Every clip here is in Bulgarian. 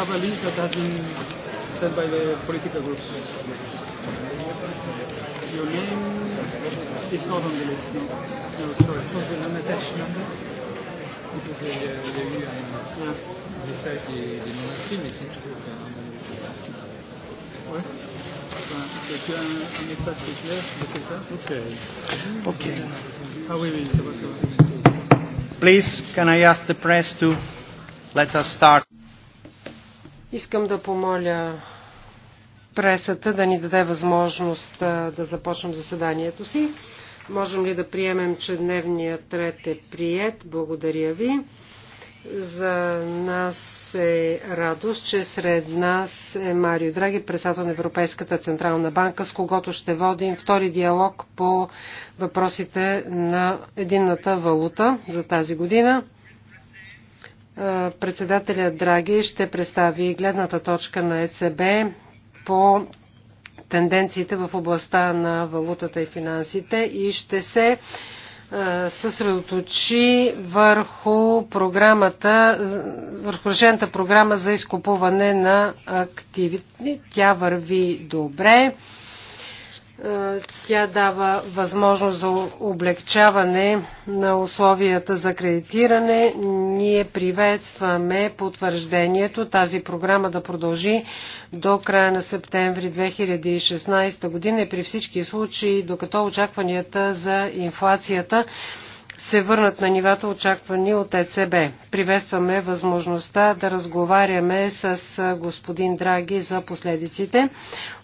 have a list that has been sent by the political groups. Your name is not on the list, no. No, sorry. Because there's an attached number. Il y a eu un message des, non inscrits, mais c'est toujours un nombre. Ouais. C'est un, un message qui est clair de quelqu'un. Ok. Ok. Ah oui, oui, ça va, ça va. Please, can I ask the press to let us start? Искам да помоля пресата да ни даде възможност да започнем заседанието си. Можем ли да приемем, че дневният ред е прият? Благодаря ви. За нас е радост, че сред нас е Марио Драги, председател на Европейската Централна банка, с когото ще водим втори диалог по въпросите на единната валута за тази година. Е, председателя Драги ще представи гледната точка на ЕЦБ по тенденциите в областта на валутата и финансите и ще се е, съсредоточи върху програмата, върху решената програма за изкупуване на активи. Тя върви добре. Е, тя дава възможност за облегчаване на условията за кредитиране. Ние приветстваме потвърждението тази програма да продължи до края на септември 2016 година и при всички случаи, докато очакванията за инфлацията се върнат на нивата очаквани от ЕЦБ. Приветстваме възможността да разговаряме с господин Драги за последиците.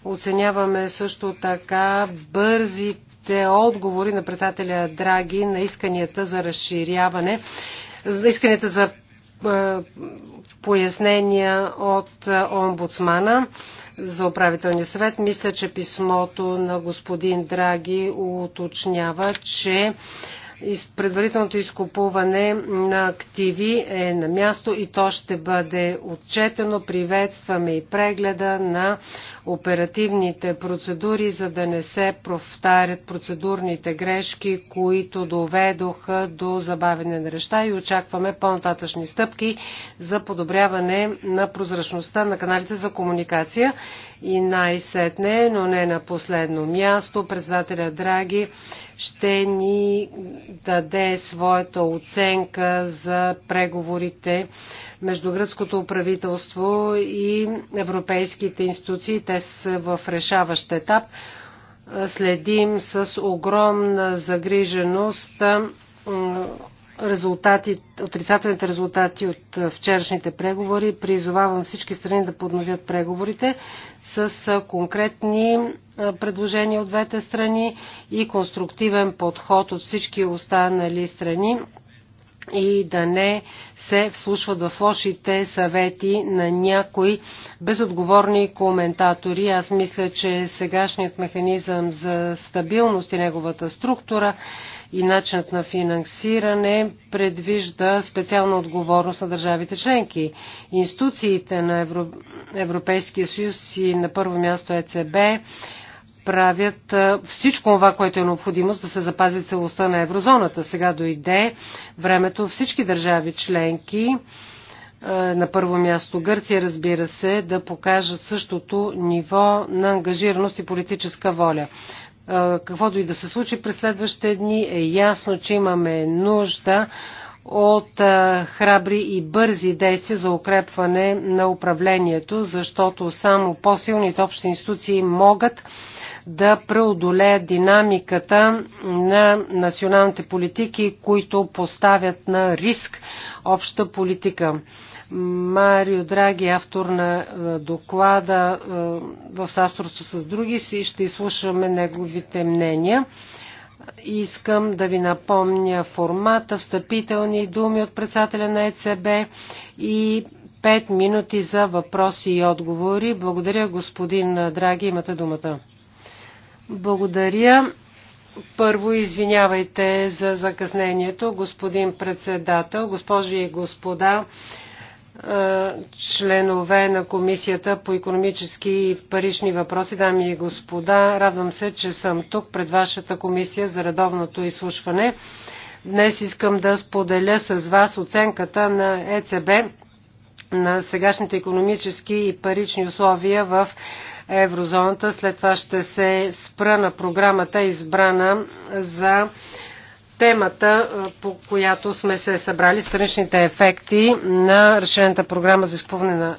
Оценяваме също така бързите отговори на председателя Драги на исканията за разширяване, за исканията за пояснения от омбудсмана за управителния съвет. Мисля, че писмото на господин Драги уточнява, че предварителното изкупуване на активи е на място и то ще бъде отчетено. Приветстваме и прегледа на оперативните процедури, за да не се повтарят процедурните грешки, които доведоха до забавене на реща и очакваме по-нататъчни стъпки за подобряване на прозрачността на каналите за комуникация. И най-сетне, но не на последно място, председателя Драги ще ни даде своята оценка за преговорите между гръцкото правителство и европейските институции. Те са в решаващ етап. Следим с огромна загриженост резултати, отрицателните резултати от е, вчерашните преговори. Призовавам всички страни да подновят преговорите с е, конкретни е, предложения от двете страни и конструктивен подход от всички останали страни и да не се вслушват в лошите съвети на някои безотговорни коментатори. Аз мисля, че сегашният механизъм за стабилност и неговата структура и начинът на финансиране предвижда специална отговорност на държавите членки. Институциите на Европейския съюз и на първо място ЕЦБ правят всичко това, което е необходимо, за да се запази целостта на еврозоната. Сега дойде времето всички държави членки на първо място Гърция, разбира се, да покажат същото ниво на ангажираност и политическа воля каквото и да се случи през следващите дни, е ясно, че имаме нужда от храбри и бързи действия за укрепване на управлението, защото само по-силните общи институции могат да преодолеят динамиката на националните политики, които поставят на риск обща политика. Марио Драги, автор на е, доклада е, в съавторство с други си, ще изслушаме неговите мнения. Искам да ви напомня формата, встъпителни думи от председателя на ЕЦБ и 5 минути за въпроси и отговори. Благодаря, господин Драги, имате думата. Благодаря. Първо извинявайте за закъснението, господин председател, госпожи и господа членове на Комисията по економически и парични въпроси, дами и господа. Радвам се, че съм тук пред вашата комисия за редовното изслушване. Днес искам да споделя с вас оценката на ЕЦБ на сегашните економически и парични условия в еврозоната. След това ще се спра на програмата, избрана за темата, по която сме се събрали, страничните ефекти на разширената програма за изпълнение на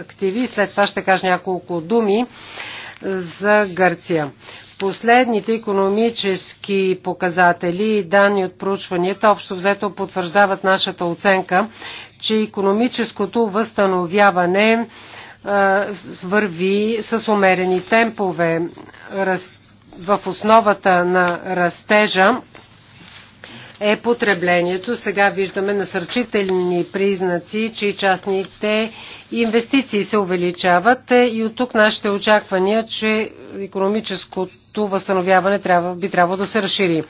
активи. След това ще кажа няколко думи за Гърция. Последните економически показатели и данни от проучванията общо взето потвърждават нашата оценка, че економическото възстановяване върви с умерени темпове. В основата на растежа е потреблението. Сега виждаме насърчителни признаци, че частните инвестиции се увеличават и от тук нашите очаквания, че економическото възстановяване трябва, би трябвало да се разшири.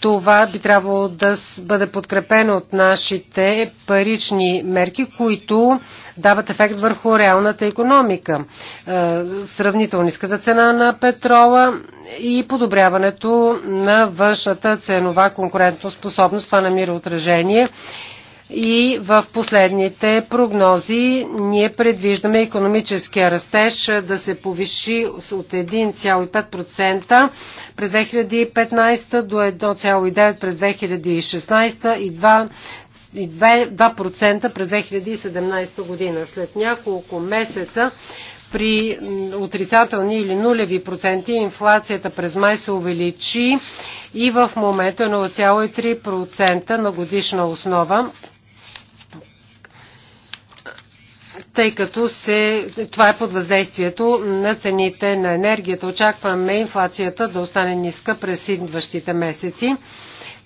Това би трябвало да бъде подкрепено от нашите парични мерки, които дават ефект върху реалната економика. Е, сравнително ниската цена на петрола и подобряването на външната ценова конкурентоспособност. Това намира отражение и в последните прогнози ние предвиждаме економическия растеж да се повиши от 1,5% през 2015 до 1,9% през 2016 и 2 2% през 2017 година. След няколко месеца при отрицателни или нулеви проценти инфлацията през май се увеличи и в момента е 0,3% на годишна основа тъй като се, това е под въздействието на цените на енергията. Очакваме инфлацията да остане ниска през идващите месеци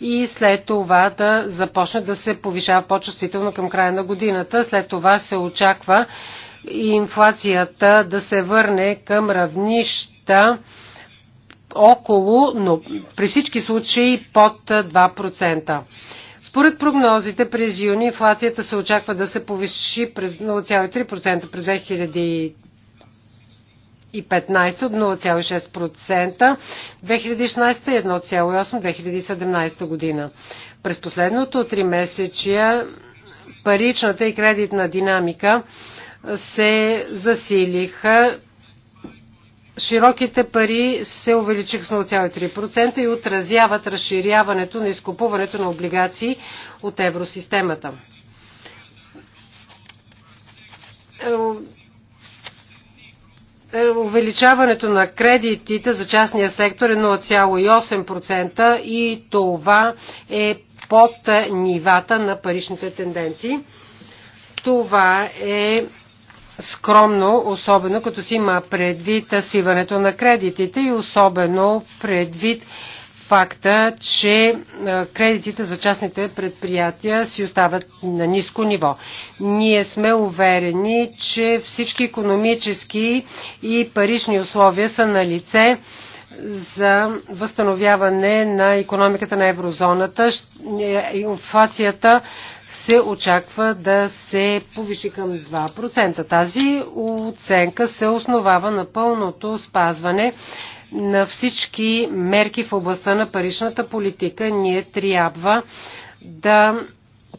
и след това да започне да се повишава по-чувствително към края на годината. След това се очаква инфлацията да се върне към равнища около, но при всички случаи под 2%. Според прогнозите през юни инфлацията се очаква да се повиши през 0,3% през 2015 от 0,6%, 2016 1,8% 2017 година. През последното три месечия паричната и кредитна динамика се засилиха широките пари се увеличиха с 0,3% и отразяват разширяването на изкупуването на облигации от евросистемата. Увеличаването на кредитите за частния сектор е 0,8% и това е под нивата на паричните тенденции. Това е скромно, особено като си има предвид свиването на кредитите и особено предвид факта, че е, кредитите за частните предприятия си остават на ниско ниво. Ние сме уверени, че всички економически и парични условия са на лице за възстановяване на економиката на еврозоната. Е, инфлацията се очаква да се повиши към 2%. Тази оценка се основава на пълното спазване на всички мерки в областта на паричната политика. Ние трябва да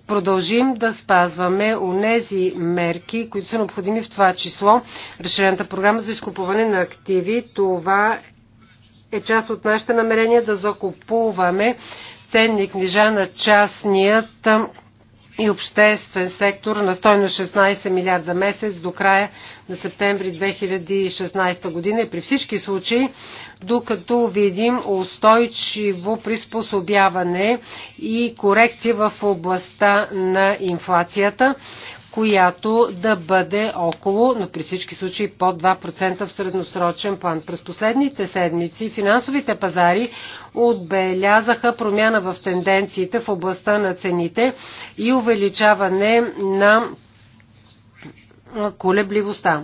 продължим да спазваме онези мерки, които са необходими в това число. Разширената програма за изкупуване на активи, това е част от нашите намерения да закупуваме ценни книжа на частният и обществен сектор на стойно 16 милиарда месец до края на септември 2016 година и при всички случаи, докато видим устойчиво приспособяване и корекция в областта на инфлацията, която да бъде около, но при всички случаи под 2% в средносрочен план. През последните седмици финансовите пазари отбелязаха промяна в тенденциите в областта на цените и увеличаване на колебливостта.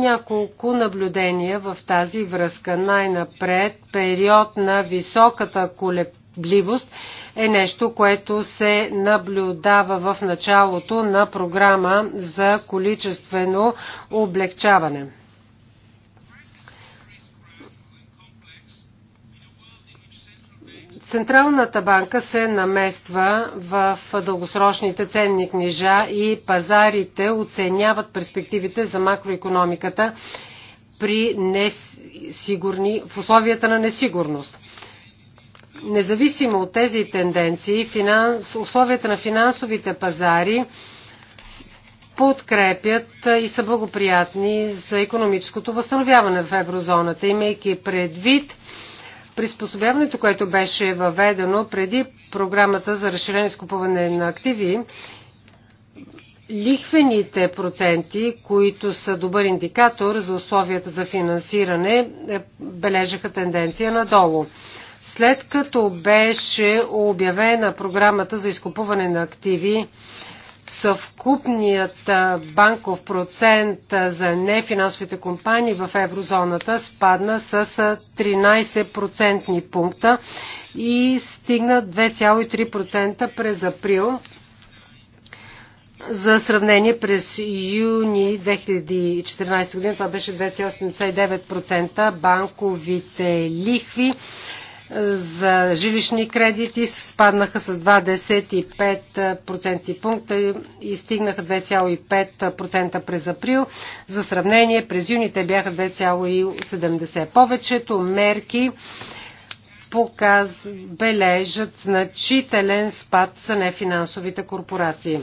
Няколко наблюдения в тази връзка. Най-напред период на високата колебливост е нещо, което се наблюдава в началото на програма за количествено облегчаване. Централната банка се намества в дългосрочните ценни книжа и пазарите оценяват перспективите за макроекономиката при несигурни, в условията на несигурност. Независимо от тези тенденции, финанс... условията на финансовите пазари подкрепят и са благоприятни за економическото възстановяване в еврозоната, имайки предвид приспособяването, което беше въведено преди програмата за разширение скупуване на активи, лихвените проценти, които са добър индикатор за условията за финансиране, е, бележаха тенденция надолу. След като беше обявена програмата за изкупуване на активи, съвкупният банков процент за нефинансовите компании в еврозоната спадна с 13% пункта и стигна 2,3% през април. За сравнение през юни 2014 година това беше 2,89%. Банковите лихви за жилищни кредити спаднаха с 25% пункта и стигнаха 2,5% през април. За сравнение, през юни те бяха 2,70%. Повечето мерки показ, бележат значителен спад за нефинансовите корпорации.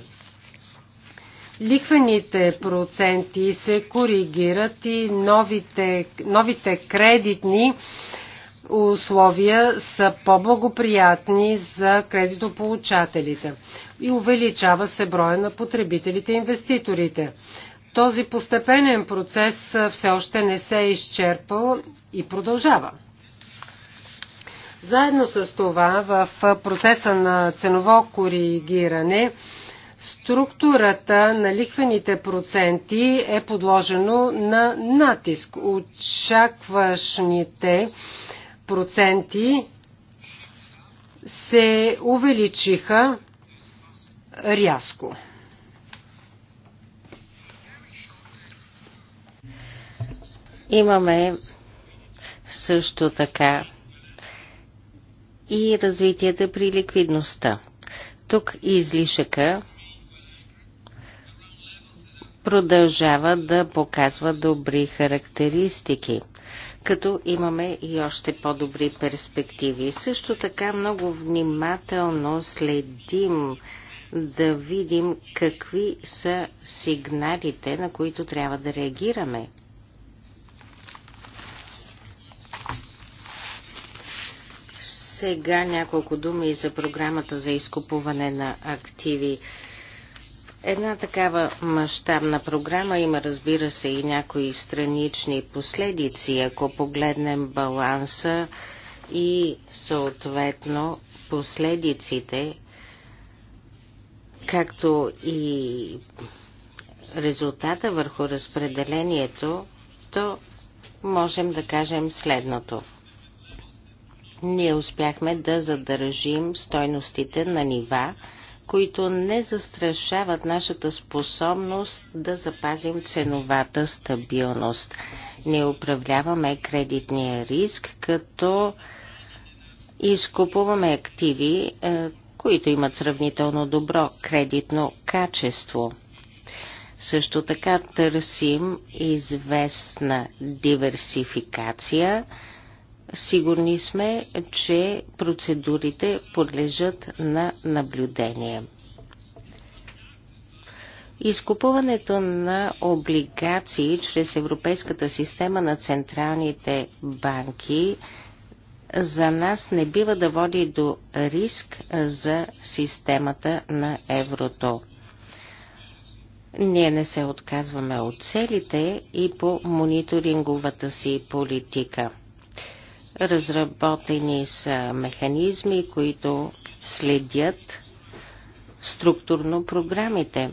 Лихвените проценти се коригират и новите, новите кредитни условия са по-благоприятни за кредитополучателите и увеличава се броя на потребителите и инвеститорите. Този постепенен процес все още не се е изчерпал и продължава. Заедно с това в процеса на ценово коригиране структурата на лихвените проценти е подложено на натиск. очакващите проценти се увеличиха рязко. Имаме също така и развитията при ликвидността. Тук излишъка продължава да показва добри характеристики като имаме и още по-добри перспективи. Също така много внимателно следим да видим какви са сигналите, на които трябва да реагираме. Сега няколко думи за програмата за изкупуване на активи. Една такава мащабна програма има, разбира се, и някои странични последици, ако погледнем баланса и съответно последиците, както и резултата върху разпределението, то можем да кажем следното. Ние успяхме да задържим стойностите на нива, които не застрашават нашата способност да запазим ценовата стабилност. Не управляваме кредитния риск, като изкупуваме активи, е, които имат сравнително добро кредитно качество. Също така търсим известна диверсификация – Сигурни сме, че процедурите подлежат на наблюдение. Изкупуването на облигации чрез Европейската система на централните банки за нас не бива да води до риск за системата на еврото. Ние не се отказваме от целите и по мониторинговата си политика – Разработени са механизми, които следят структурно програмите.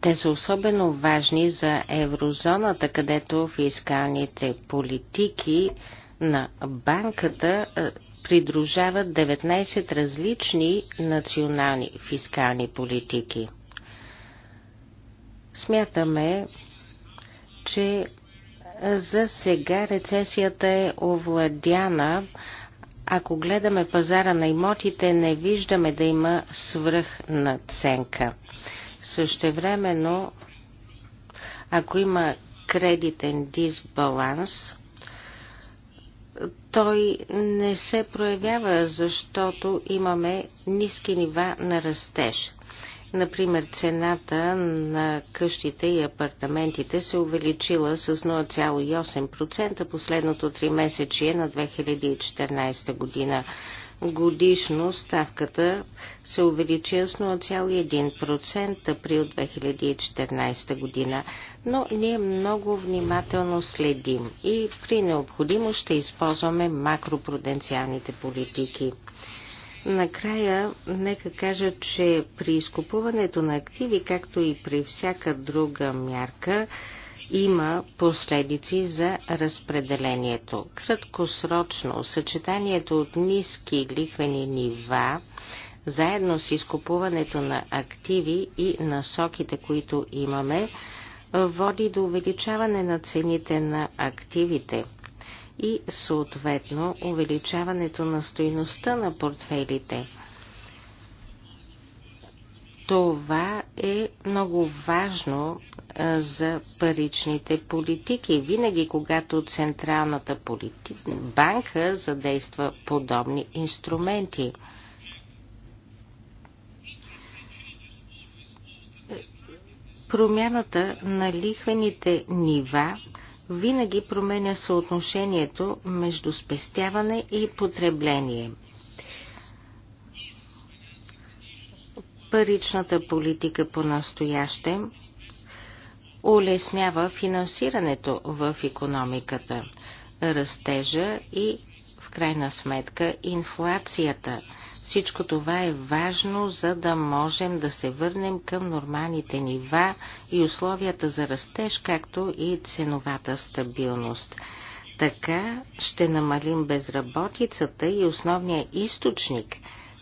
Те са особено важни за еврозоната, където фискалните политики на банката придружават 19 различни национални фискални политики. Смятаме, че за сега рецесията е овладяна. Ако гледаме пазара на имотите, не виждаме да има свръхнаценка. Същевременно, ако има кредитен дисбаланс, той не се проявява, защото имаме ниски нива на растеж. Например, цената на къщите и апартаментите се увеличила с 0,8% последното три месечие на 2014 година. Годишно ставката се увеличи с 0,1% април 2014 година, но ние много внимателно следим и при необходимо ще използваме макропруденциалните политики. Накрая, нека кажа, че при изкупуването на активи, както и при всяка друга мярка, има последици за разпределението. Краткосрочно съчетанието от ниски лихвени нива, заедно с изкупуването на активи и насоките, които имаме, води до увеличаване на цените на активите – и съответно увеличаването на стоиността на портфелите. Това е много важно за паричните политики. Винаги, когато Централната полити... банка задейства подобни инструменти. Промяната на лихвените нива винаги променя съотношението между спестяване и потребление. Паричната политика по настояще улеснява финансирането в економиката, растежа и в крайна сметка инфлацията – всичко това е важно, за да можем да се върнем към нормалните нива и условията за растеж, както и ценовата стабилност. Така ще намалим безработицата и основния източник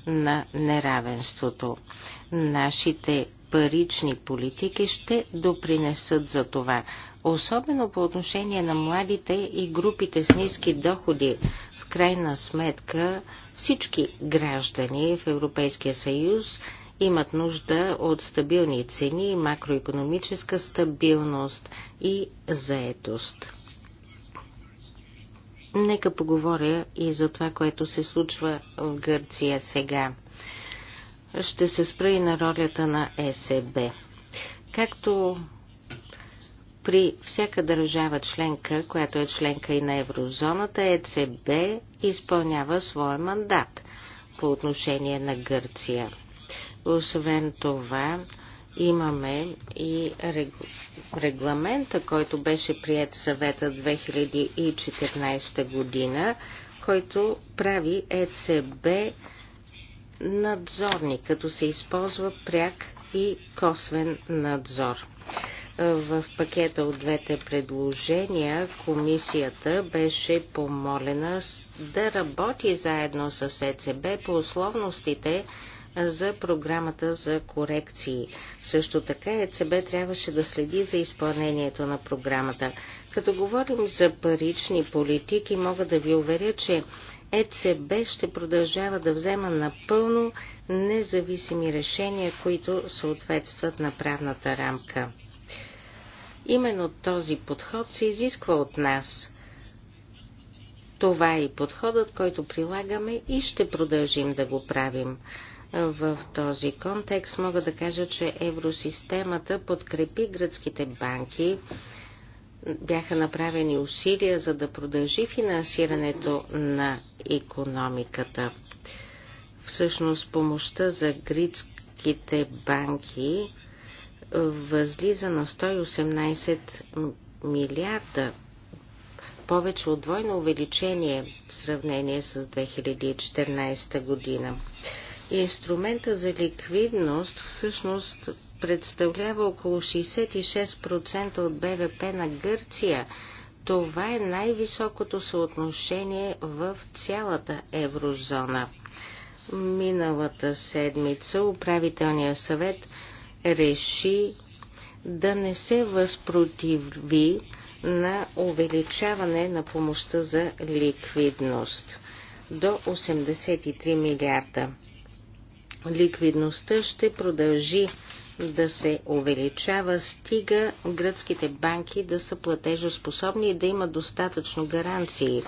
на неравенството. Нашите парични политики ще допринесат за това, особено по отношение на младите и групите с ниски доходи, крайна сметка всички граждани в Европейския съюз имат нужда от стабилни цени, макроекономическа стабилност и заетост. Нека поговоря и за това, което се случва в Гърция сега. Ще се спра и на ролята на ЕСБ. Както при всяка държава членка, която е членка и на еврозоната, ЕЦБ изпълнява своя мандат по отношение на Гърция. Освен това, имаме и регламента, който беше прият съвета 2014 година, който прави ЕЦБ надзорни, като се използва пряк и косвен надзор. В пакета от двете предложения комисията беше помолена да работи заедно с ЕЦБ по условностите за програмата за корекции. Също така ЕЦБ трябваше да следи за изпълнението на програмата. Като говорим за парични политики, мога да ви уверя, че ЕЦБ ще продължава да взема напълно независими решения, които съответстват на правната рамка. Именно този подход се изисква от нас. Това е и подходът, който прилагаме и ще продължим да го правим. В този контекст мога да кажа, че евросистемата подкрепи гръцките банки. Бяха направени усилия за да продължи финансирането на економиката. Всъщност помощта за гръцките банки възлиза на 118 милиарда, повече от двойно увеличение в сравнение с 2014 година. Инструмента за ликвидност всъщност представлява около 66% от БВП на Гърция. Това е най-високото съотношение в цялата еврозона. Миналата седмица управителният съвет реши да не се възпротиви на увеличаване на помощта за ликвидност до 83 милиарда. Ликвидността ще продължи да се увеличава, стига гръцките банки да са платежоспособни и да има достатъчно гаранции.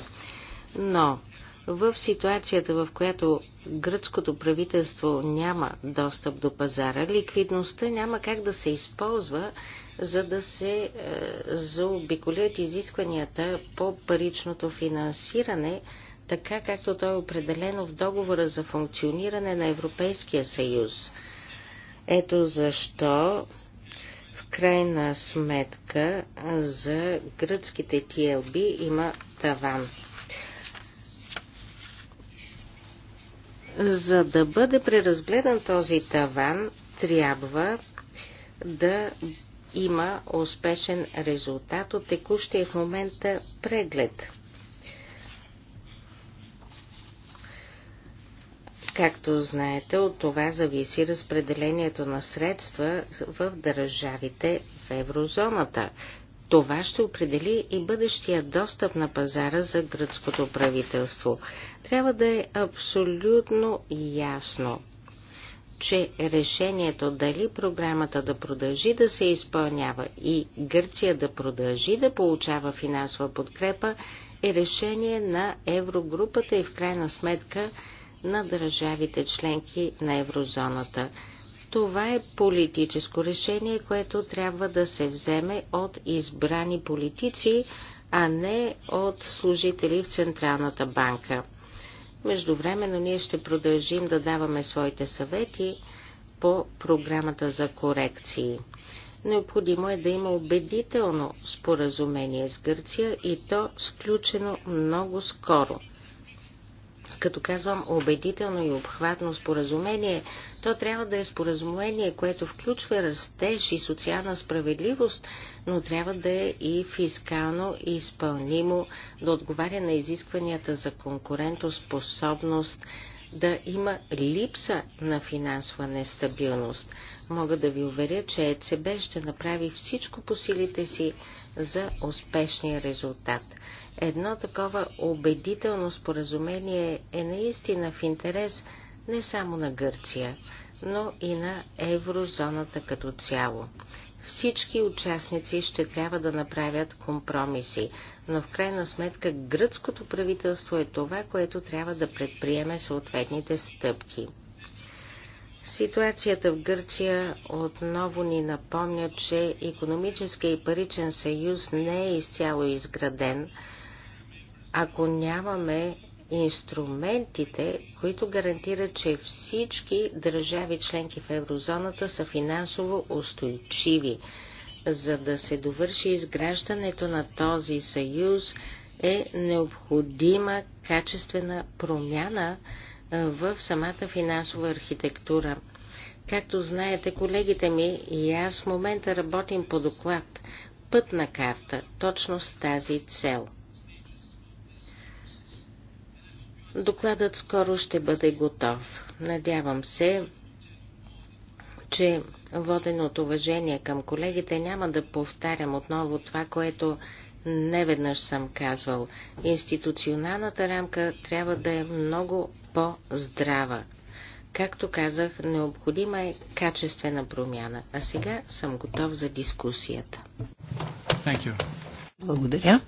Но в ситуацията, в която гръцкото правителство няма достъп до пазара, ликвидността няма как да се използва, за да се е, заобиколят изискванията по паричното финансиране, така както то е определено в договора за функциониране на Европейския съюз. Ето защо в крайна сметка за гръцките TLB има таван. За да бъде преразгледан този таван, трябва да има успешен резултат от текущия в момента преглед. Както знаете, от това зависи разпределението на средства в държавите в еврозоната. Това ще определи и бъдещия достъп на пазара за гръцкото правителство. Трябва да е абсолютно ясно, че решението дали програмата да продължи да се изпълнява и Гърция да продължи да получава финансова подкрепа е решение на Еврогрупата и в крайна сметка на държавите членки на еврозоната. Това е политическо решение, което трябва да се вземе от избрани политици, а не от служители в Централната банка. Междувременно ние ще продължим да даваме своите съвети по програмата за корекции. Необходимо е да има убедително споразумение с Гърция и то сключено много скоро. Като казвам убедително и обхватно споразумение, то трябва да е споразумение, което включва растеж и социална справедливост, но трябва да е и фискално и изпълнимо, да отговаря на изискванията за конкурентоспособност, да има липса на финансова нестабилност. Мога да ви уверя, че ЕЦБ ще направи всичко по силите си за успешния резултат. Едно такова убедително споразумение е наистина в интерес на не само на Гърция, но и на еврозоната като цяло. Всички участници ще трябва да направят компромиси, но в крайна сметка гръцкото правителство е това, което трябва да предприеме съответните стъпки. Ситуацията в Гърция отново ни напомня, че економическия и паричен съюз не е изцяло изграден, ако нямаме инструментите, които гарантират, че всички държави членки в еврозоната са финансово устойчиви. За да се довърши изграждането на този съюз е необходима качествена промяна в самата финансова архитектура. Както знаете, колегите ми и аз в момента работим по доклад Пътна карта, точно с тази цел – Докладът скоро ще бъде готов. Надявам се, че водено от уважение към колегите няма да повтарям отново това, което неведнъж съм казвал. Институционалната рамка трябва да е много по-здрава. Както казах, необходима е качествена промяна. А сега съм готов за дискусията. Благодаря.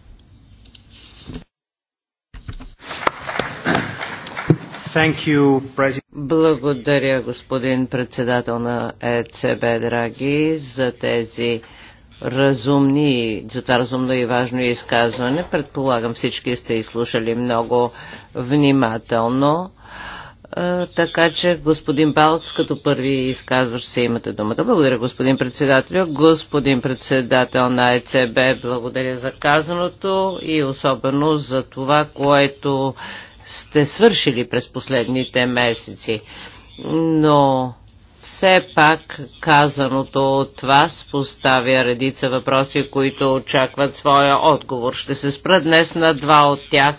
Благодаря, господин председател на ЕЦБ, драги, за тези разумни, за това разумно и важно изказване. Предполагам всички сте изслушали много внимателно. Така че, господин Балц, като първи изказващ се имате думата. Благодаря, господин председател. Господин председател на ЕЦБ, благодаря за казаното и особено за това, което сте свършили през последните месеци. Но все пак казаното от вас поставя редица въпроси, които очакват своя отговор. Ще се спра днес на два от тях,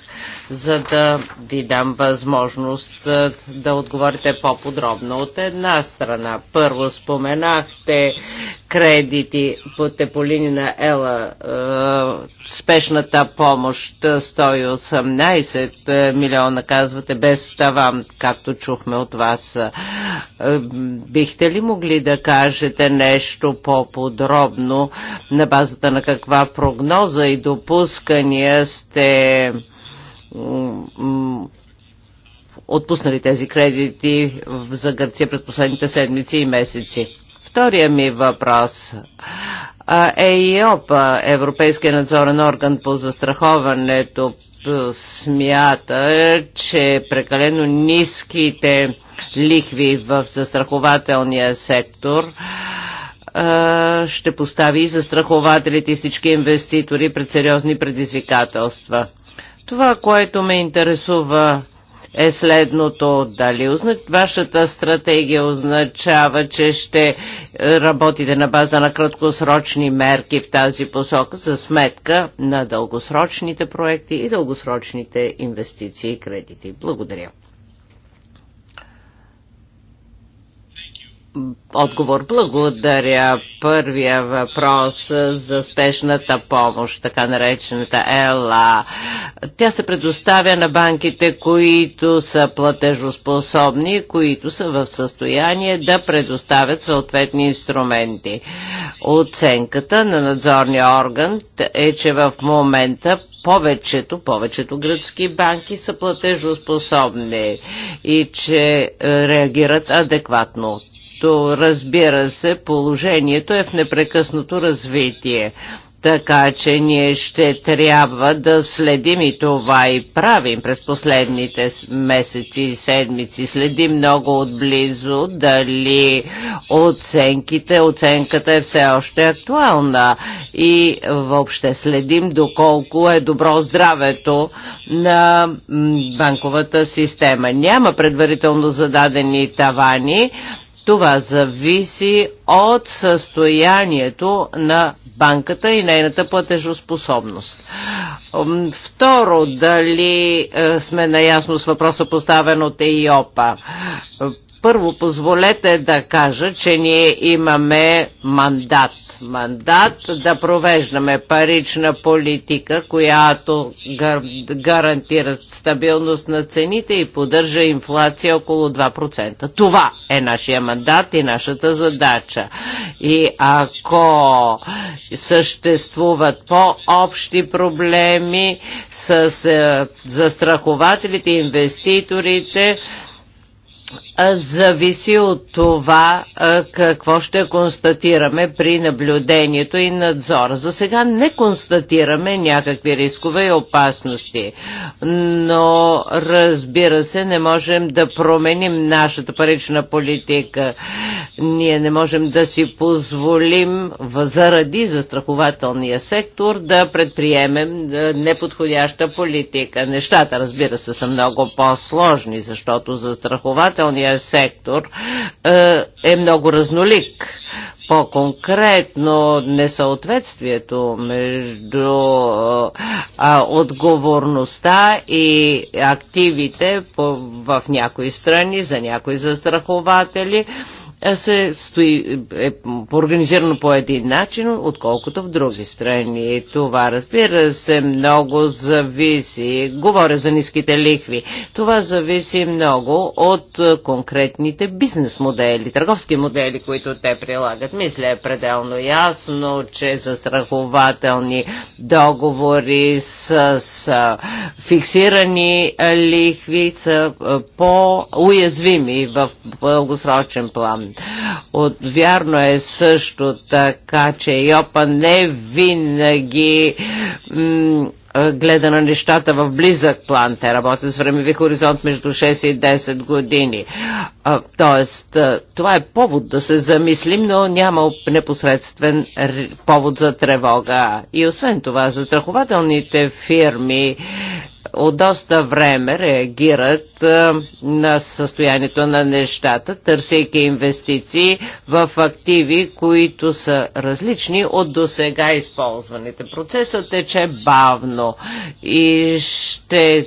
за да ви дам възможност е, да отговорите по-подробно. От една страна, първо споменахте кредити по теполини на Ела, е, спешната помощ 118 е, е, милиона, казвате, без таван, както чухме от вас. Е, бихте ли могли да кажете нещо по-подробно на базата на каква прогноза и допускания сте отпуснали тези кредити за Гърция през последните седмици и месеци? Втория ми въпрос. Е, ЕИОП, Европейския надзорен орган по застраховането, е, смята, че прекалено ниските лихви в застрахователния сектор е, ще постави и застрахователите и всички инвеститори пред сериозни предизвикателства. Това, което ме интересува е следното. Дали вашата стратегия означава, че ще е, работите на база на краткосрочни мерки в тази посока за сметка на дългосрочните проекти и дългосрочните инвестиции и кредити? Благодаря. отговор. Благодаря. Първия въпрос за спешната помощ, така наречената ЕЛА. Тя се предоставя на банките, които са платежоспособни, които са в състояние да предоставят съответни инструменти. Оценката на надзорния орган е, че в момента повечето, повечето гръцки банки са платежоспособни и че е, реагират адекватно като разбира се положението е в непрекъснато развитие. Така че ние ще трябва да следим и това и правим през последните месеци и седмици. Следим много отблизо дали оценките, оценката е все още актуална и въобще следим доколко е добро здравето на банковата система. Няма предварително зададени тавани, това зависи от състоянието на банката и нейната платежоспособност. Второ, дали е, сме наясно с въпроса поставен от ЕИОПА? Първо, позволете да кажа, че ние имаме мандат мандат да провеждаме парична политика, която гарантира стабилност на цените и поддържа инфлация около 2%. Това е нашия мандат и нашата задача. И ако съществуват по-общи проблеми с е, застрахователите, инвеститорите, зависи от това какво ще констатираме при наблюдението и надзора. За сега не констатираме някакви рискове и опасности, но разбира се, не можем да променим нашата парична политика. Ние не можем да си позволим заради застрахователния сектор да предприемем неподходяща политика. Нещата, разбира се, са много по-сложни, защото застрахователния енергийния сектор е, е много разнолик. По-конкретно несъответствието между е, а, отговорността и активите по, в някои страни, за някои застрахователи, а, се стои, е организирано по един начин, отколкото в други страни. Това, разбира се, много зависи. Говоря за ниските лихви. Това зависи много от е, конкретните бизнес модели, търговски модели, които те прилагат. Мисля е пределно ясно, че застрахователни договори с, с е, фиксирани е, лихви са по-уязвими в дългосрочен план от, вярно е също така, че Йопа не винаги гледа на нещата в близък план. Те работят с времеви хоризонт между 6 и 10 години. А, тоест, това е повод да се замислим, но няма непосредствен повод за тревога. И освен това, застрахователните фирми от доста време реагират на състоянието на нещата, търсейки инвестиции в активи, които са различни от досега използваните. Процесът тече е бавно и ще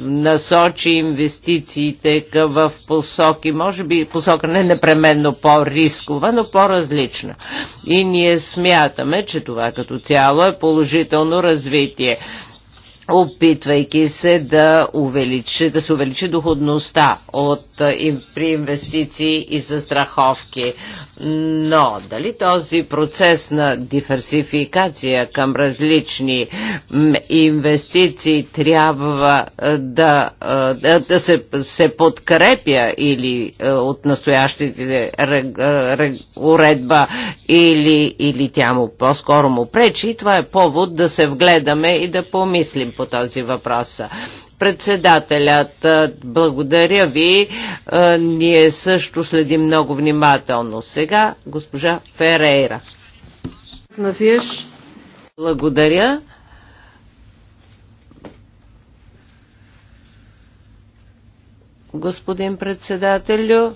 насочи инвестициите в посоки, може би посока не непременно по-рискова, но по-различна. И ние смятаме, че това като цяло е положително развитие опитвайки се да, увеличи, да се увеличи доходността от, е, при инвестиции и застраховки. Но дали този процес на диверсификация към различни инвестиции трябва да, да се, се подкрепя или от настоящите уредба или, или тя му по-скоро му пречи и това е повод да се вгледаме и да помислим по този въпрос. Председателят, благодаря ви. Ние също следим много внимателно. Сега госпожа Ферейра. Благодаря. господин председателю.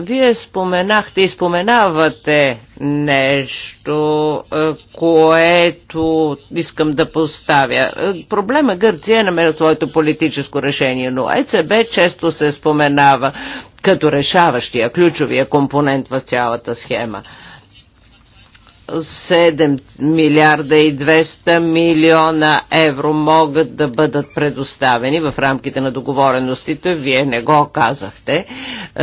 Вие споменахте и споменавате нещо, е, което искам да поставя. Е, проблема Гърция е намерил своето политическо решение, но ЕЦБ често се споменава като решаващия, ключовия компонент в цялата схема. 7 милиарда и 200 милиона евро могат да бъдат предоставени в рамките на договореностите. Вие не го казахте.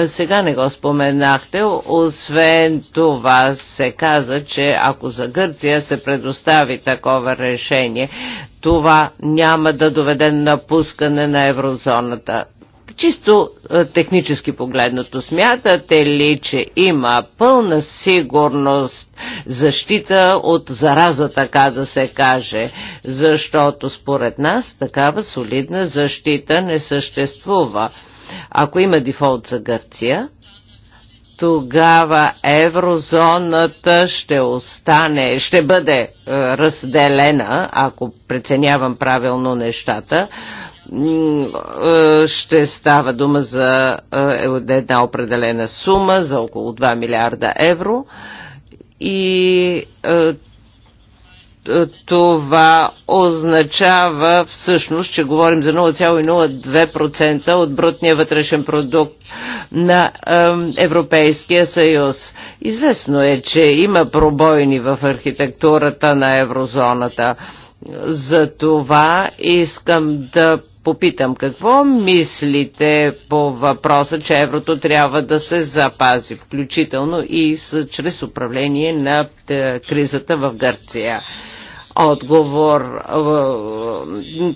Сега не го споменахте. Освен това се каза, че ако за Гърция се предостави такова решение, това няма да доведе напускане на еврозоната. Чисто е, технически погледното, смятате ли, че има пълна сигурност защита от зараза, така да се каже? Защото според нас такава солидна защита не съществува. Ако има дефолт за Гърция, тогава еврозоната ще остане, ще бъде е, разделена, ако преценявам правилно нещата, е, ще става дума за е, е, една определена сума, за около 2 милиарда евро и това означава всъщност, че говорим за 0,02% от брутния вътрешен продукт на Европейския съюз. Известно е, че има пробойни в архитектурата на еврозоната. За това искам да попитам какво мислите по въпроса, че еврото трябва да се запази, включително и с, чрез управление на е, кризата в Гърция отговор. Е,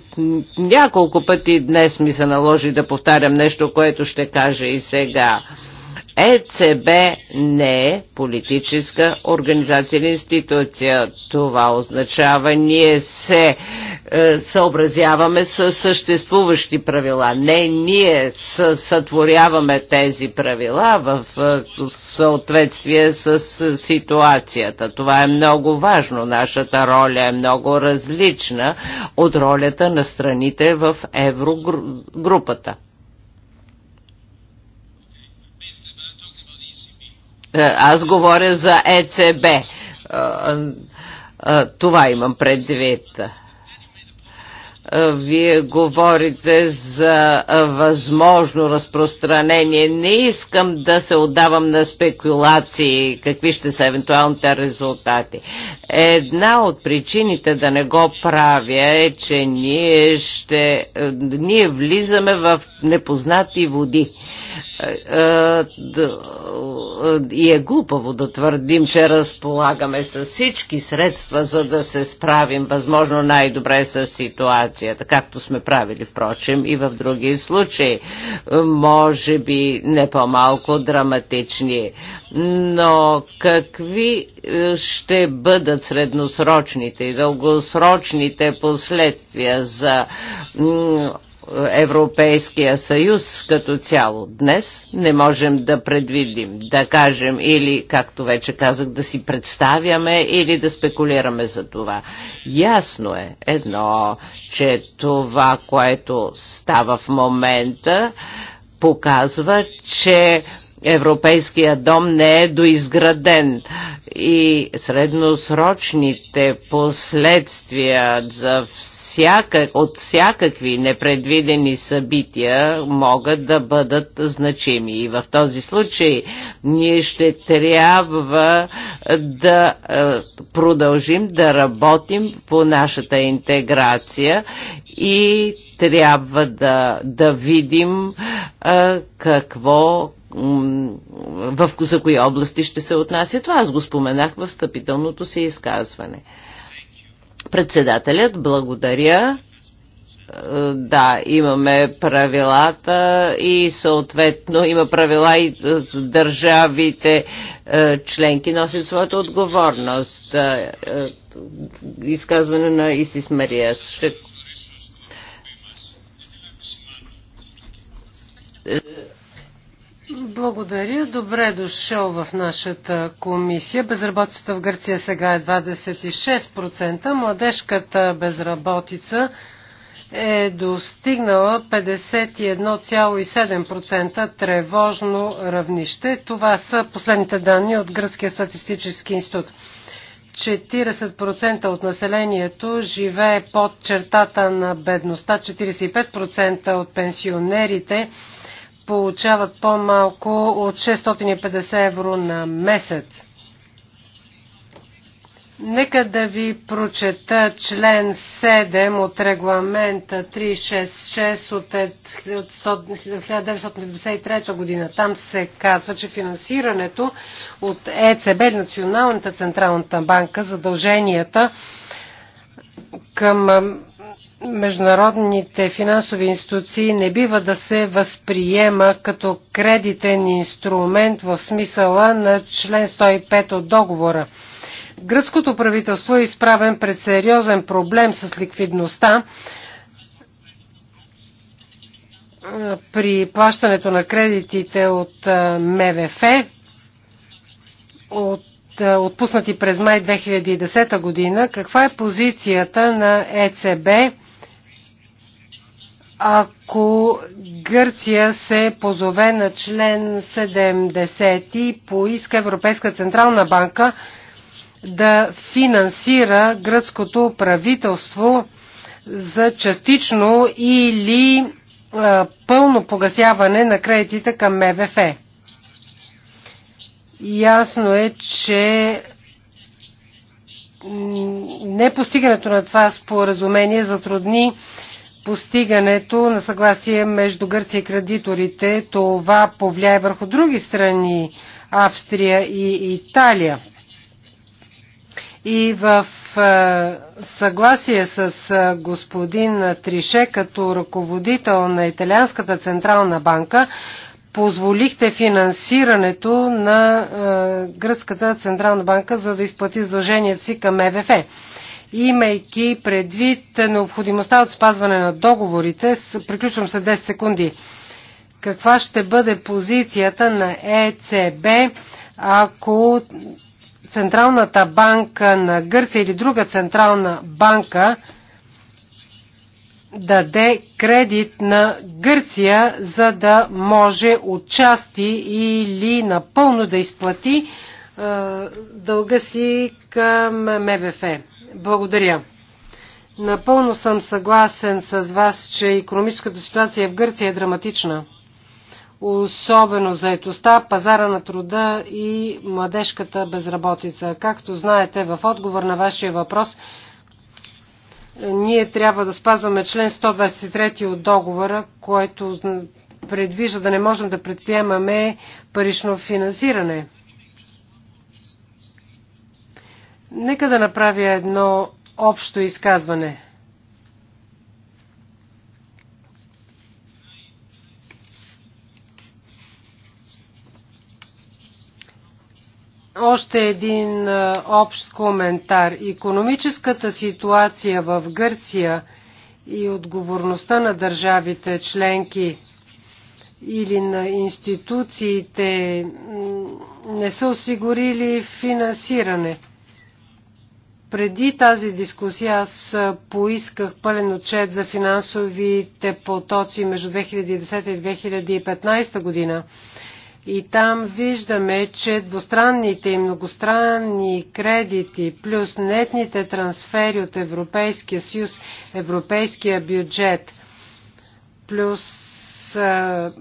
няколко пъти днес ми се наложи да повтарям нещо, което ще кажа и сега. ЕЦБ не е политическа организация или институция. Това означава, ние се е, съобразяваме с съществуващи правила. Не, ние сътворяваме тези правила в е, съответствие с е, ситуацията. Това е много важно. Нашата роля е много различна от ролята на страните в еврогрупата. Е, аз говоря за ЕЦБ. Е, е, това имам предвид. Е, вие говорите за е, възможно разпространение. Не искам да се отдавам на спекулации какви ще са евентуалните резултати. Една от причините да не го правя е, че ние, ще, е, ние влизаме в непознати води. И е глупаво да твърдим, че разполагаме с всички средства, за да се справим възможно най-добре с ситуацията ситуацията, както сме правили, впрочем, и в други случаи. Може би не по-малко драматични. Но какви е, ще бъдат средносрочните и дългосрочните последствия за Европейския съюз като цяло. Днес не можем да предвидим, да кажем или, както вече казах, да си представяме или да спекулираме за това. Ясно е едно, че това, което става в момента, показва, че Европейския дом не е доизграден и средносрочните последствия за всяка, от всякакви непредвидени събития могат да бъдат значими. И в този случай ние ще трябва да е, продължим да работим по нашата интеграция и трябва да, да видим а, е, какво, в, за кои области ще се отнася. Това аз го споменах в стъпителното си изказване. Председателят, благодаря. Е, да, имаме правилата и съответно има правила и държавите е, членки носят своята отговорност. Е, изказване на Исис Мария. Ще Благодаря. Добре дошъл в нашата комисия. Безработицата в Гърция сега е 26%. Младежката безработица е достигнала 51,7% тревожно равнище. Това са последните данни от Гръцкия статистически институт. 40% от населението живее под чертата на бедността, 45% от пенсионерите получават по-малко от 650 евро на месец. Нека да ви прочета член 7 от регламента 366 от 1993 е, година. Там се казва, че финансирането от ЕЦБ, Националната централната банка, задълженията към международните финансови институции не бива да се възприема като кредитен инструмент в смисъла на член 105 от договора. Гръцкото правителство е изправен пред сериозен проблем с ликвидността при плащането на кредитите от МВФ, от отпуснати през май 2010 година, каква е позицията на ЕЦБ ако Гърция се позове на член 70 и поиска Европейска Централна банка да финансира гръцкото правителство за частично или а, пълно погасяване на кредитите към МВФ. Ясно е, че непостигането на това споразумение затрудни постигането на съгласие между Гърция и кредиторите. Това повлияе върху други страни, Австрия и Италия. И в е, съгласие с е, господин Трише като ръководител на Италианската централна банка, позволихте финансирането на е, Гръцката централна банка, за да изплати задълженията си към МВФ имайки предвид необходимостта от спазване на договорите. Приключвам се 10 секунди. Каква ще бъде позицията на ЕЦБ, ако Централната банка на Гърция или друга централна банка даде кредит на Гърция, за да може отчасти или напълно да изплати дълга си към МВФ. Благодаря. Напълно съм съгласен с вас, че економическата ситуация в Гърция е драматична. Особено заетостта, пазара на труда и младежката безработица. Както знаете, в отговор на вашия въпрос, ние трябва да спазваме член 123 от договора, който предвижда да не можем да предприемаме парично финансиране. Нека да направя едно общо изказване. Още един общ коментар. Економическата ситуация в Гърция и отговорността на държавите членки или на институциите не са осигурили финансиране. Преди тази дискусия аз поисках пълен отчет за финансовите потоци между 2010 и 2015 година. И там виждаме, че двустранните и многостранни кредити плюс нетните трансфери от Европейския съюз, Европейския бюджет плюс а,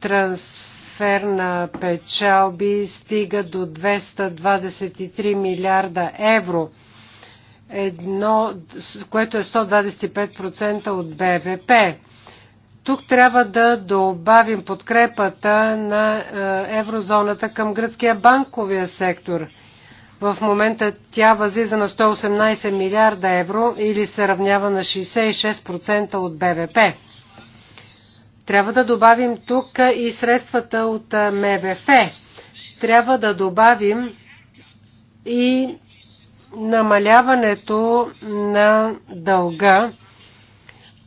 трансфер на печалби стига до 223 милиарда евро – едно, което е 125% от БВП. Тук трябва да добавим подкрепата на е, еврозоната към гръцкия банковия сектор. В момента тя възлиза на 118 милиарда евро или се равнява на 66% от БВП. Трябва да добавим тук и средствата от е, МВФ. Трябва да добавим и намаляването на дълга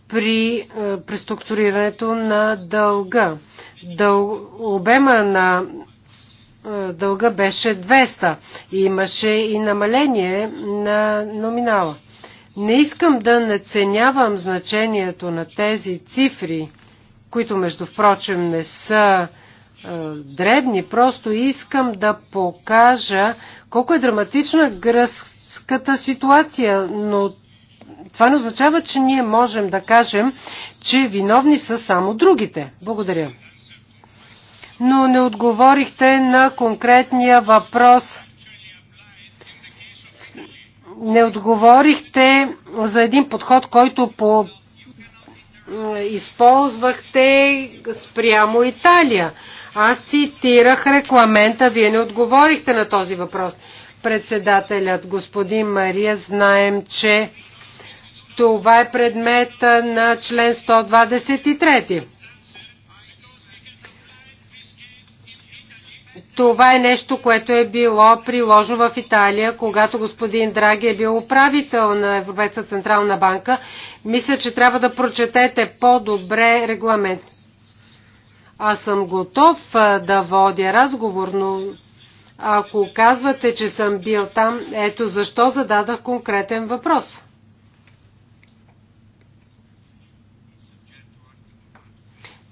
при е, преструктурирането на дълга. Дъл... Обема на е, дълга беше 200. Имаше и намаление на номинала. Не искам да наценявам значението на тези цифри, които между впрочем не са е, дребни, просто искам да покажа колко е драматична гръст политическата ситуация, но това не означава, че ние можем да кажем, че виновни са само другите. Благодаря. Но не отговорихте на конкретния въпрос. Не отговорихте за един подход, който по... използвахте спрямо Италия. Аз цитирах рекламента, вие не отговорихте на този въпрос председателят господин Мария. Знаем, че това е предмет на член 123. Това е нещо, което е било приложено в Италия, когато господин Драги е бил управител на Европейска Централна банка. Мисля, че трябва да прочетете по-добре регламент. Аз съм готов да водя разговор, но ако казвате, че съм бил там, ето защо зададах конкретен въпрос.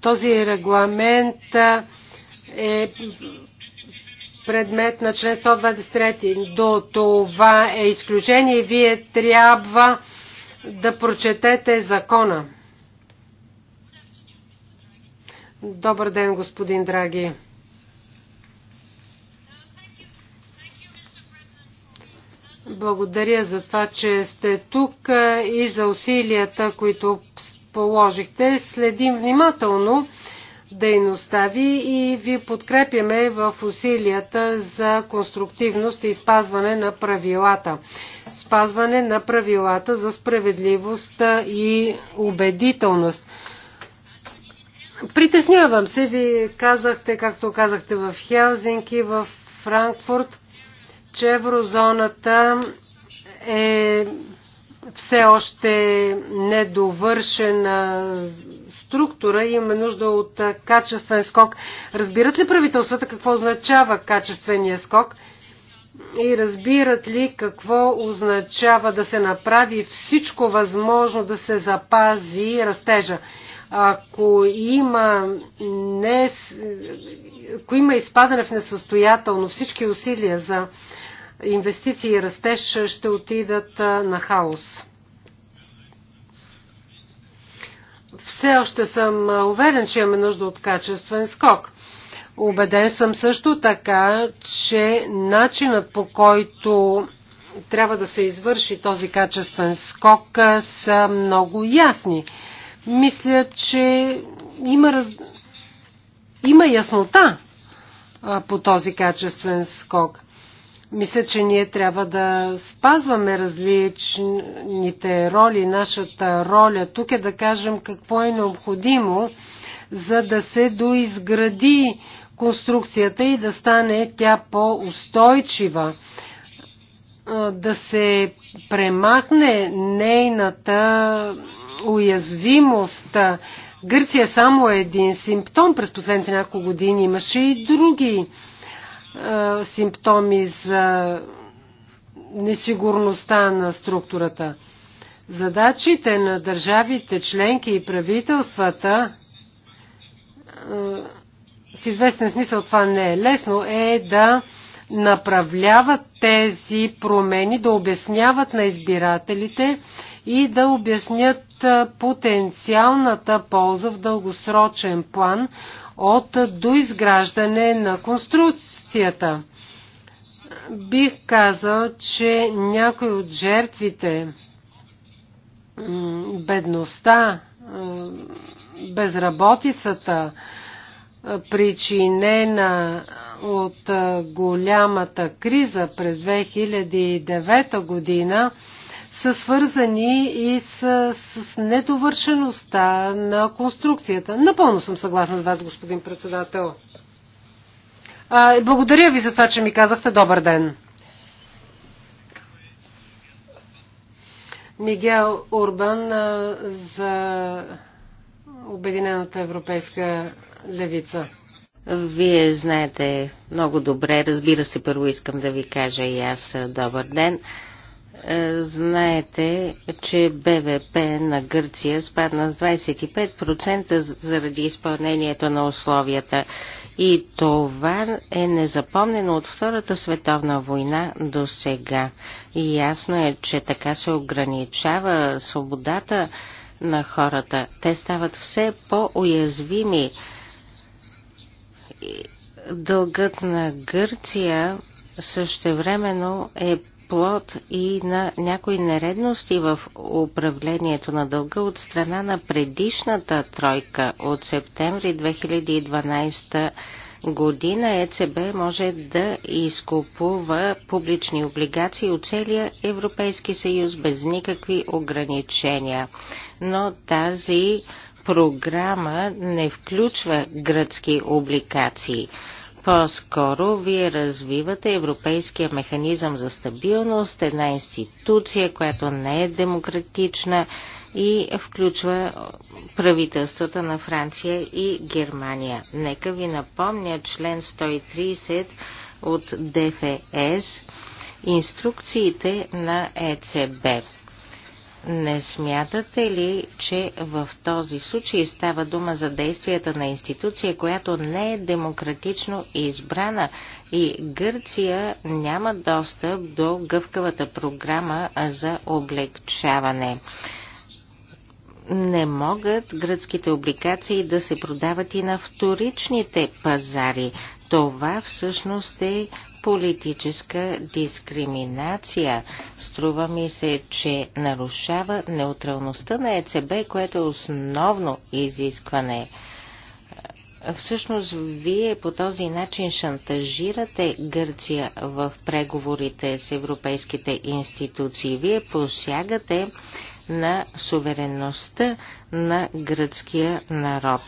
Този регламент е предмет на член 123. До това е изключение. Вие трябва да прочетете закона. Добър ден, господин Драги. Благодаря за това, че сте тук и за усилията, които положихте. Следим внимателно дейността ви и ви подкрепяме в усилията за конструктивност и спазване на правилата. Спазване на правилата за справедливост и убедителност. Притеснявам се, ви казахте, както казахте в Хелзинки, в Франкфурт, че еврозоната е все още недовършена структура и имаме нужда от качествен скок. Разбират ли правителствата какво означава качествения скок? И разбират ли какво означава да се направи всичко възможно да се запази растежа? Ако има, не, ако има изпадане в несъстоятелно всички усилия за инвестиции и растеж ще отидат на хаос. Все още съм уверен, че имаме нужда от качествен скок. Обеден съм също така, че начинът по който трябва да се извърши този качествен скок са много ясни. Мисля, че има, раз... има яснота по този качествен скок. Мисля, че ние трябва да спазваме различните роли. Нашата роля тук е да кажем какво е необходимо, за да се доизгради конструкцията и да стане тя по-устойчива, да се премахне нейната уязвимост. Гърция е само един симптом. През последните няколко години имаше и други симптоми за несигурността на структурата. Задачите на държавите, членки и правителствата в известен смисъл това не е лесно, е да направляват тези промени, да обясняват на избирателите и да обяснят потенциалната полза в дългосрочен план от доизграждане на конструкцията. Бих казал, че някои от жертвите, бедността, безработицата, причинена от голямата криза през 2009 година, са свързани и с, с недовършеността на конструкцията. Напълно съм съгласна с вас, господин председател. А, благодаря ви за това, че ми казахте добър ден. Мигел Урбан за Обединената европейска левица. Вие знаете много добре, разбира се, първо искам да ви кажа и аз добър ден. Е, знаете, че БВП на Гърция спадна с 25% заради изпълнението на условията. И това е незапомнено от Втората световна война до сега. И ясно е, че така се ограничава свободата на хората. Те стават все по-уязвими. Дългът на Гърция също времено е плод и на някои нередности в управлението на дълга от страна на предишната тройка от септември 2012 година ЕЦБ може да изкупува публични облигации от целия Европейски съюз без никакви ограничения. Но тази програма не включва гръцки облигации. По-скоро вие развивате Европейския механизъм за стабилност, една институция, която не е демократична и включва правителствата на Франция и Германия. Нека ви напомня член 130 от ДФС, инструкциите на ЕЦБ. Не смятате ли, че в този случай става дума за действията на институция, която не е демократично избрана и Гърция няма достъп до гъвкавата програма за облегчаване? Не могат гръцките обликации да се продават и на вторичните пазари. Това всъщност е политическа дискриминация. Струва ми се, че нарушава неутралността на ЕЦБ, което е основно изискване. Всъщност, вие по този начин шантажирате Гърция в преговорите с европейските институции. Вие посягате на суверенността на гръцкия народ.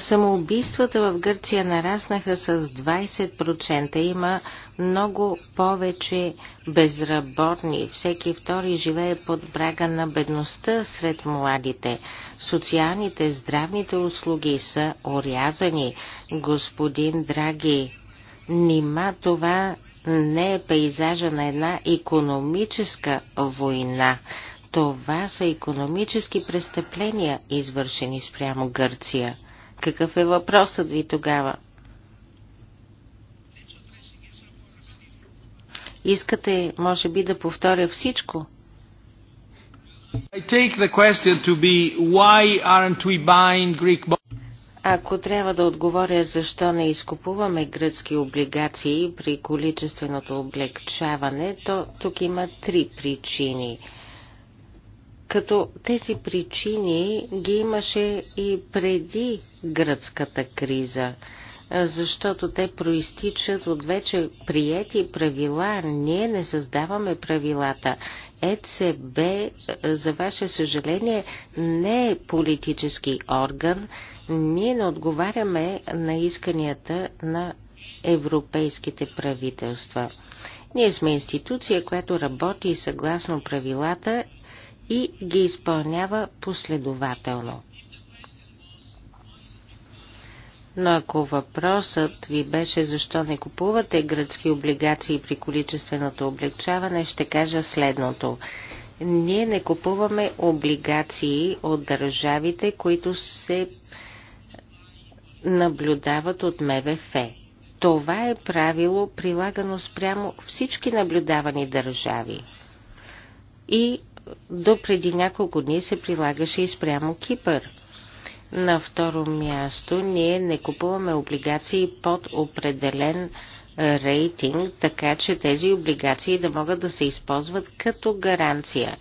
Самоубийствата в Гърция нараснаха с 20%. Има много повече безработни. Всеки втори живее под брага на бедността сред младите. Социалните, здравните услуги са орязани. Господин Драги, нима това не е пейзажа на една економическа война. Това са економически престъпления, извършени спрямо Гърция. Какъв е въпросът ви тогава? Искате, може би, да повторя всичко? Greek... Ако трябва да отговоря защо не изкупуваме гръцки облигации при количественото облегчаване, то тук има три причини – като тези причини ги имаше и преди гръцката криза, защото те проистичат от вече приети правила. Ние не създаваме правилата. ЕЦБ, за ваше съжаление, не е политически орган. Ние не отговаряме на исканията на европейските правителства. Ние сме институция, която работи съгласно правилата и ги изпълнява последователно. Но ако въпросът ви беше защо не купувате гръцки облигации при количественото облегчаване, ще кажа следното. Ние не купуваме облигации от държавите, които се наблюдават от МВФ. Това е правило, прилагано спрямо всички наблюдавани държави. И до преди няколко дни се прилагаше и спрямо Кипър. На второ място ние не купуваме облигации под определен рейтинг, така че тези облигации да могат да се използват като гаранция.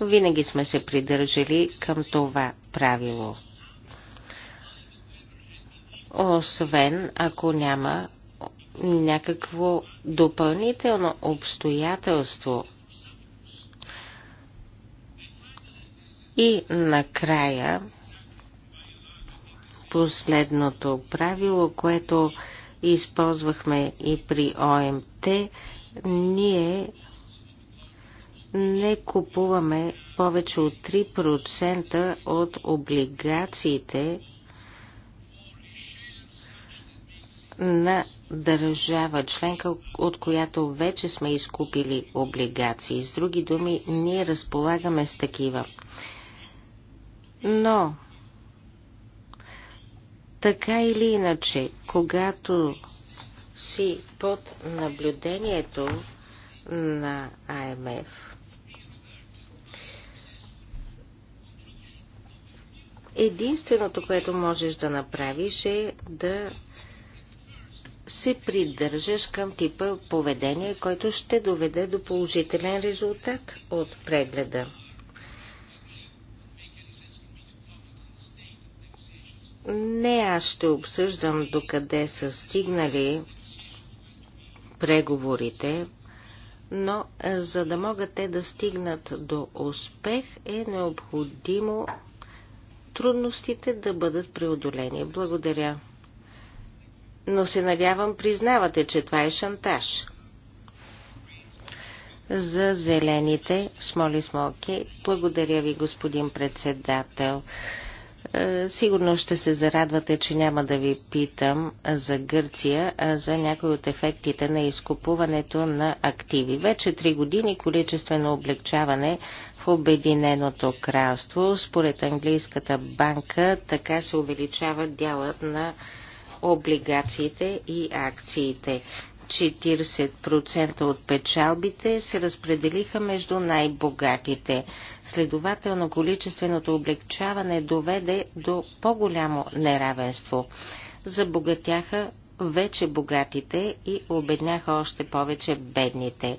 Винаги сме се придържали към това правило. Освен ако няма някакво допълнително обстоятелство – И накрая последното правило, което използвахме и при ОМТ, ние не купуваме повече от 3% от облигациите на държава членка, от която вече сме изкупили облигации. С други думи, ние разполагаме с такива. Но, така или иначе, когато си под наблюдението на АМФ, единственото, което можеш да направиш е да се придържаш към типа поведение, който ще доведе до положителен резултат от прегледа. Не аз ще обсъждам докъде са стигнали преговорите, но е, за да могат те да стигнат до успех е необходимо трудностите да бъдат преодолени. Благодаря. Но се надявам, признавате, че това е шантаж. За зелените, смоли смоки, благодаря ви, господин председател. Е, сигурно ще се зарадвате, че няма да ви питам за Гърция, а за някои от ефектите на изкупуването на активи. Вече три години количествено облегчаване в Обединеното кралство. Според английската банка така се увеличава дялът на облигациите и акциите. 40% от печалбите се разпределиха между най-богатите. Следователно, количественото облегчаване доведе до по-голямо неравенство. Забогатяха вече богатите и обедняха още повече бедните.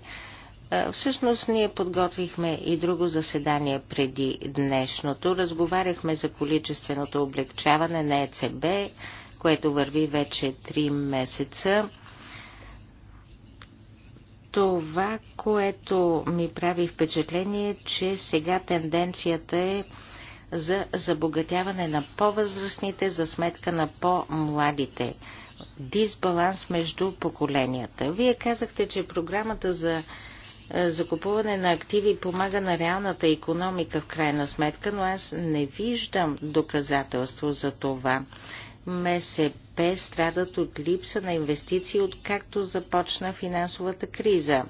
Всъщност ние подготвихме и друго заседание преди днешното. Разговаряхме за количественото облегчаване на ЕЦБ, което върви вече 3 месеца. Това, което ми прави впечатление, е, че сега тенденцията е за забогатяване на по-възрастните за сметка на по-младите. Дисбаланс между поколенията. Вие казахте, че програмата за е, закупуване на активи помага на реалната економика в крайна сметка, но аз не виждам доказателство за това. МСП те страдат от липса на инвестиции, откакто започна финансовата криза.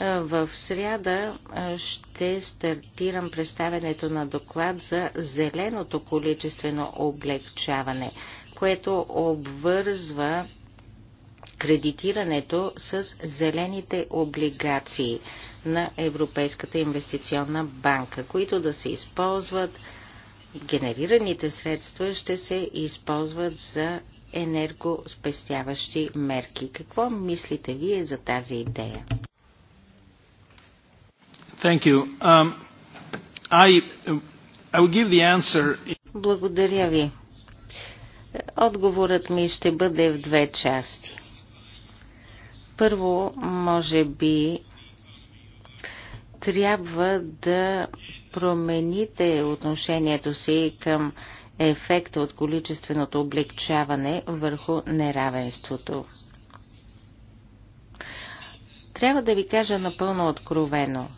В сряда ще стартирам представенето на доклад за зеленото количествено облегчаване, което обвързва кредитирането с зелените облигации на Европейската инвестиционна банка, които да се използват генерираните средства ще се използват за енергоспестяващи мерки. Какво мислите вие за тази идея? Thank you. Um, I, I will give the answer... Благодаря ви. Отговорът ми ще бъде в две части. Първо, може би трябва да промените отношението си към ефекта от количественото облегчаване върху неравенството. Трябва да ви кажа напълно откровено.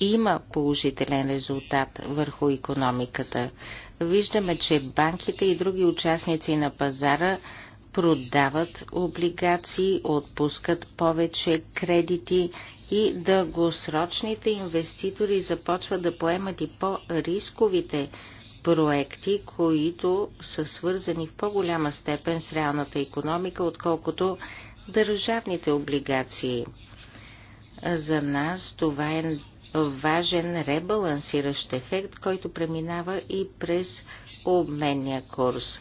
Има положителен резултат върху економиката. Виждаме, че банките и други участници на пазара продават облигации, отпускат повече кредити и дългосрочните инвеститори започват да поемат и по-рисковите проекти, които са свързани в по-голяма степен с реалната економика, отколкото държавните облигации. За нас това е важен ребалансиращ ефект, който преминава и през обменния курс.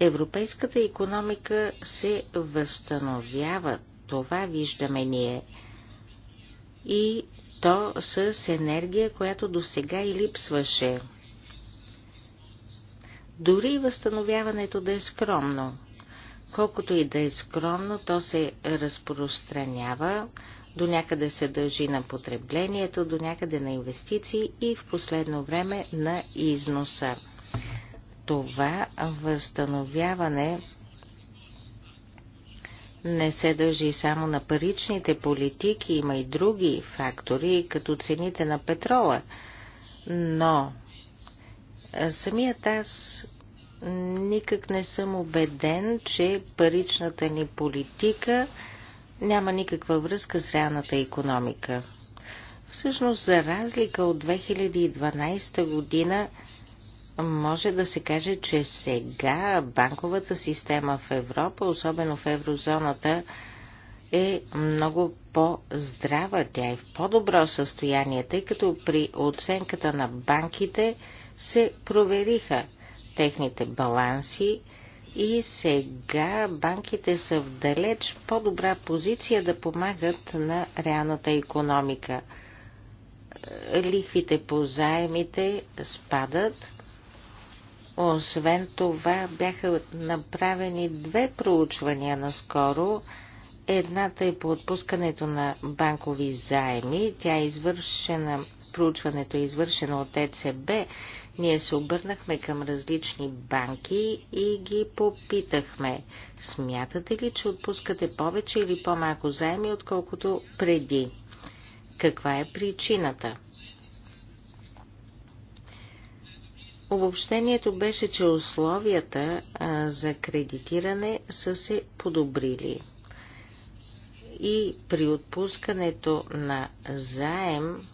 Европейската економика се възстановява. Това виждаме ние и то с енергия, която до сега и липсваше. Дори възстановяването да е скромно. Колкото и да е скромно, то се разпространява, до някъде се дължи на потреблението, до някъде на инвестиции и в последно време на износа. Това възстановяване не се дължи само на паричните политики, има и други фактори, като цените на петрола. Но самият аз никак не съм убеден, че паричната ни политика няма никаква връзка с реалната економика. Всъщност, за разлика от 2012 година, може да се каже, че сега банковата система в Европа, особено в еврозоната, е много по-здрава, тя е в по-добро състояние, тъй като при оценката на банките се провериха техните баланси и сега банките са в далеч по-добра позиция да помагат на реалната економика. Лихвите по заемите спадат – освен това бяха направени две проучвания наскоро. Едната е по отпускането на банкови заеми. Тя е извършена, проучването е извършено от ЕЦБ. Ние се обърнахме към различни банки и ги попитахме. Смятате ли, че отпускате повече или по-малко заеми, отколкото преди? Каква е причината? Обобщението беше, че условията за кредитиране са се подобрили. И при отпускането на заем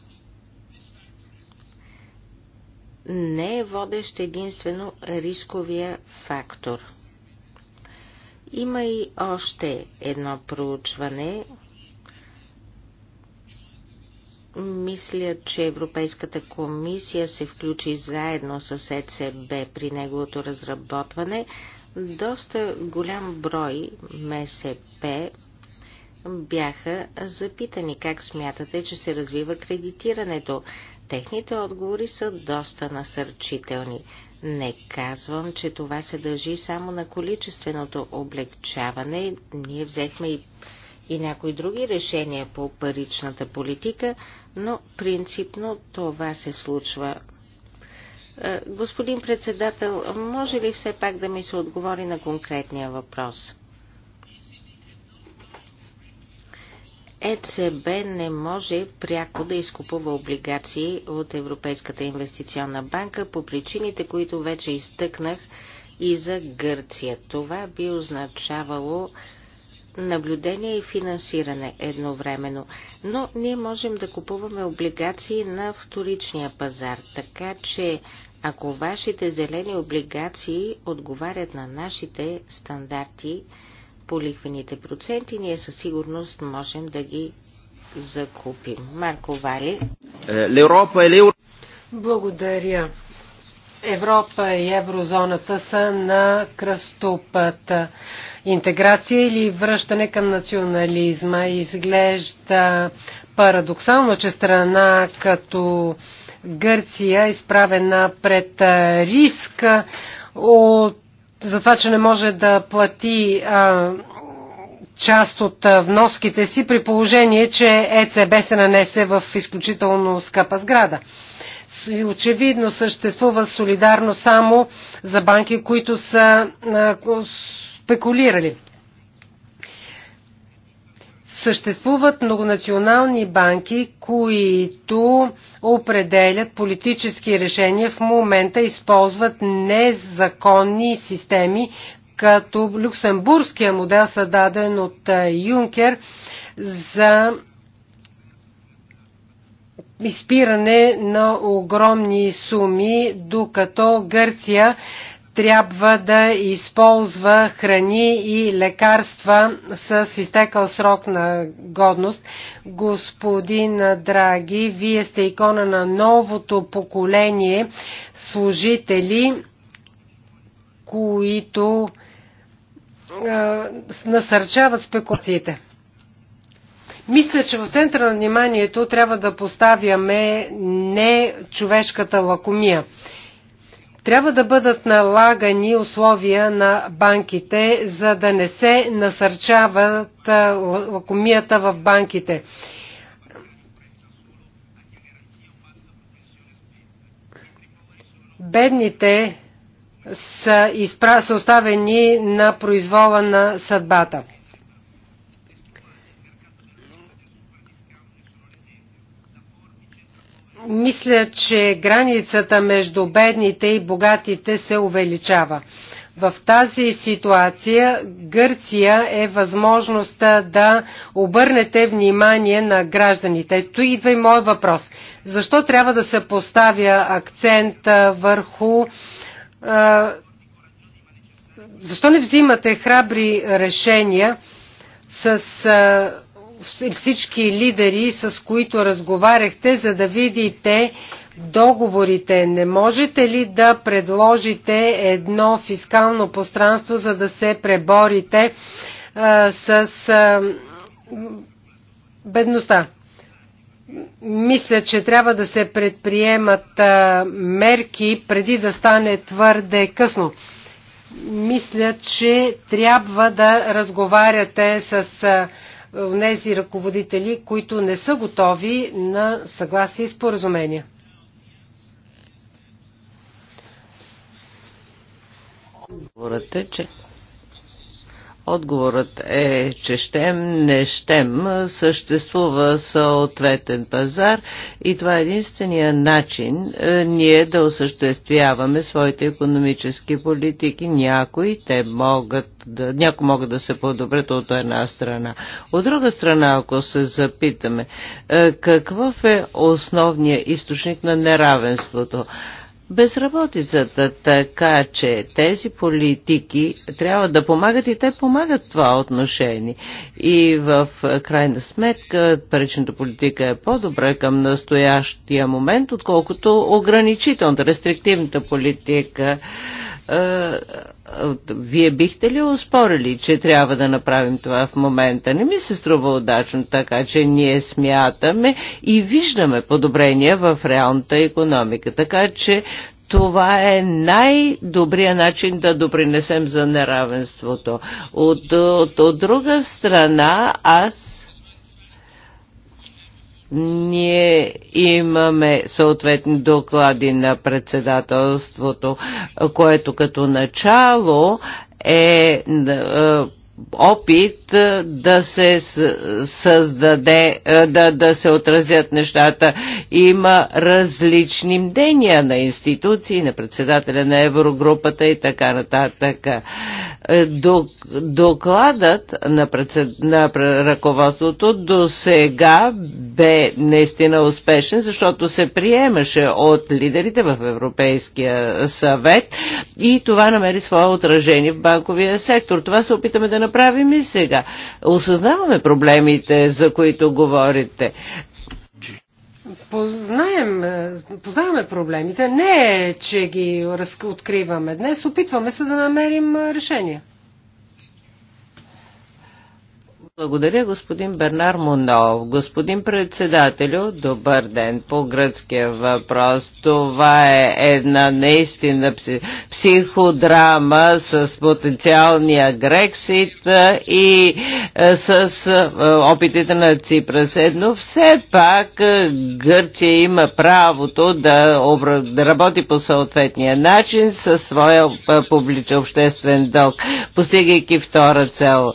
не е водещ единствено рисковия фактор. Има и още едно проучване, мисля, че Европейската комисия се включи заедно с ЕЦБ при неговото разработване. Доста голям брой МСП бяха запитани как смятате, че се развива кредитирането. Техните отговори са доста насърчителни. Не казвам, че това се дължи само на количественото облегчаване. Ние взехме и, и някои други решения по паричната политика, но принципно това се случва. Е, господин председател, може ли все пак да ми се отговори на конкретния въпрос? ЕЦБ не може пряко да изкупува облигации от Европейската инвестиционна банка по причините, които вече изтъкнах и за Гърция. Това би означавало наблюдение и финансиране едновременно. Но ние можем да купуваме облигации на вторичния пазар, така че ако вашите зелени облигации отговарят на нашите стандарти по лихвените проценти, ние със сигурност можем да ги закупим. Марко Вали. Е, Благодаря. Европа и еврозоната са на кръстопът. Интеграция или връщане към национализма изглежда парадоксално, че страна като Гърция е изправена пред риск от, за това, че не може да плати а, част от вноските си при положение, че ЕЦБ се нанесе в изключително скъпа сграда. Очевидно съществува солидарно само за банки, които са спекулирали. Съществуват многонационални банки, които определят политически решения в момента, използват незаконни системи, като люксембургския модел, създаден от Юнкер за изпиране на огромни суми, докато Гърция трябва да използва храни и лекарства с изтекал срок на годност. Господин Драги, вие сте икона на новото поколение служители, които е, насърчават спекулациите. Мисля, че в центъра на вниманието трябва да поставяме не човешката лакомия. Трябва да бъдат налагани условия на банките, за да не се насърчават лакомията в банките. Бедните са, изпра... са оставени на произвола на съдбата. мисля, че границата между бедните и богатите се увеличава. В тази ситуация Гърция е възможността да обърнете внимание на гражданите. Ето идва и мой въпрос. Защо трябва да се поставя акцент върху защо не взимате храбри решения с а, всички лидери, с които разговаряхте, за да видите договорите. Не можете ли да предложите едно фискално пространство, за да се преборите а, с а, бедността? Мисля, че трябва да се предприемат а, мерки преди да стане твърде късно. Мисля, че трябва да разговаряте с. А, тези ръководители, които не са готови на съгласие и споразумение. Отговорът че Отговорът е, че щем, не щем, съществува съответен пазар и това е единствения начин е, ние да осъществяваме своите економически политики. Някои те могат да, някои могат да се подобрят от една страна. От друга страна, ако се запитаме, е, какъв е основният източник на неравенството? безработицата, така че тези политики трябва да помагат и те помагат това отношение. И в крайна сметка паричната политика е по-добра към настоящия момент, отколкото ограничителната, рестриктивната политика е, вие бихте ли успорили, че трябва да направим това в момента? Не ми се струва удачно, така че ние смятаме и виждаме подобрения в реалната економика. Така че това е най-добрия начин да допринесем за неравенството. От, от, от друга страна, аз ние имаме съответни доклади на председателството, което като начало е, е опит да се създаде, да, да се отразят нещата. Има различни мнения на институции, на председателя на Еврогрупата и така нататък. Докладът на, председ... на ръководството до сега бе наистина успешен, защото се приемаше от лидерите в Европейския съвет и това намери свое отражение в банковия сектор. Това се опитаме да направим и сега. Осъзнаваме проблемите, за които говорите. Познаем, е, познаваме проблемите. Не е, че ги откриваме. Днес опитваме се да намерим е, решение. Благодаря, господин Бернар Монов. Господин председателю, добър ден по гръцкия въпрос. Това е една наистина психодрама с потенциалния Грексит и с опитите на Ципрас. Едно все пак Гърция има правото да, работи по съответния начин със своя публичен обществен дълг, постигайки втора цел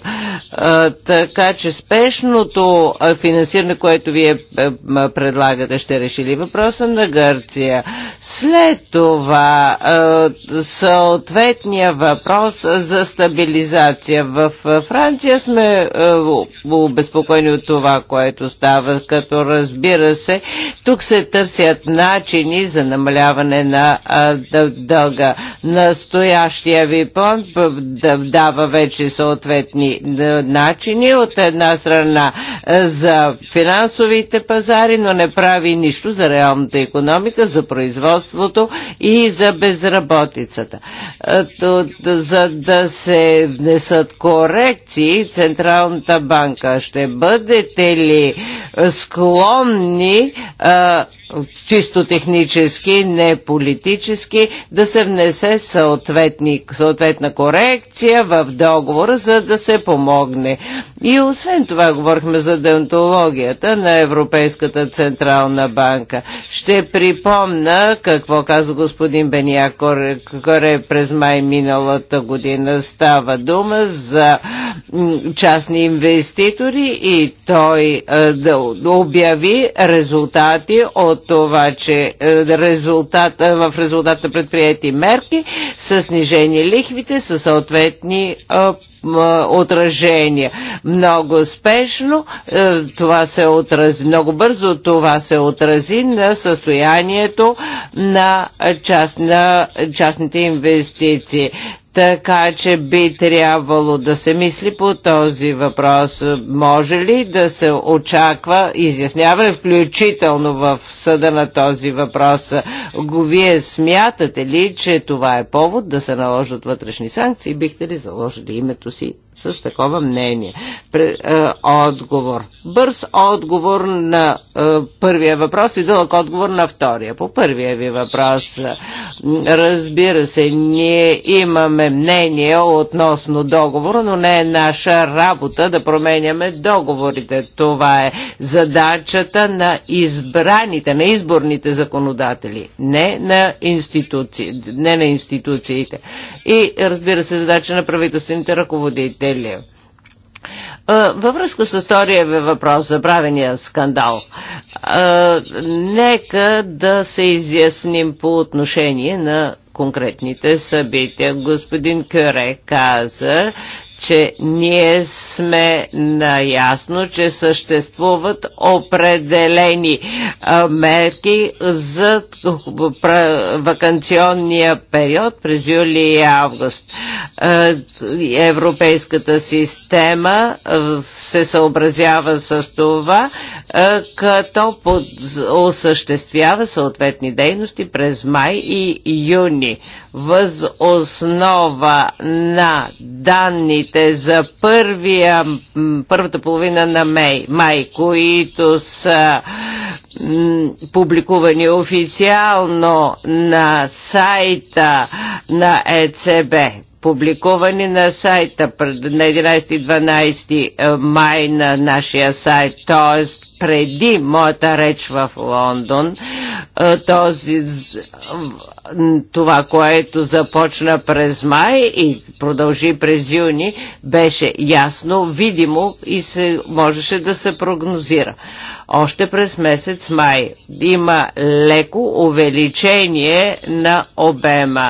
така че спешното финансиране, което вие е, предлагате, ще реши ли въпроса на Гърция? След това съответния въпрос за стабилизация. В Франция сме обезпокоени от това, което става, като разбира се, тук се търсят начини за намаляване на дълга. Настоящия ви план дава вече съответни начини, от една страна е, за финансовите пазари, но не прави нищо за реалната економика, за производството и за безработицата. Е, за да се внесат корекции, Централната банка ще бъдете ли склонни е, чисто технически, не политически, да се внесе съответна корекция в договора, за да се помогне. И освен това говорихме за деонтологията на Европейската Централна банка. Ще припомна какво каза господин Бения Коре, Коре през май миналата година. Става дума за частни инвеститори и той да обяви резултати от това, че е, резултат, в резултат на предприяти мерки с снижение лихвите, с съответни е, е, отражения. Много спешно това се отрази, много бързо това се отрази на състоянието на, част, на частните инвестиции. Така че би трябвало да се мисли по този въпрос. Може ли да се очаква изясняване, включително в съда на този въпрос? Го вие смятате ли, че това е повод да се наложат вътрешни санкции? Бихте ли заложили името си с такова мнение. Е, отговор. Бърз отговор на е, първия въпрос и дълъг отговор на втория. По първия ви въпрос, е, разбира се, ние имаме мнение относно договора, но не е наша работа да променяме договорите. Това е задачата на избраните, на изборните законодатели, не на, институции, не на институциите. И разбира се, задача на правителствените ръководители изделия. Във връзка с втория ви въпрос за правения скандал, нека да се изясним по отношение на конкретните събития. Господин Кюре каза, че ние сме наясно, че съществуват определени мерки за вакансионния период през юли и август. Европейската система се съобразява с това, като осъществява съответни дейности през май и юни въз основа на данните за първия, първата половина на май, май които са публикувани официално на сайта на ЕЦБ публикувани на сайта на 11 и 12 е, май на нашия сайт, т.е. преди моята реч в Лондон, е, този това, което започна през май и продължи през юни, беше ясно, видимо и се можеше да се прогнозира. Още през месец май има леко увеличение на обема.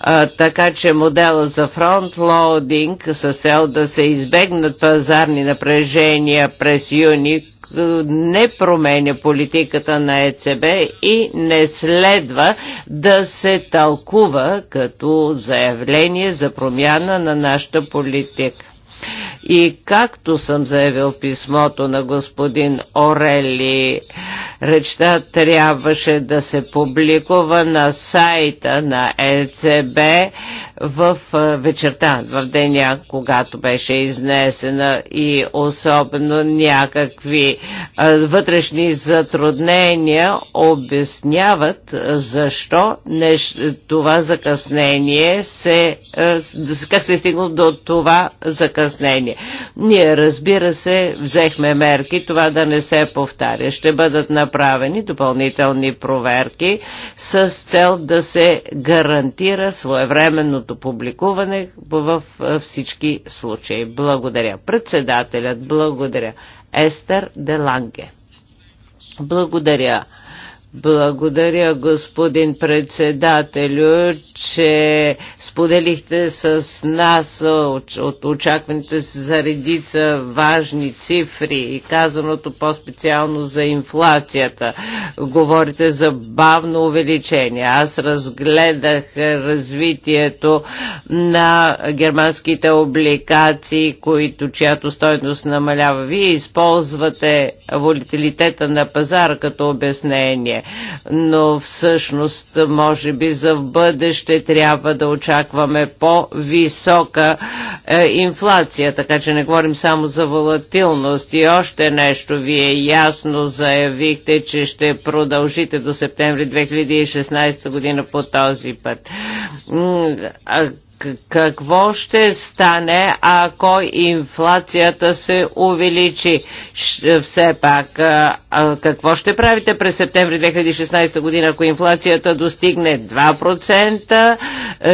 А, така че модела за фронтлоудинг с цел да се избегнат пазарни напрежения през юни не променя политиката на ЕЦБ и не следва да се тълкува като заявление за промяна на нашата политика. И както съм заявил в писмото на господин Орели, речта трябваше да се публикува на сайта на ЕЦБ в вечерта, в деня, когато беше изнесена и особено някакви вътрешни затруднения обясняват защо неш... това закъснение се... как се е стигнало до това закъснение изпълнение. Ние, разбира се, взехме мерки това да не се повтаря. Ще бъдат направени допълнителни проверки с цел да се гарантира своевременното публикуване в всички случаи. Благодаря. Председателят, благодаря. Естер Деланге. Благодаря. Благодаря, господин председателю, че споделихте с нас от очакваните за редица важни цифри и казаното по-специално за инфлацията. Говорите за бавно увеличение. Аз разгледах развитието на германските обликации, които, чиято стойност намалява. Вие използвате волатилитета на пазара като обяснение но всъщност може би за в бъдеще трябва да очакваме по-висока е, инфлация, така че не говорим само за волатилност. И още нещо, вие ясно заявихте, че ще продължите до септември 2016 година по този път какво ще стане, ако инфлацията се увеличи? Все пак, какво ще правите през септември 2016 година, ако инфлацията достигне 2%?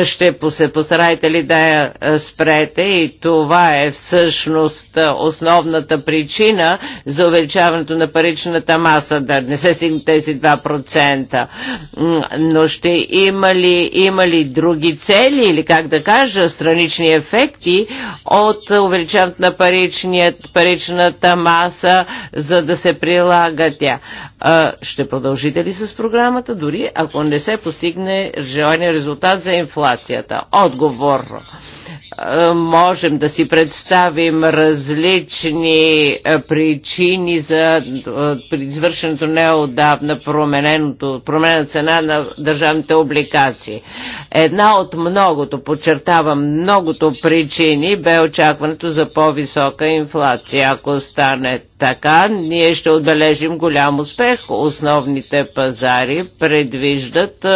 Ще се постараете ли да я спрете? И това е всъщност основната причина за увеличаването на паричната маса, да не се стигне тези 2%. Но ще има ли, има ли други цели или как да да кажа, странични ефекти от увеличаването на паричната маса, за да се прилага тя. А, ще продължите ли с програмата, дори ако не се постигне желания резултат за инфлацията? Отговорно. Е, можем да си представим различни е, причини за е, извършеното неодавна променена цена на държавните обликации. Една от многото, подчертавам многото причини, бе очакването за по-висока инфлация. Ако стане така, ние ще отбележим голям успех. Основните пазари предвиждат,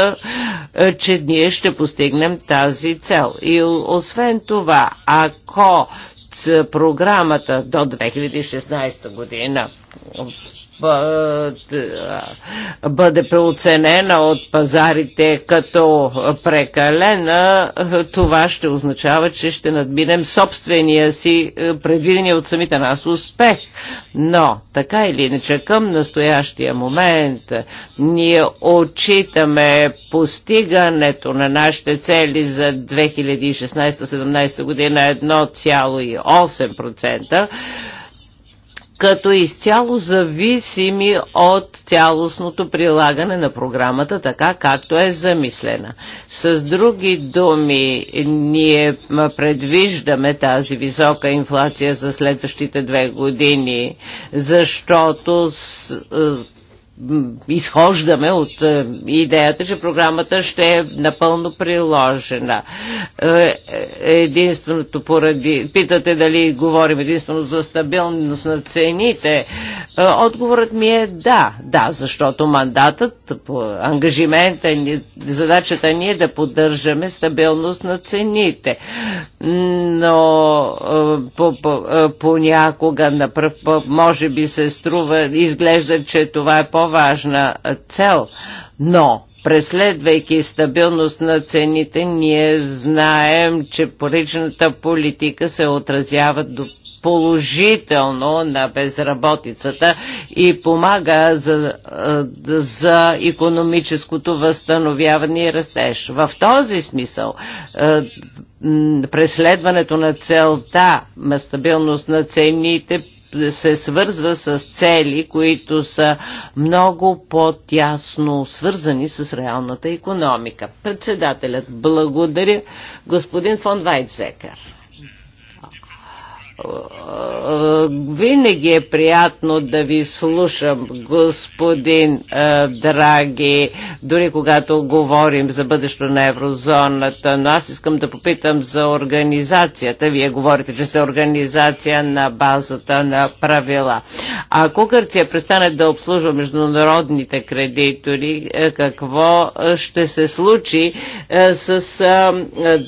че ние ще постигнем тази цел. И освен това, това, ако с програмата до 2016 година бъде преоценена от пазарите като прекалена, това ще означава, че ще надминем собствения си е, предвидения от самите нас успех. Но, така или иначе, към настоящия момент е, ние отчитаме постигането на нашите цели за 2016-2017 година 1,8%, като изцяло зависими от цялостното прилагане на програмата, така както е замислена. С други думи, ние предвиждаме тази висока инфлация за следващите две години, защото е, изхождаме от е, идеята, че програмата ще е напълно приложена. Е, е, единственото поради... Питате дали говорим единствено за стабилност на цените. Отговорът ми е да. Да, защото мандатът, ангажимента задачата ни е да поддържаме стабилност на цените. Но по, по, понякога, на пръв, може би се струва, изглежда, че това е повече важна цел, но преследвайки стабилност на цените, ние знаем, че поричната политика се отразява до положително на безработицата и помага за, за економическото възстановяване и растеж. В този смисъл преследването на целта на стабилност на цените се свързва с цели, които са много по-тясно свързани с реалната економика. Председателят, благодаря господин фон Вайдзекер. Е, винаги е приятно да ви слушам, господин е, Драги, дори когато говорим за бъдещето на еврозоната, но аз искам да попитам за организацията. Вие говорите, че сте организация на базата на правила. Ако Гърция престане да обслужва международните кредитори, е, какво ще се случи с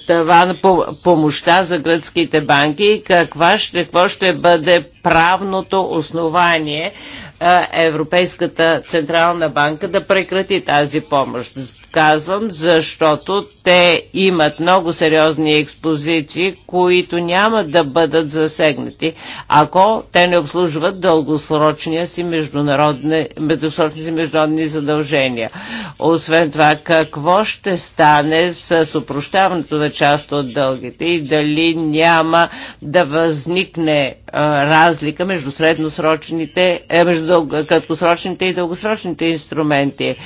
таван помощта за гръцките банки и каква ще, какво ще бъде правното основание Европейската Централна банка да прекрати тази помощ казвам, защото те имат много сериозни експозиции, които няма да бъдат засегнати, ако те не обслужват дългосрочния си международни, си международни задължения. Освен това, какво ще стане с упрощаването на част от дългите и дали няма да възникне разлика между средносрочните, е, между дълго, краткосрочните и дългосрочните инструменти.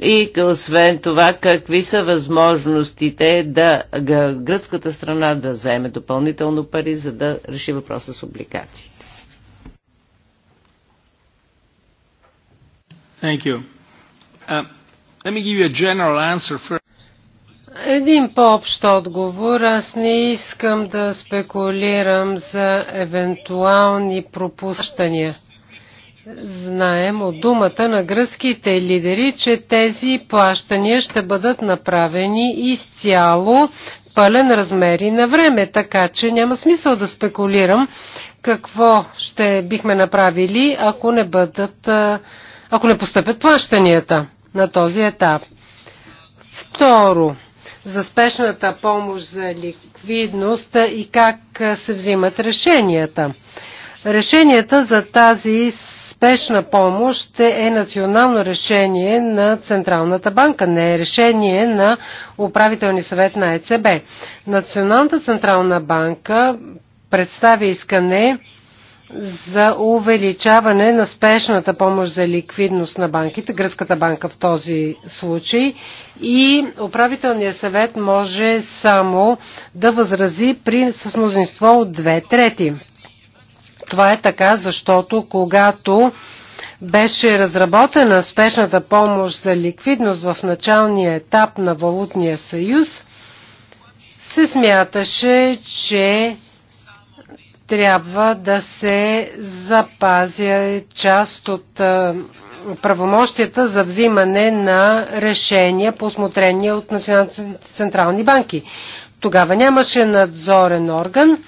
И освен това, какви са възможностите да гръцката страна да вземе допълнително пари, за да реши въпроса с облигациите? Thank you. Uh, let me give you a general answer Един по-общ отговор. Аз не искам да спекулирам за евентуални пропущания. Знаем от думата на гръцките лидери, че тези плащания ще бъдат направени изцяло пълен размер и на време, така че няма смисъл да спекулирам какво ще бихме направили, ако не бъдат, ако не постъпят плащанията на този етап. Второ, за спешната помощ за ликвидност и как се взимат решенията. Решенията за тази спешна помощ е национално решение на Централната банка, не е решение на управителни съвет на ЕЦБ. Националната Централна банка представи искане за увеличаване на спешната помощ за ликвидност на банките, гръцката банка в този случай, и управителният съвет може само да възрази при, с мнозинство от две трети. Това е така, защото когато беше разработена спешната помощ за ликвидност в началния етап на Валутния съюз, се смяташе, че трябва да се запазя част от правомощията за взимане на решения по осмотрение от националните централни банки. Тогава нямаше надзорен орган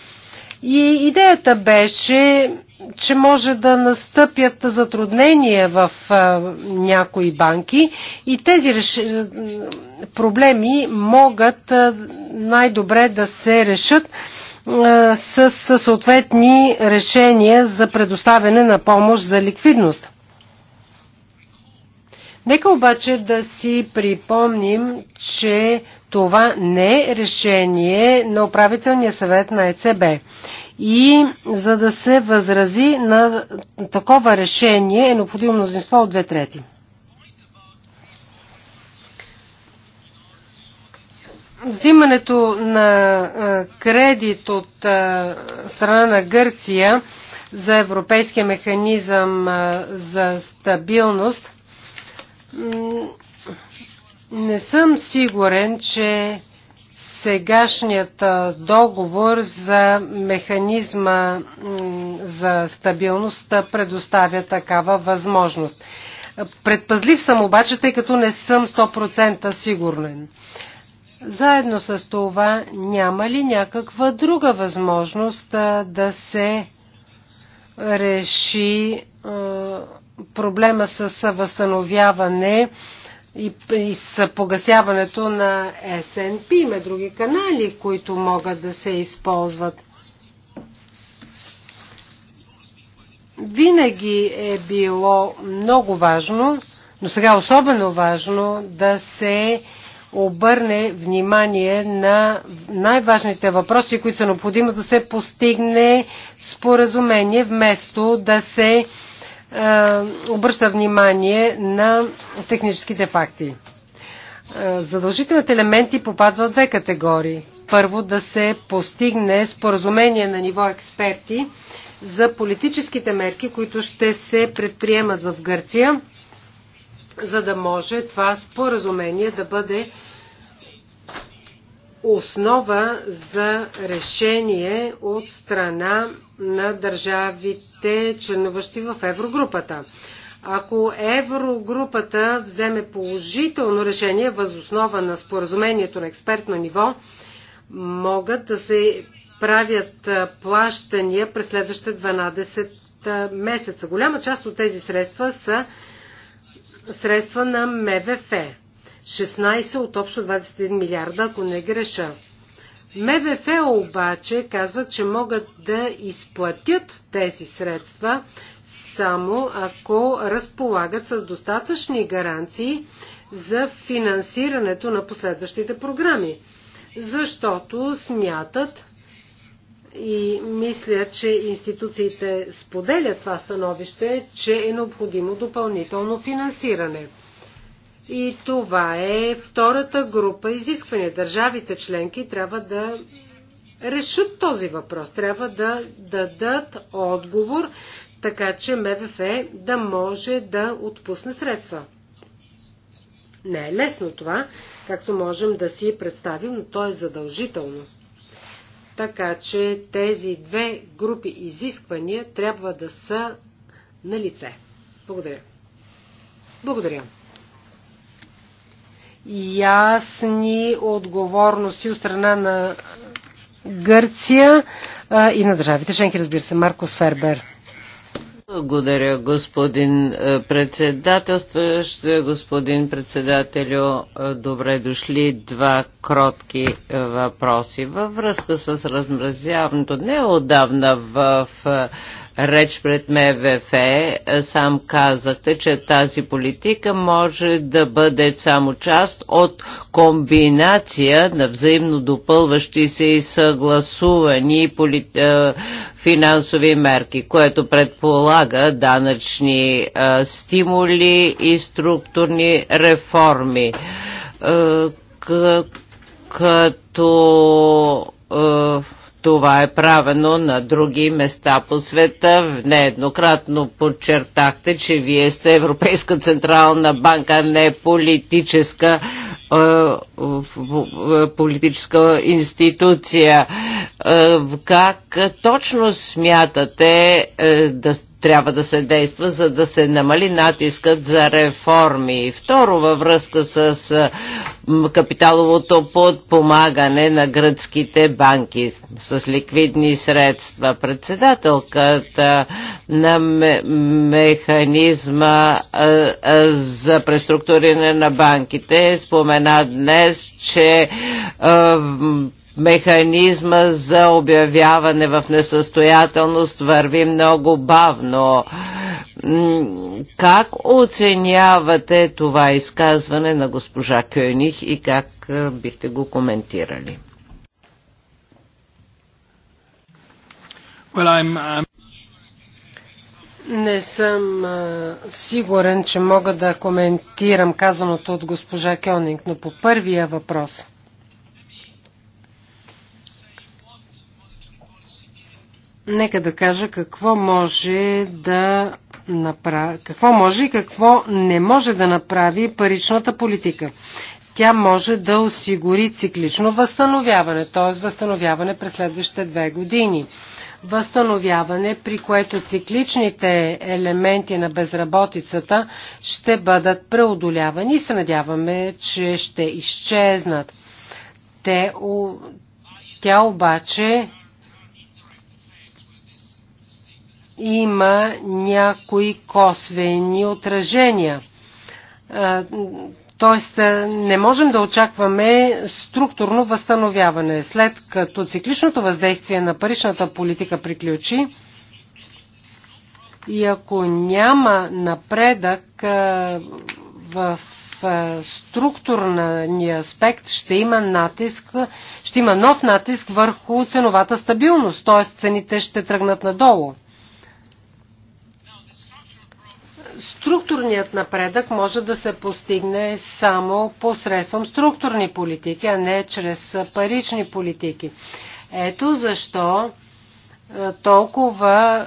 и идеята беше, че може да настъпят затруднения в някои банки и тези реш... проблеми могат най-добре да се решат с съответни решения за предоставяне на помощ за ликвидност. Нека обаче да си припомним, че това не е решение на управителния съвет на ЕЦБ. И за да се възрази на такова решение е необходимо мнозинство от две трети. Взимането на кредит от страна на Гърция за Европейския механизъм за стабилност не съм сигурен, че сегашният договор за механизма за стабилност предоставя такава възможност. Предпазлив съм обаче, тъй като не съм 100% сигурен. Заедно с това няма ли някаква друга възможност да се реши проблема с възстановяване и, и с погасяването на СНП. Има други канали, които могат да се използват. Винаги е било много важно, но сега особено важно да се обърне внимание на най-важните въпроси, които са необходимо да се постигне споразумение, вместо да се е, обръща внимание на техническите факти. Е, задължителните елементи попадват в две категории. Първо да се постигне споразумение на ниво експерти за политическите мерки, които ще се предприемат в Гърция, за да може това споразумение да бъде основа за решение от страна на държавите, членуващи в Еврогрупата. Ако Еврогрупата вземе положително решение възоснова на споразумението на експертно ниво, могат да се правят плащания през следващите 12 месеца. Голяма част от тези средства са средства на МВФ. 16 от общо 21 милиарда, ако не греша. МВФ обаче казват, че могат да изплатят тези средства само ако разполагат с достатъчни гаранции за финансирането на последващите програми. Защото смятат и мисля, че институциите споделят това становище, че е необходимо допълнително финансиране. И това е втората група изисквания. Държавите членки трябва да решат този въпрос. Трябва да дадат отговор, така че МВФ да може да отпусне средства. Не е лесно това, както можем да си представим, но то е задължително. Така че тези две групи изисквания трябва да са на лице. Благодаря. Благодаря ясни отговорности от страна на Гърция и на държавите членки, разбира се, Маркос Фербер. Благодаря, господин е, председателстващ, е, господин председателю. Е, добре дошли два кротки въпроси във връзка с размразяването. Неодавна в реч пред МВФ сам казахте, че тази политика може да бъде само част от комбинация на взаимно допълващи се и съгласувани финансови мерки, което предполага данъчни а, стимули и структурни реформи, а, като а, това е правено на други места по света. Нееднократно подчертахте, че вие сте Европейска централна банка, не политическа, е, е, политическа институция. Е, как точно смятате е, да трябва да се действа, за да се намали натискът за реформи. Второ, във връзка с капиталовото подпомагане на гръцките банки с ликвидни средства. Председателката на механизма за преструктуриране на банките спомена днес, че механизма за обявяване в несъстоятелност върви много бавно. Как оценявате това изказване на госпожа Кюних и как бихте го коментирали? Well, I'm, I'm... Не съм а, сигурен, че мога да коментирам казаното от госпожа Кьонинг, но по първия въпрос – Нека да кажа какво може да направи, какво може и какво не може да направи паричната политика. Тя може да осигури циклично възстановяване, т.е. възстановяване през следващите две години. Възстановяване, при което цикличните елементи на безработицата ще бъдат преодолявани и се надяваме, че ще изчезнат. Те, тя обаче има някои косвени отражения. Тоест, не можем да очакваме структурно възстановяване. След като цикличното въздействие на паричната политика приключи, и ако няма напредък в структурния аспект, ще има натиск, ще има нов натиск върху ценовата стабилност, т.е. цените ще тръгнат надолу. структурният напредък може да се постигне само посредством структурни политики, а не чрез парични политики. Ето защо е, толкова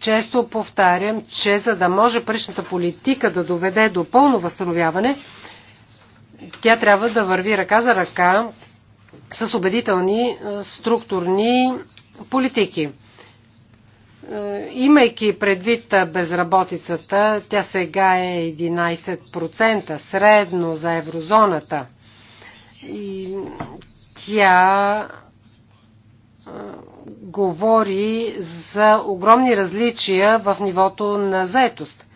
често повтарям, че за да може паричната политика да доведе до пълно възстановяване, тя трябва да върви ръка за ръка с убедителни е, структурни политики. Е, имайки предвид безработицата, тя сега е 11% средно за еврозоната. И тя говори за огромни различия в нивото на заетост.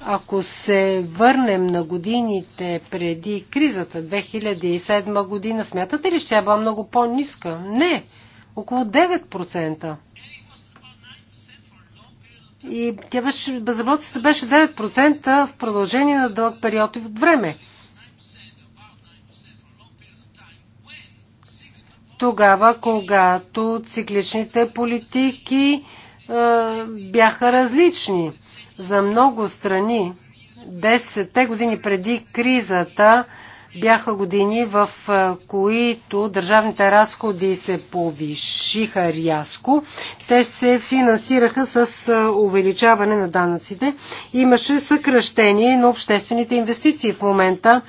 Ако се върнем на годините преди кризата, 2007 година, смятате ли, че тя е била много по-ниска? Не около 9%. И тя беше, безработицата беше 9% в продължение на дълъг период и от време. Тогава, когато цикличните политики е, бяха различни. За много страни, 10-те години преди кризата, бяха години, в които държавните разходи се повишиха рязко. Те се финансираха с увеличаване на данъците. Имаше съкръщение на обществените инвестиции. В момента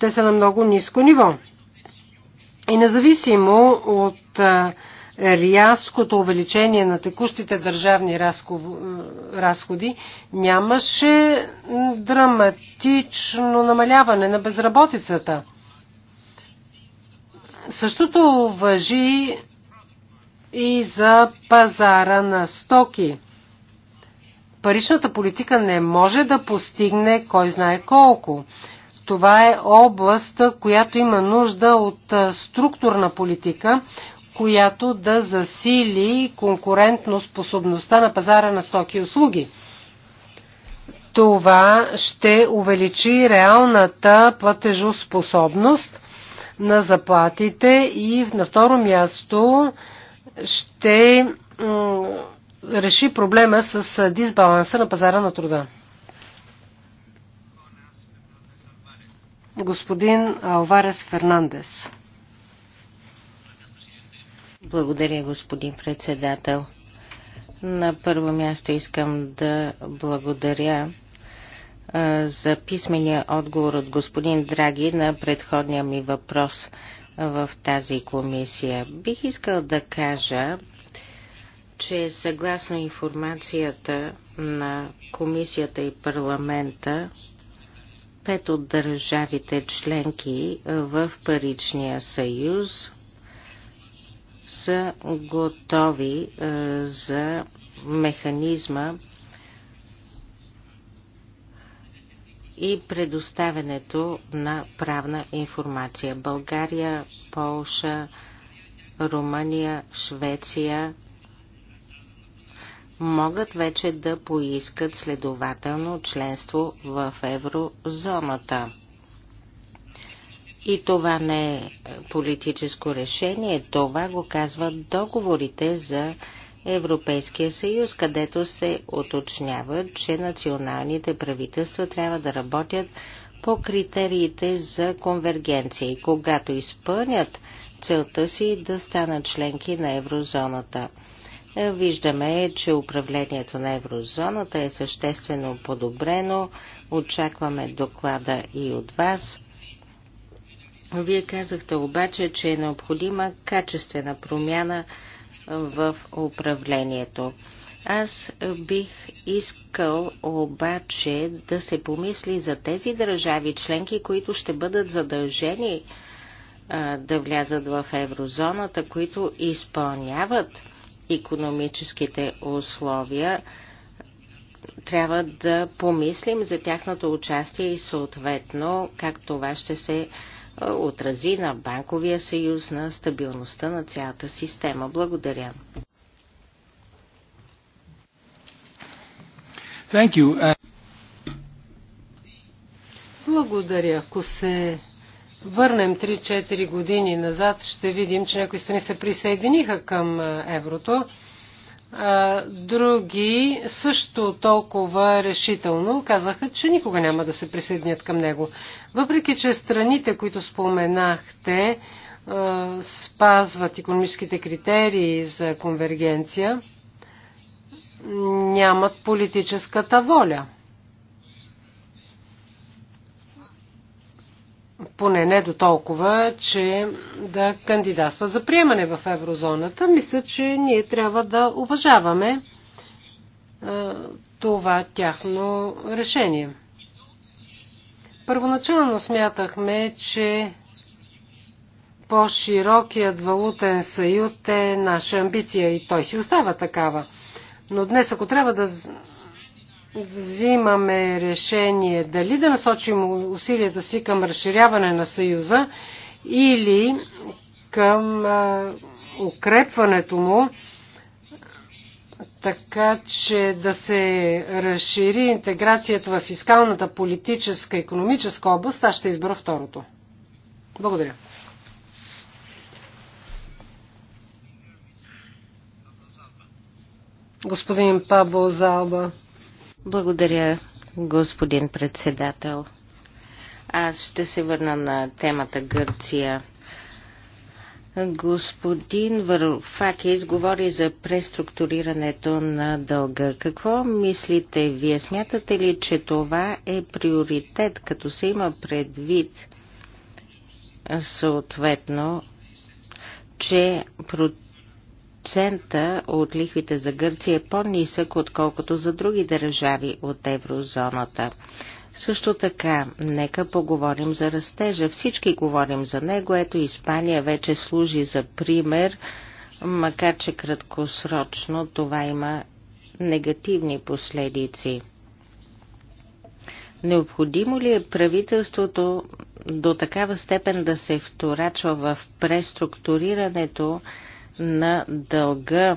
те са на много ниско ниво. И независимо от рязкото увеличение на текущите държавни е, разходи нямаше драматично намаляване на безработицата. Същото въжи и за пазара на стоки. Паричната политика не може да постигне кой знае колко. Това е област, която има нужда от е, структурна политика, която да засили конкурентно способността на пазара на стоки и услуги. Това ще увеличи реалната платежоспособност на заплатите и на второ място ще реши проблема с дисбаланса на пазара на труда. Господин Алварес Фернандес. Благодаря, господин председател. На първо място искам да благодаря за писмения отговор от господин Драги на предходния ми въпрос в тази комисия. Бих искал да кажа, че съгласно информацията на комисията и парламента, пет от държавите членки в Паричния съюз са готови е, за механизма и предоставянето на правна информация. България, Полша, Румъния, Швеция могат вече да поискат следователно членство в еврозоната. И това не е политическо решение, това го казват договорите за Европейския съюз, където се уточнява, че националните правителства трябва да работят по критериите за конвергенция и когато изпълнят целта си да станат членки на еврозоната. Виждаме, че управлението на еврозоната е съществено подобрено. Очакваме доклада и от вас. Вие казахте обаче, че е необходима качествена промяна в управлението. Аз бих искал обаче да се помисли за тези държави членки, които ще бъдат задължени а, да влязат в еврозоната, които изпълняват економическите условия. Трябва да помислим за тяхното участие и съответно как това ще се а, отрази на банковия съюз, на стабилността на цялата система. Благодаря. Thank you. Uh, Благодаря. Ако се върнем 3-4 години назад, ще видим, че някои страни се присъединиха към еврото други също толкова решително казаха, че никога няма да се присъединят към него. Въпреки, че страните, които споменахте, спазват економическите критерии за конвергенция, нямат политическата воля. поне не до толкова, че да кандидатства за приемане в еврозоната. Мисля, че ние трябва да уважаваме това тяхно решение. Първоначално смятахме, че по-широкият валутен съюз е наша амбиция и той си остава такава. Но днес, ако трябва да взимаме решение дали да насочим усилията си към разширяване на Съюза или към укрепването му, така че да се разшири интеграцията в фискалната, политическа, економическа област, аз ще избера второто. Благодаря. Господин Пабло Залба. Благодаря, господин председател. Аз ще се върна на темата Гърция. Господин Варфакис изговори за преструктурирането на дълга. Какво мислите вие? Смятате ли, че това е приоритет, като се има предвид съответно, че против процента от лихвите за Гърция е по-нисък, отколкото за други държави от еврозоната. Също така, нека поговорим за растежа. Всички говорим за него. Ето Испания вече служи за пример, макар че краткосрочно това има негативни последици. Необходимо ли е правителството до такава степен да се вторачва в преструктурирането на дълга.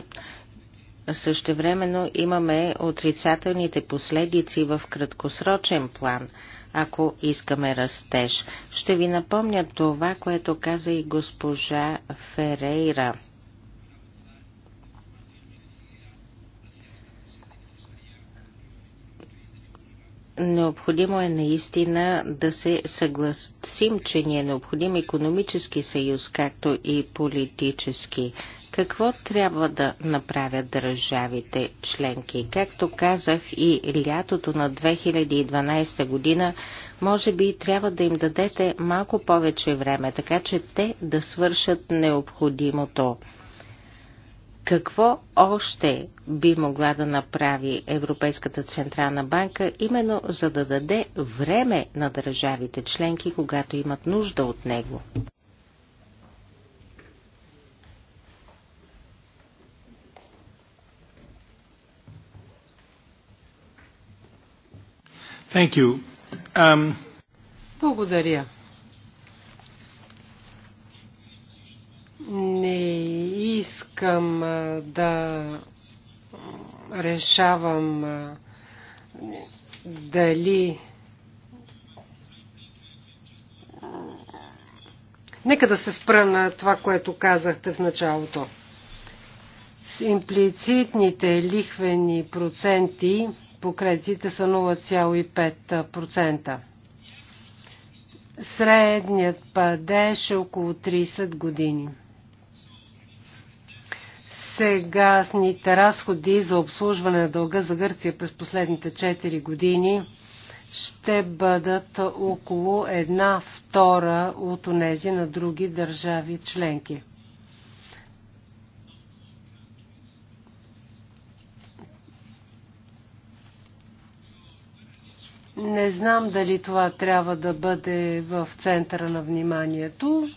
Същевременно имаме отрицателните последици в краткосрочен план, ако искаме растеж. Ще ви напомня това, което каза и госпожа Ферейра – Необходимо е наистина да се съгласим, че ни е необходим економически съюз, както и политически. Какво трябва да направят държавите членки? Както казах и лятото на 2012 година, може би трябва да им дадете малко повече време, така че те да свършат необходимото. Какво още би могла да направи Европейската Централна банка, именно за да даде време на държавите членки, когато имат нужда от него? Thank you. Um... Благодаря. Не искам да решавам дали Нека да се спра на това, което казахте в началото. С имплицитните лихвени проценти по кредитите са 0,5%. Средният падеж е около 30 години сегасните разходи за обслужване на дълга за Гърция през последните 4 години ще бъдат около една втора от онези на други държави членки. Не знам дали това трябва да бъде в центъра на вниманието.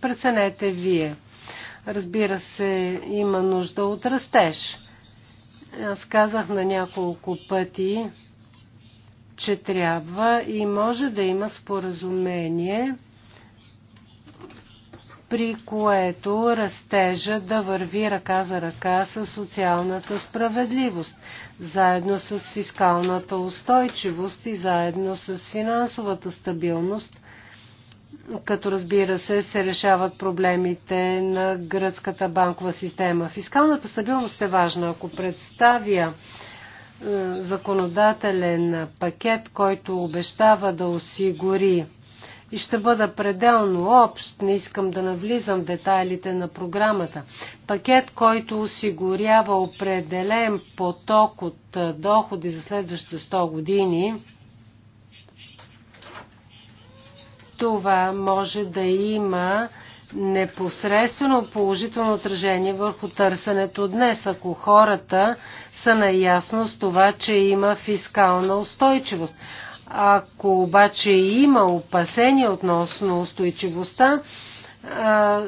Преценете вие. Разбира се, има нужда от растеж. Аз казах на няколко пъти, че трябва и може да има споразумение, при което растежа да върви ръка за ръка с социалната справедливост, заедно с фискалната устойчивост и заедно с финансовата стабилност, като разбира се се решават проблемите на гръцката банкова система. Фискалната стабилност е важна. Ако представя е, законодателен пакет, който обещава да осигури и ще бъда пределно общ, не искам да навлизам в детайлите на програмата. Пакет, който осигурява определен поток от е, доходи за следващите 100 години, това може да има непосредствено положително отражение върху търсенето днес, ако хората са наясно с това, че има фискална устойчивост. Ако обаче има опасения относно устойчивостта,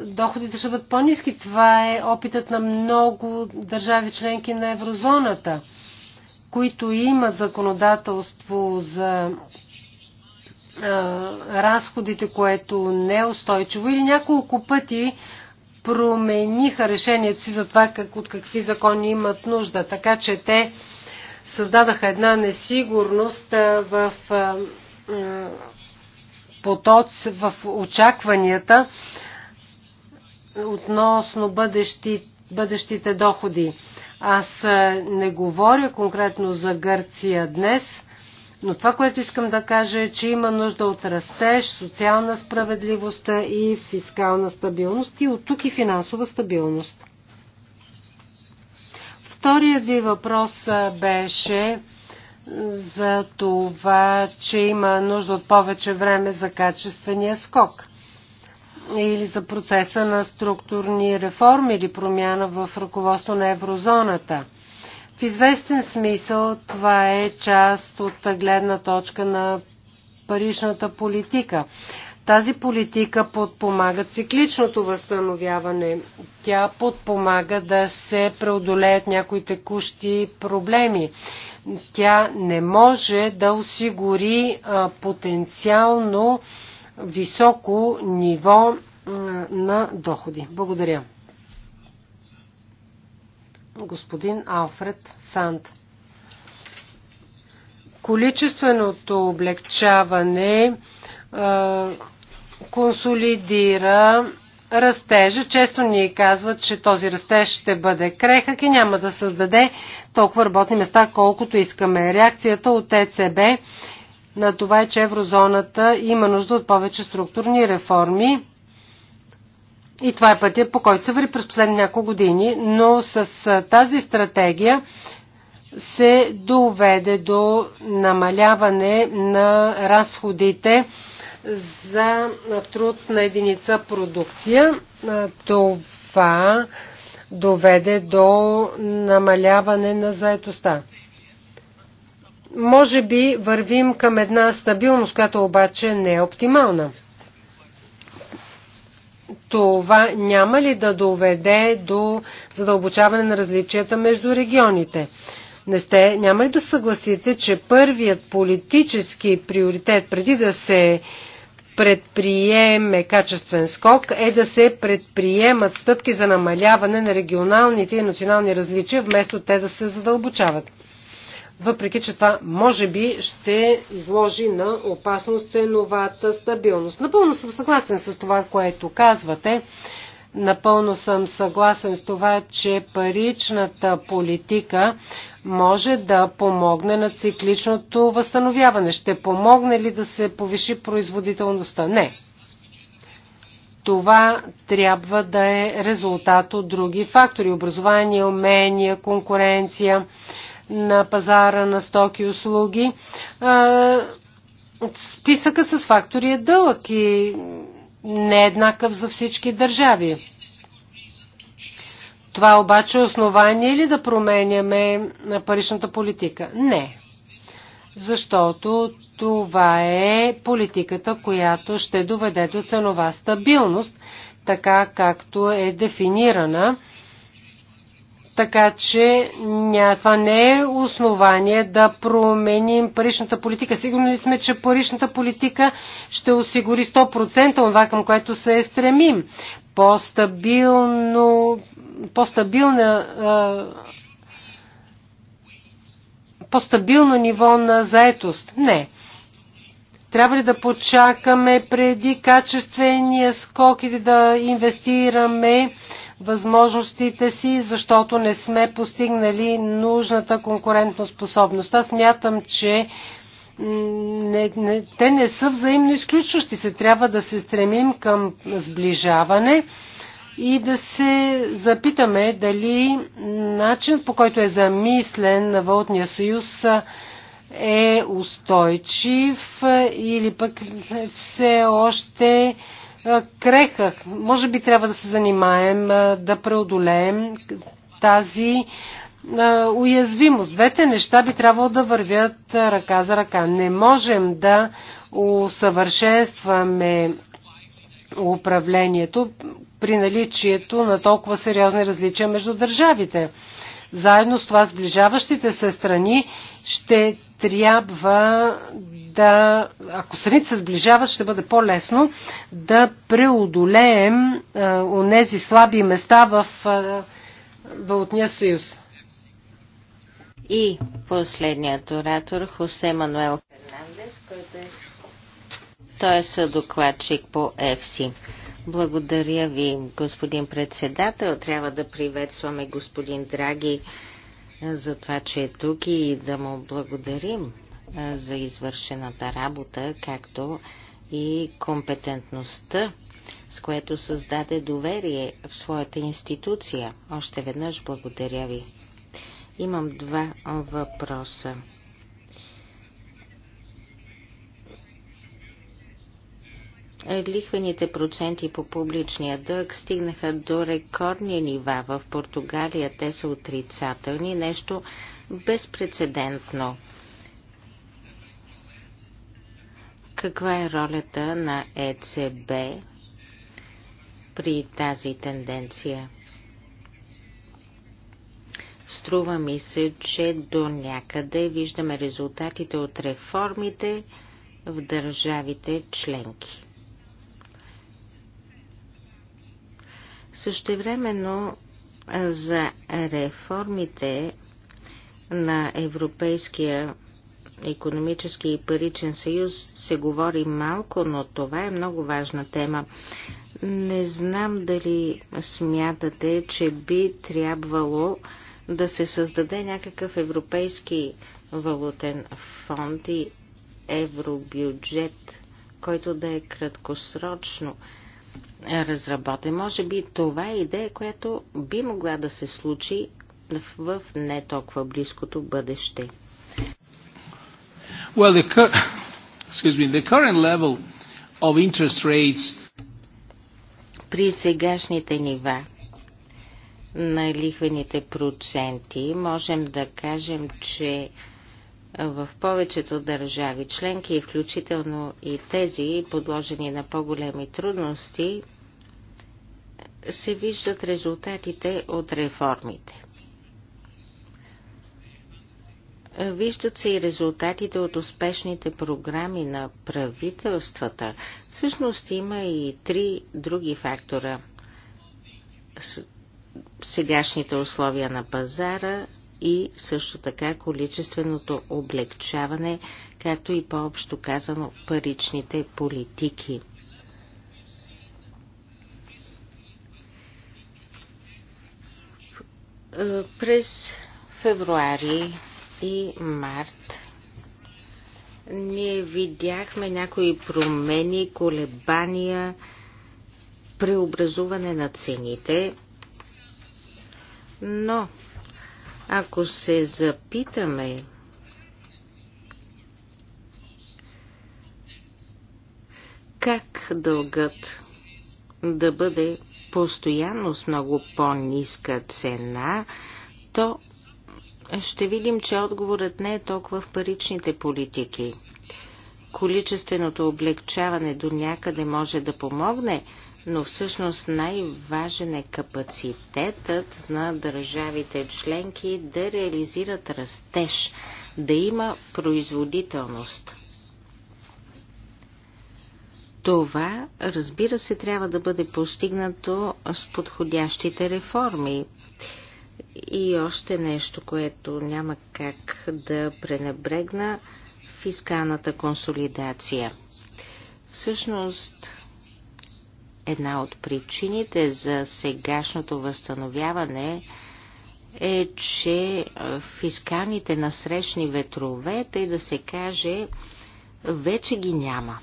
доходите ще бъдат по-низки. Това е опитът на много държави членки на еврозоната, които имат законодателство за разходите, което не е устойчиво или няколко пъти промениха решението си за това как, от какви закони имат нужда. Така че те създадаха една несигурност в потоц, в очакванията относно бъдещи, бъдещите доходи. Аз не говоря конкретно за Гърция днес, но това, което искам да кажа е, че има нужда от растеж, социална справедливост и фискална стабилност и от тук и финансова стабилност. Вторият ви въпрос беше за това, че има нужда от повече време за качествения скок или за процеса на структурни реформи или промяна в ръководство на еврозоната – в известен смисъл това е част от гледна точка на паричната политика. Тази политика подпомага цикличното възстановяване. Тя подпомага да се преодолеят някои текущи проблеми. Тя не може да осигури а, потенциално високо ниво а, на доходи. Благодаря господин Алфред Санд. Количественото облегчаване а, консолидира растежа. Често ни казват, че този растеж ще бъде крехък и няма да създаде толкова работни места, колкото искаме. Реакцията от ЕЦБ на това е, че еврозоната има нужда от повече структурни реформи и това е пътя, по който се върви през последни няколко години, но с тази стратегия се доведе до намаляване на разходите за труд на единица продукция. Това доведе до намаляване на заетостта. Може би вървим към една стабилност, която обаче не е оптимална това няма ли да доведе до задълбочаване на различията между регионите? Не сте, няма ли да съгласите, че първият политически приоритет преди да се предприеме качествен скок е да се предприемат стъпки за намаляване на регионалните и национални различия, вместо те да се задълбочават? въпреки че това може би ще изложи на опасност ценовата стабилност. Напълно съм съгласен с това, което казвате. Напълно съм съгласен с това, че паричната политика може да помогне на цикличното възстановяване. Ще помогне ли да се повиши производителността? Не. Това трябва да е резултат от други фактори. Образование, умения, конкуренция на пазара на стоки и услуги. Списъка с фактори е дълъг и не е еднакъв за всички държави. Това обаче е основание ли да променяме паричната политика? Не. Защото това е политиката, която ще доведе до ценова стабилност, така както е дефинирана така че ня, това не е основание да променим паричната политика. Сигурни ли сме, че паричната политика ще осигури 100% това, към което се стремим? По-стабилно, по-стабилна по-стабилно ниво на заетост? Не. Трябва ли да почакаме преди качествения скок или да инвестираме възможностите си, защото не сме постигнали нужната конкурентоспособност. Аз мятам, че не, не, те не са взаимно изключващи се. Трябва да се стремим към сближаване и да се запитаме дали начинът по който е замислен на Валутния съюз е устойчив или пък все още крехък. Може би трябва да се занимаем, да преодолеем тази уязвимост. Двете неща би трябвало да вървят ръка за ръка. Не можем да усъвършенстваме управлението при наличието на толкова сериозни различия между държавите. Заедно с това сближаващите се страни ще трябва да, ако страните се сближават, ще бъде по-лесно да преодолеем онези слаби места в Валутния съюз. И последният оратор Хосе Мануел Фернандес, който е той е съдокладчик по ЕФСИ. Благодаря ви, господин председател. Трябва да приветстваме господин Драги за това, че е тук и да му благодарим за извършената работа, както и компетентността, с което създаде доверие в своята институция. Още веднъж благодаря ви. Имам два въпроса. Лихвените проценти по публичния дълг стигнаха до рекордни нива в Португалия. Те са отрицателни, нещо безпредседентно. Каква е ролята на ЕЦБ при тази тенденция? Струва ми се, че до някъде виждаме резултатите от реформите в държавите членки. Същевременно за реформите на Европейския економически и паричен съюз се говори малко, но това е много важна тема. Не знам дали смятате, че би трябвало да се създаде някакъв европейски валутен фонд и евробюджет, който да е краткосрочно разработен. Може би това е идея, която би могла да се случи в не толкова близкото бъдеще. Well, the, cur- excuse me, the current level of interest rates при сегашните нива на лихвените проценти можем да кажем, че в повечето държави членки, включително и тези, подложени на по-големи трудности, се виждат резултатите от реформите. Виждат се и резултатите от успешните програми на правителствата. Всъщност има и три други фактора. Сегашните условия на пазара – и също така количественото облегчаване, както и по-общо казано паричните политики. Е, през февруари и март ние видяхме някои промени, колебания, преобразуване на цените, но ако се запитаме как дългът да бъде постоянно с много по-ниска цена, то ще видим, че отговорът не е толкова в паричните политики. Количественото облегчаване до някъде може да помогне, но всъщност най-важен е капацитетът на държавите членки да реализират растеж, да има производителност. Това, разбира се, трябва да бъде постигнато с подходящите реформи. И още нещо, което няма как да пренебрегна фискалната консолидация. Всъщност, Една от причините за сегашното възстановяване е, че фискалните насрещни ветрове, тъй да се каже, вече ги няма.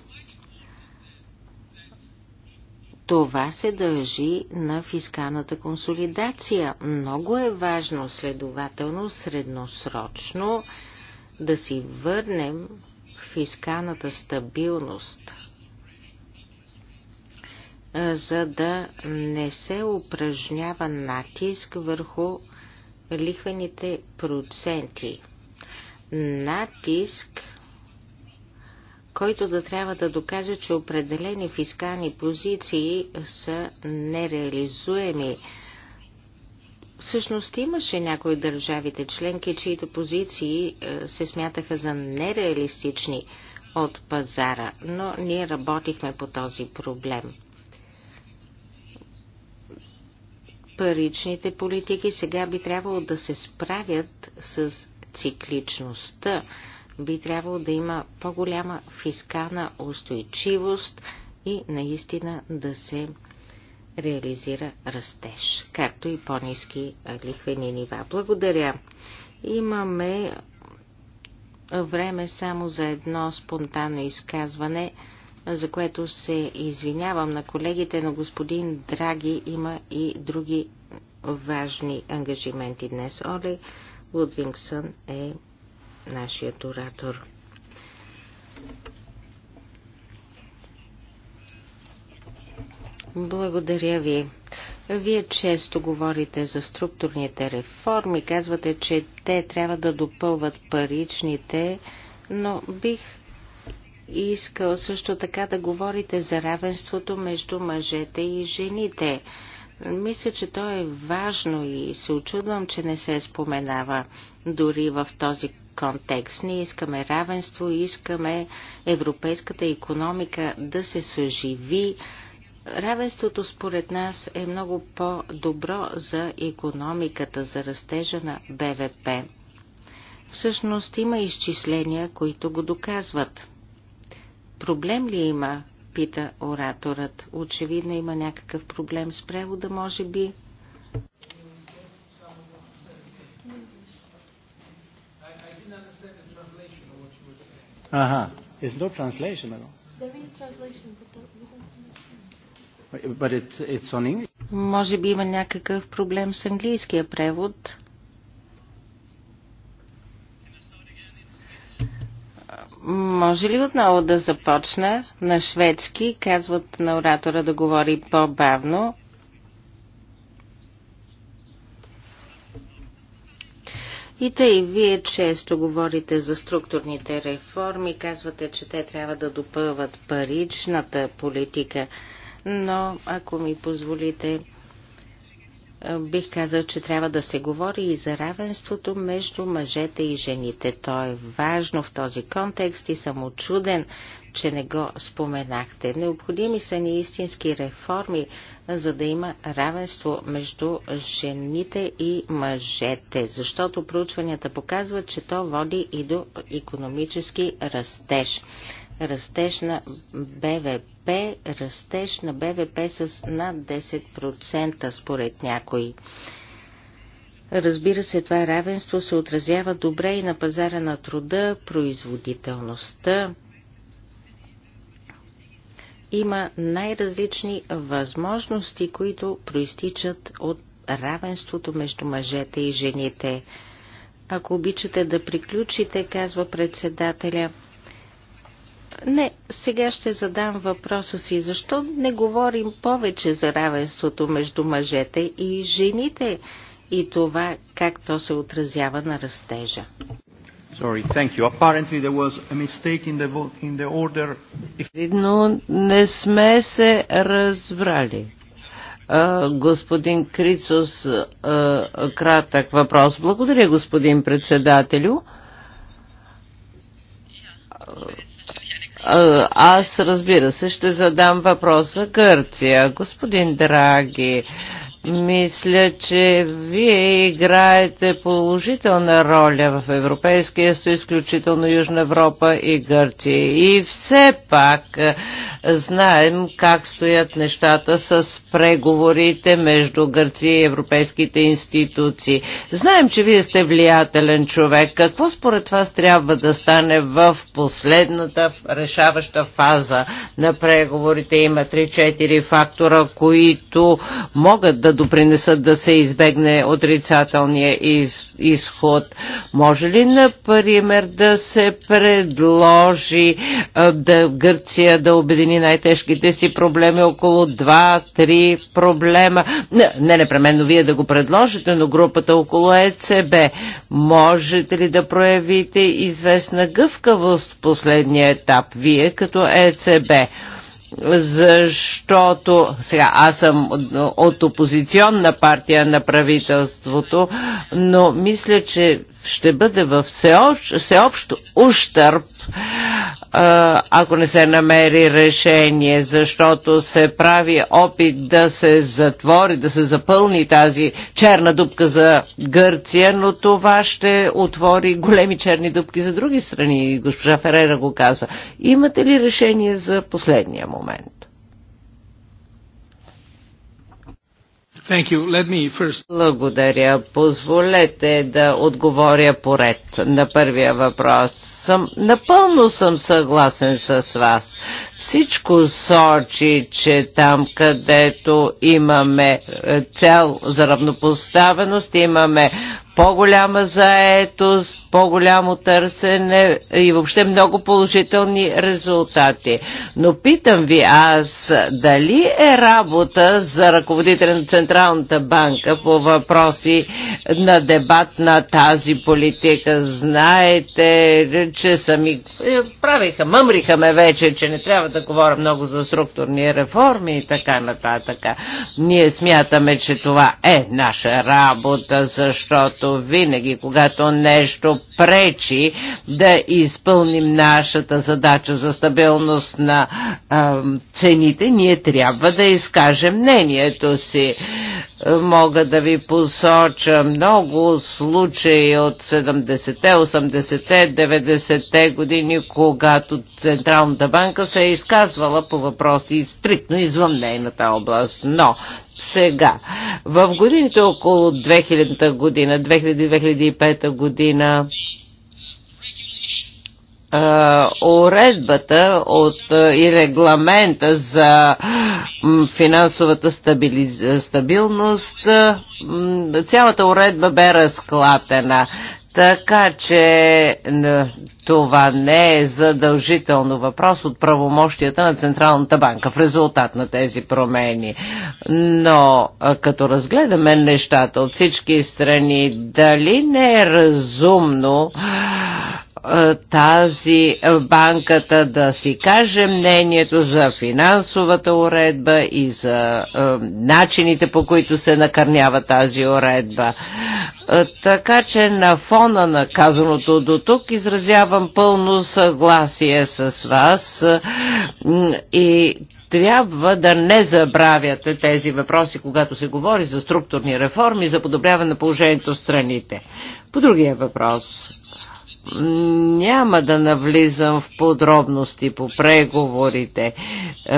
Това се дължи на фискалната консолидация. Много е важно, следователно, средносрочно да си върнем фискалната стабилност – за да не се упражнява натиск върху лихвените проценти. Натиск, който да трябва да докаже, че определени фискални позиции са нереализуеми. Всъщност имаше някои държавите членки, чието позиции се смятаха за нереалистични от пазара, но ние работихме по този проблем – паричните политики сега би трябвало да се справят с цикличността. Би трябвало да има по-голяма фискална устойчивост и наистина да се реализира растеж, както и по-низки лихвени нива. Благодаря. Имаме време само за едно спонтанно изказване – за което се извинявам на колегите, но господин Драги има и други важни ангажименти днес. Оле Лудвингсън е нашият оратор. Благодаря ви. Вие често говорите за структурните реформи, казвате, че те трябва да допълват паричните, но бих и искал също така да говорите за равенството между мъжете и жените. Мисля, че то е важно и се очудвам, че не се споменава дори в този контекст. Ние искаме равенство, искаме европейската економика да се съживи. Равенството според нас е много по-добро за економиката, за растежа на БВП. Всъщност има изчисления, които го доказват. Проблем ли има? Пита ораторът. Очевидно има някакъв проблем с превода, може би. Ага, no translation at all. There is translation, but we don't understand. But it, it's on English. Може би има някакъв проблем с английския превод. Може ли отново да започна на шведски? Казват на оратора да говори по-бавно. И тъй, вие често говорите за структурните реформи, казвате, че те трябва да допълват паричната политика, но ако ми позволите, бих казал, че трябва да се говори и за равенството между мъжете и жените. То е важно в този контекст и съм очуден, че не го споменахте. Необходими са ни истински реформи, за да има равенство между жените и мъжете, защото проучванията показват, че то води и до економически растеж растеж на БВП, растеж на БВП с над 10% според някои. Разбира се, това равенство се отразява добре и на пазара на труда, производителността. Има най-различни възможности, които проистичат от равенството между мъжете и жените. Ако обичате да приключите, казва председателя, не, сега ще задам въпроса си. Защо не говорим повече за равенството между мъжете и жените и това как то се отразява на растежа? Sorry, thank you. Apparently there was a mistake in the, in the order. Видно не сме се разбрали. А, господин Крицос, а, кратък въпрос. Благодаря, господин председателю. А, е, аз, разбира се, ще задам въпрос Гърция. Господин Драги, мисля, че вие играете положителна роля в Европейския съюз, включително Южна Европа и Гърция. И все пак е, знаем как стоят нещата с преговорите между Гърция и европейските институции. Знаем, че вие сте влиятелен човек. Какво според вас трябва да стане в последната решаваща фаза на преговорите? Има 3-4 фактора, които могат да допринесат да се избегне отрицателния из, изход. Може ли, например, да се предложи да Гърция да обедини най-тежките си проблеми около 2-3 проблема? Не, не непременно вие да го предложите, но групата около ЕЦБ. Можете ли да проявите известна гъвкавост в последния етап, вие като ЕЦБ? защото сега аз съм от опозиционна партия на правителството, но мисля, че ще бъде във всеобщ, всеобщ ущърп ако не се намери решение, защото се прави опит да се затвори, да се запълни тази черна дупка за Гърция, но това ще отвори големи черни дупки за други страни. Госпожа Ферера го каза. Имате ли решение за последния момент? Благодаря. Позволете да отговоря поред на първия въпрос. Съм, напълно съм съгласен с вас. Всичко сочи, че там, където имаме е, цел за равнопоставеност, имаме по-голяма заетост, по-голямо търсене и въобще много положителни резултати. Но питам ви аз, дали е работа за ръководителя на Централната банка по въпроси на дебат на тази политика? Знаете, че сами е, правиха, мъмриха ме вече, че не трябва да говоря много за структурни реформи и така нататък. Ние смятаме, че това е наша работа, защото защото винаги, когато нещо пречи да изпълним нашата задача за стабилност на а, цените, ние трябва да изкажем мнението си. Мога да ви посоча много случаи от 70-те, 80-те, 90-те години, когато Централната банка се е изказвала по въпроси стриктно извън нейната област. Но сега. В годините около 2000 година, 2000-2005 година, уредбата от и регламента за финансовата стабилност, цялата уредба бе разклатена. Така че това не е задължително въпрос от правомощията на Централната банка в резултат на тези промени. Но като разгледаме нещата от всички страни, дали не е разумно е, тази е, банката да си каже мнението за финансовата уредба и за е, начините по които се накърнява тази уредба. Така че на фона на казаното до тук изразявам пълно съгласие с вас и трябва да не забравяте тези въпроси, когато се говори за структурни реформи, за подобряване на положението в страните. По другия въпрос няма да навлизам в подробности по преговорите.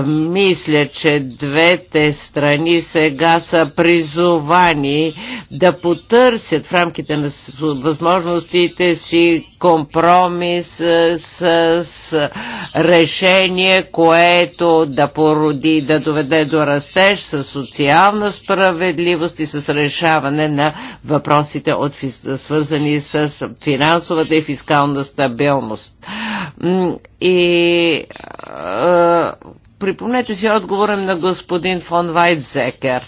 Мисля, че двете страни сега са призовани да потърсят в рамките на възможностите си компромис е, с, с решение, което да породи, да доведе до растеж с социална справедливост и с решаване на въпросите от, свързани с финансовата и фискална стабилност. И е, Припомнете си отговора на господин фон Вайтзекер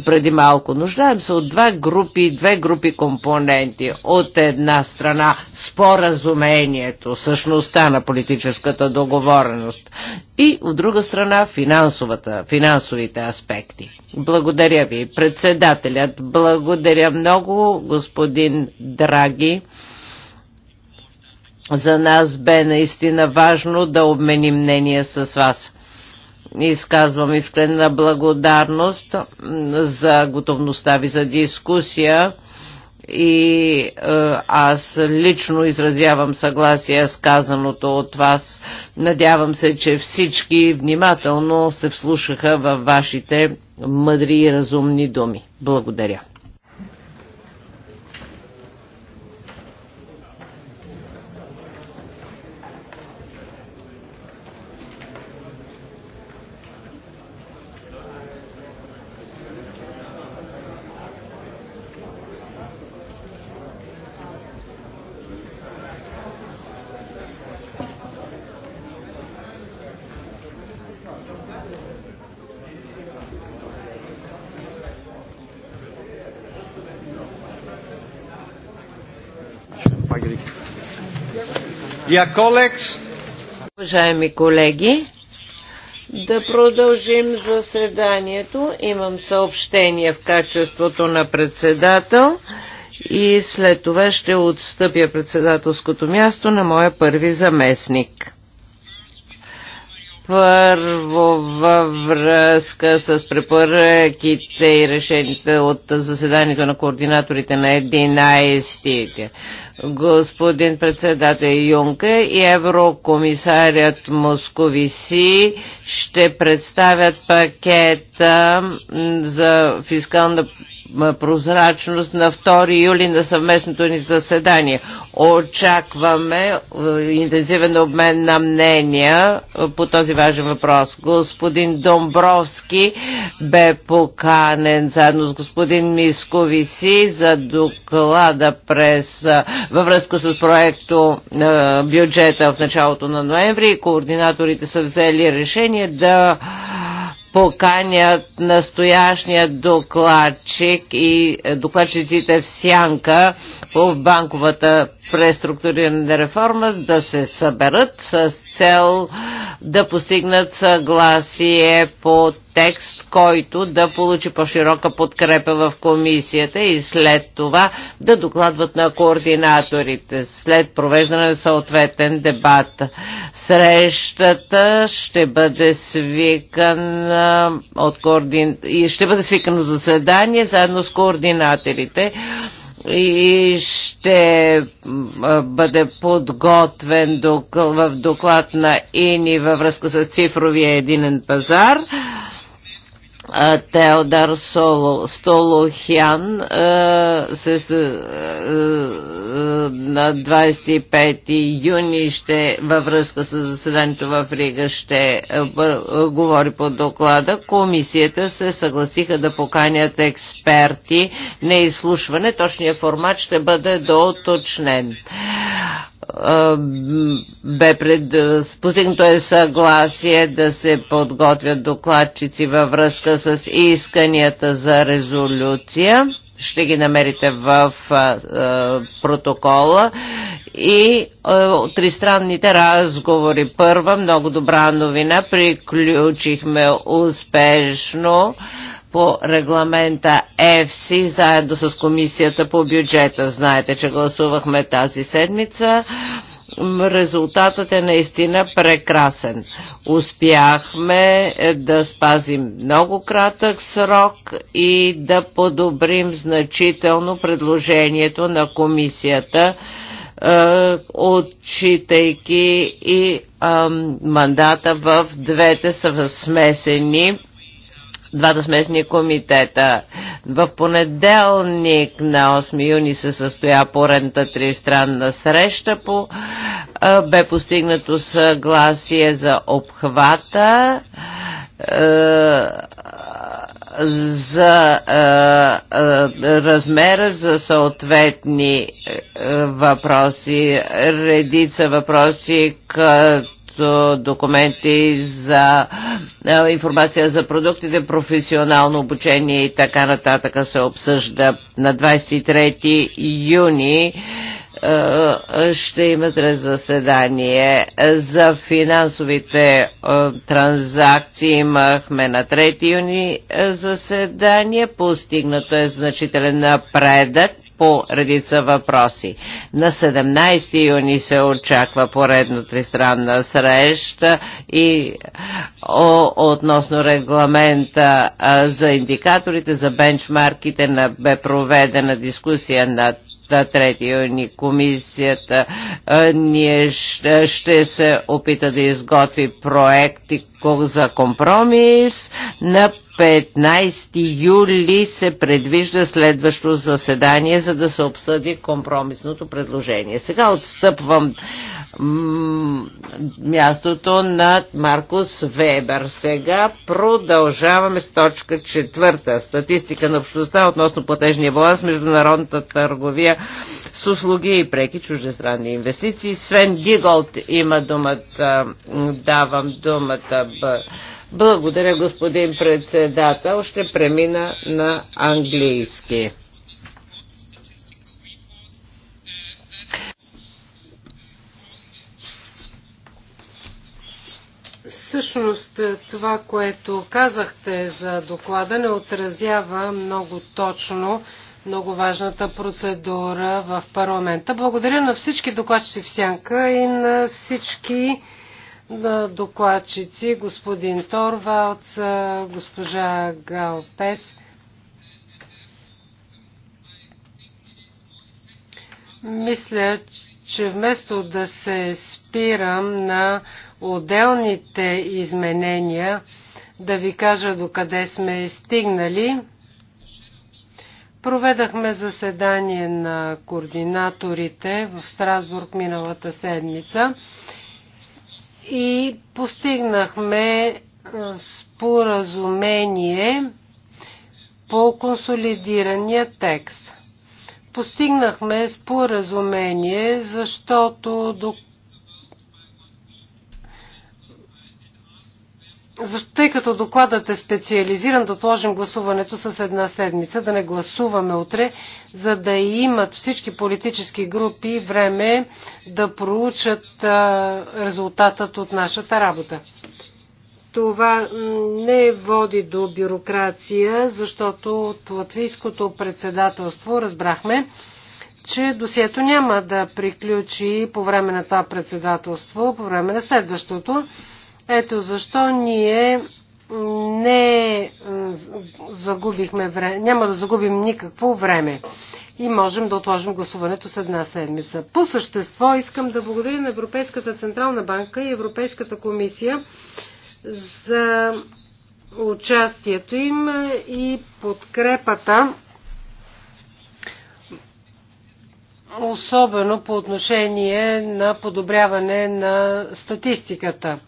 преди малко. Нуждаем се от два групи, две групи компоненти. От една страна споразумението, същността на политическата договореност и от друга страна финансовата, финансовите аспекти. Благодаря ви, председателят. Благодаря много, господин Драги. За нас бе наистина важно да обменим мнение с вас изказвам искрена благодарност за готовността ви за дискусия и е, аз лично изразявам съгласие с казаното от вас. Надявам се, че всички внимателно се вслушаха във вашите мъдри и разумни думи. Благодаря. Уважаеми колеги, да продължим заседанието. Имам съобщение в качеството на председател и след това ще отстъпя председателското място на моя първи заместник. Първо във връзка с препоръките и решените от заседанието на координаторите на 11 господин председател Юнка и еврокомисарят Московиси ще представят пакета за фискална прозрачност на 2 юли на съвместното ни заседание. Очакваме е, интензивен обмен на мнения е, по този важен въпрос. Господин Домбровски бе поканен заедно с господин Мисковиси за доклада през, е, във връзка с проекто бюджета в началото на ноември. Координаторите са взели решение да поканят настоящия докладчик и докладчиците в Сянка в банковата преструктуриране реформа да се съберат с цел да постигнат съгласие по текст, който да получи по-широка подкрепа в комисията и след това да докладват на координаторите след провеждане на съответен дебат. Срещата ще бъде свикана от координ... и ще бъде свикано заседание заедно с координаторите и ще бъде подготвен в доклад на ИНИ във връзка с цифровия единен пазар. Теодор Соло, Столохян е, с, е, е, на 25 юни ще във връзка с заседанието в Рига ще говори по доклада. Комисията се съгласиха да поканят експерти на изслушване. Точният формат ще бъде доточнен бе пред, постигнато е съгласие да се подготвят докладчици във връзка с исканията за резолюция. Ще ги намерите в а, протокола и а, тристранните разговори. Първа много добра новина. Приключихме успешно по регламента ЕФСИ заедно с комисията по бюджета. Знаете, че гласувахме тази седмица резултатът е наистина прекрасен. Успяхме е, да спазим много кратък срок и да подобрим значително предложението на комисията, е, отчитайки и мандата в двете смесени двата смесни комитета. В понеделник на 8 юни се състоя поредната тристранна среща по бе постигнато съгласие за обхвата за размера за съответни въпроси, редица въпроси като документи за е, информация за продуктите, професионално обучение и така нататък се обсъжда на 23 юни е, е, ще имат заседание за финансовите транзакции. Имахме на 3 юни заседание. Постигнато е значителен напредък по редица въпроси. На 17 юни се очаква поредно тристранна среща и о, относно регламента а, за индикаторите, за бенчмарките на, бе проведена дискусия на 3 юни комисията. А, ние ще, ще се опита да изготви проекти, за компромис. На 15 юли се предвижда следващо заседание, за да се обсъди компромисното предложение. Сега отстъпвам мястото на Маркус Вебер. Сега продължаваме с точка четвърта. Статистика на общността относно платежния баланс, международната търговия с услуги и преки чуждестранни инвестиции. Свен Гиголт има думата. Давам думата. Благодаря, господин председател. Ще премина на английски. Всъщност това, което казахте за доклада, не отразява много точно много важната процедура в парламента. Благодаря на всички докладчици в Сянка и на всички докладчици, господин Торвалц, госпожа Галпес. Мисля, че вместо да се спирам на отделните изменения, да ви кажа докъде сме стигнали. Проведахме заседание на координаторите в Страсбург миналата седмица и постигнахме споразумение по консолидирания текст. Постигнахме споразумение, защото до тъй като докладът е специализиран, да отложим гласуването с една седмица, да не гласуваме утре, за да имат всички политически групи време да проучат резултатът от нашата работа. Това не води до бюрокрация, защото от латвийското председателство разбрахме, че досието няма да приключи по време на това председателство, по време на следващото ето защо ние не загубихме време, няма да загубим никакво време и можем да отложим гласуването с една седмица. По същество искам да благодаря на Европейската Централна банка и Европейската комисия за участието им и подкрепата, особено по отношение на подобряване на статистиката.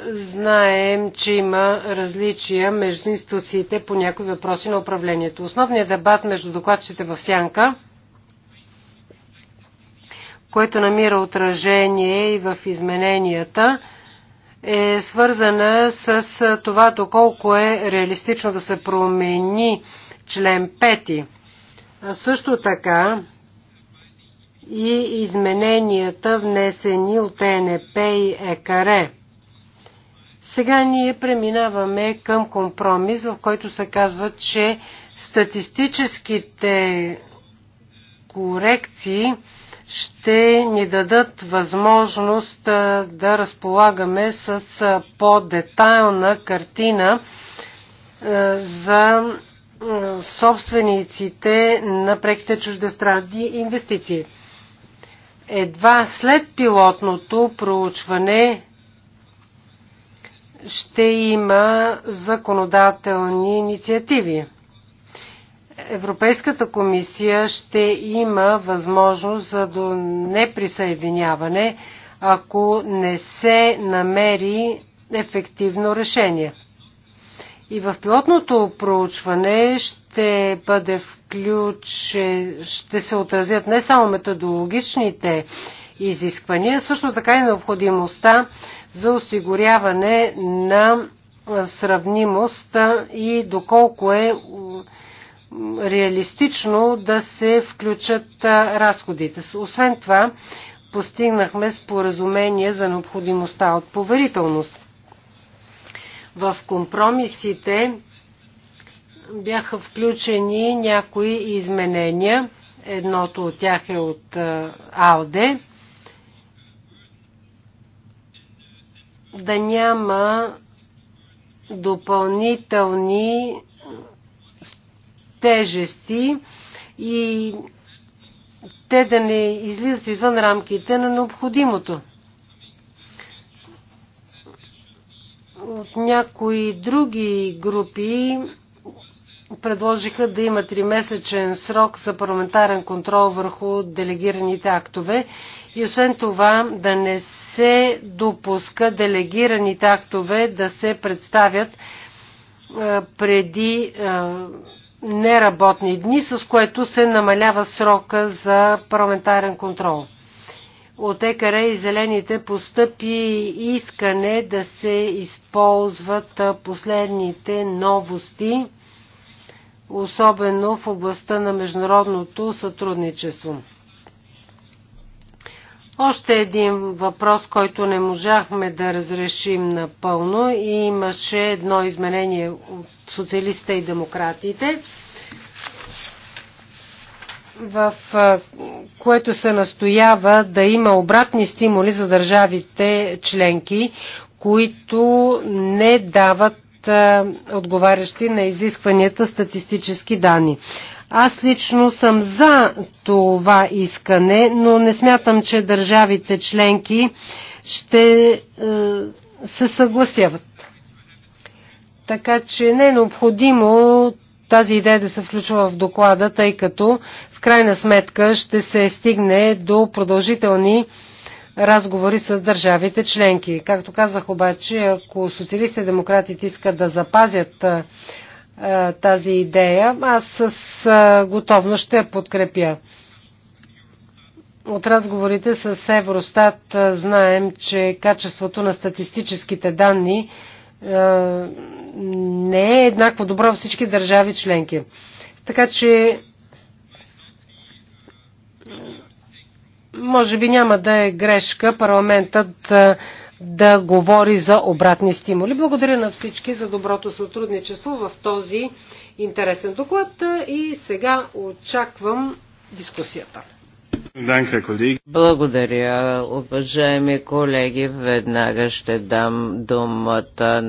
Знаем, че има различия между институциите по някои въпроси на управлението. Основният дебат между докладчите в Сянка, който намира отражение и в измененията, е свързана с това доколко е реалистично да се промени член 5. А също така и измененията внесени от ЕНП и ЕКАРЕ. Сега ние преминаваме към компромис, в който се казва, че статистическите корекции ще ни дадат възможност да разполагаме с по-детайлна картина за собствениците на преките чуждестранни инвестиции. Едва след пилотното проучване ще има законодателни инициативи. Европейската комисия ще има възможност за до неприсъединяване, ако не се намери ефективно решение. И в пилотното проучване ще бъде включ, ще се отразят не само методологичните изисквания, също така и необходимостта за осигуряване на сравнимост и доколко е реалистично да се включат разходите. Освен това, постигнахме споразумение за необходимостта от поверителност. В компромисите бяха включени някои изменения. Едното от тях е от АОД. да няма допълнителни тежести и те да не излизат извън рамките на необходимото. От някои други групи предложиха да има тримесечен срок за парламентарен контрол върху делегираните актове и освен това да не се допуска делегираните актове да се представят преди неработни дни, с което се намалява срока за парламентарен контрол. От ЕКР и Зелените постъпи искане да се използват последните новости, особено в областта на международното сътрудничество. Още един въпрос, който не можахме да разрешим напълно и имаше едно изменение от социалиста и демократите, в което се настоява да има обратни стимули за държавите членки, които не дават отговарящи на изискванията статистически данни. Аз лично съм за това искане, но не смятам, че държавите членки ще е, се съгласяват. Така че не е необходимо тази идея да се включва в доклада, тъй като в крайна сметка ще се стигне до продължителни разговори с държавите членки. Както казах обаче, ако социалистите и демократите искат да запазят е, е, тази идея. Аз с е, готовност ще я подкрепя. От разговорите с Евростат е, знаем, че качеството на статистическите данни не е еднакво добро във всички държави членки. Така че може би няма да е грешка парламентът да говори за обратни стимули. Благодаря на всички за доброто сътрудничество в този интересен доклад и сега очаквам дискусията. Благодаря, уважаеми колеги. Веднага ще дам думата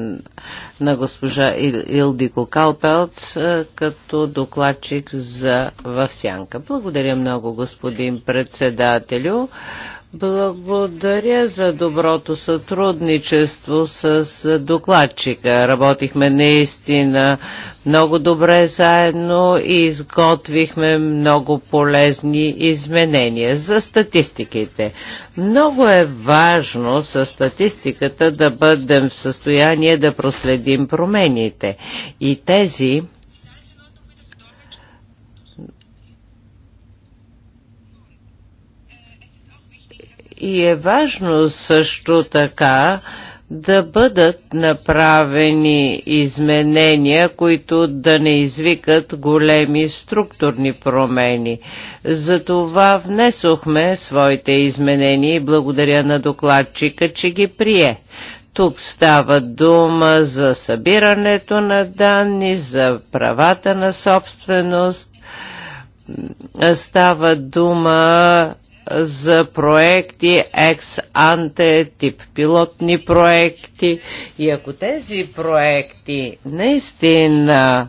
на госпожа Илдико Калпелц като докладчик за Въвсянка. Благодаря много, господин председателю. Благодаря за доброто сътрудничество с докладчика. Работихме наистина много добре заедно и изготвихме много полезни изменения за статистиките. Много е важно с статистиката да бъдем в състояние да проследим промените и тези И е важно също така да бъдат направени изменения, които да не извикат големи структурни промени. Затова внесохме своите изменения и благодаря на докладчика, че ги прие. Тук става дума за събирането на данни, за правата на собственост, става дума за проекти екс-анте, тип пилотни проекти. И ако тези проекти наистина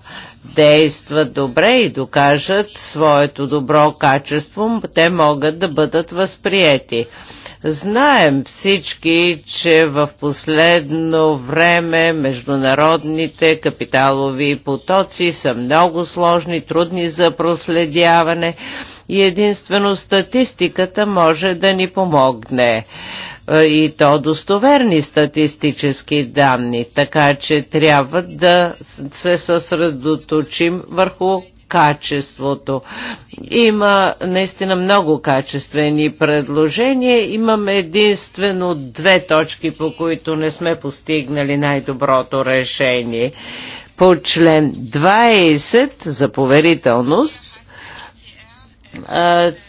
действат добре и докажат своето добро качество, те могат да бъдат възприяти. Знаем всички, че в последно време международните капиталови потоци са много сложни, трудни за проследяване и единствено статистиката може да ни помогне е, и то достоверни статистически данни, така че трябва да се съсредоточим върху качеството. Има наистина много качествени предложения. Имам единствено две точки, по които не сме постигнали най-доброто решение. По член 20 за поверителност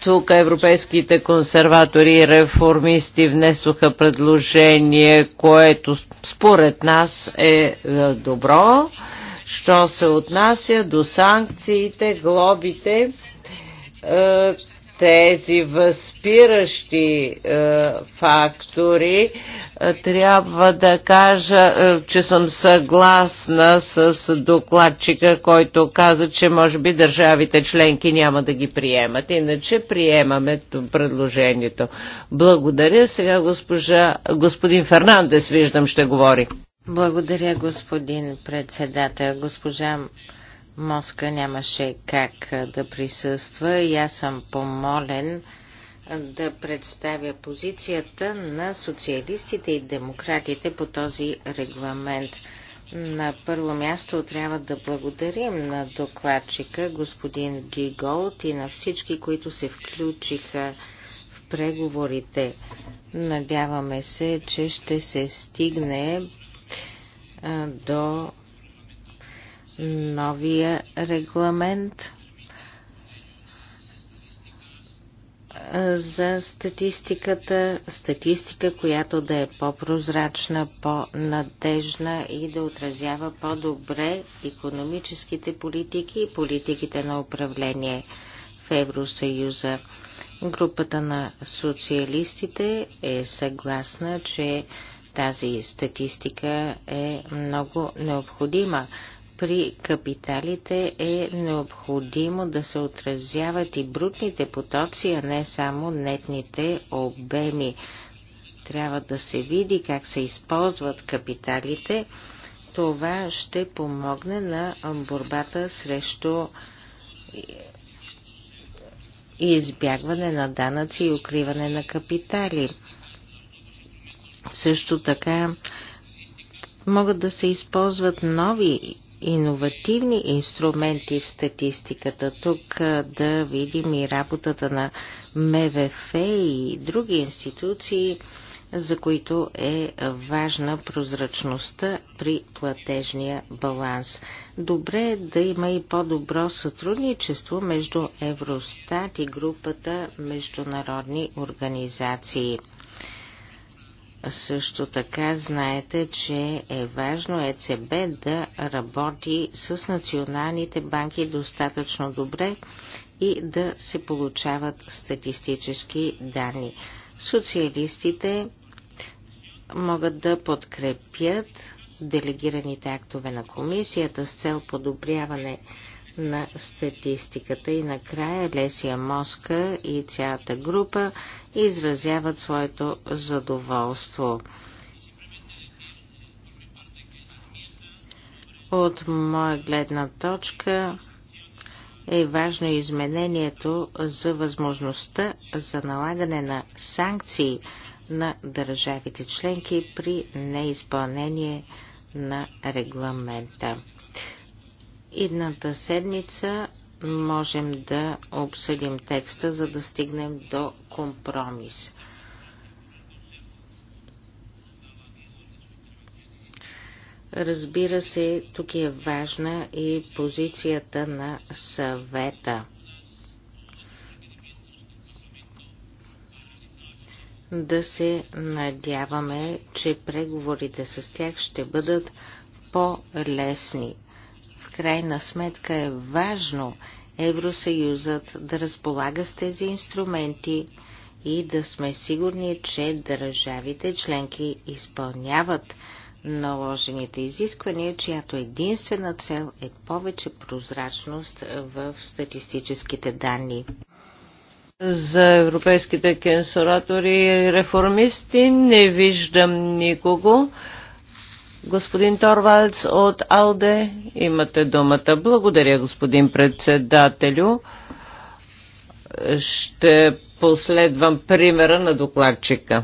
тук европейските консерватори и реформисти внесоха предложение, което според нас е, е добро. Що се отнася до санкциите, глобите, е, тези възпиращи е, фактори, е, трябва да кажа, е, че съм съгласна с докладчика, който каза, че може би държавите членки няма да ги приемат. Иначе приемаме предложението. Благодаря. Сега госпожа, господин Фернандес, виждам, ще говори. Благодаря, господин председател. Госпожа Мозка нямаше как да присъства и аз съм помолен да представя позицията на социалистите и демократите по този регламент. На първо място трябва да благодарим на докладчика господин Гиголт и на всички, които се включиха в преговорите. Надяваме се, че ще се стигне до новия регламент за статистиката, статистика, която да е по-прозрачна, по-надежна и да отразява по-добре економическите политики и политиките на управление в Евросъюза. Групата на социалистите е съгласна, че тази статистика е много необходима при капиталите е необходимо да се отразяват и брутните потоци, а не само нетните обеми. Трябва да се види как се използват капиталите. Това ще помогне на борбата срещу избягване на данъци и укриване на капитали. Също така могат да се използват нови иновативни инструменти в статистиката. Тук да видим и работата на МВФ и други институции, за които е важна прозрачността при платежния баланс. Добре е да има и по-добро сътрудничество между Евростат и групата международни организации – също така знаете, че е важно ЕЦБ да работи с националните банки достатъчно добре и да се получават статистически данни. Социалистите могат да подкрепят делегираните актове на комисията с цел подобряване на статистиката и накрая Лесия Моска и цялата група изразяват своето задоволство. От моя гледна точка е важно изменението за възможността за налагане на санкции на държавите членки при неизпълнение на регламента. Идната седмица можем да обсъдим текста, за да стигнем до компромис. Разбира се, тук е важна и позицията на съвета. Да се надяваме, че преговорите с тях ще бъдат по-лесни крайна сметка е важно Евросъюзът да разполага с тези инструменти и да сме сигурни, че държавите членки изпълняват наложените изисквания, чиято единствена цел е повече прозрачност в статистическите данни. За европейските кенсуратори и реформисти не виждам никого. Господин Торвалц от Алде, имате думата. Благодаря, господин председателю. Ще последвам примера на докладчика.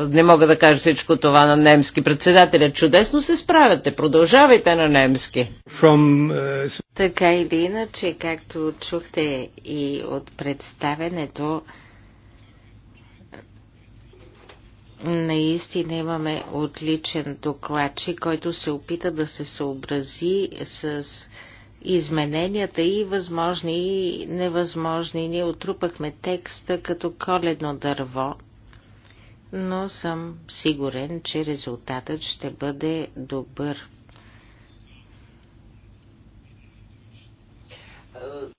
Не мога да кажа всичко това на немски. Председателя, чудесно се справяте. Продължавайте на немски. From, uh... Така или иначе, както чухте и от представенето, uh, Наистина имаме отличен докладчик, който се опита да се съобрази с измененията и възможни и невъзможни. Ние отрупахме текста като коледно дърво, но съм сигурен, че резултатът ще бъде добър.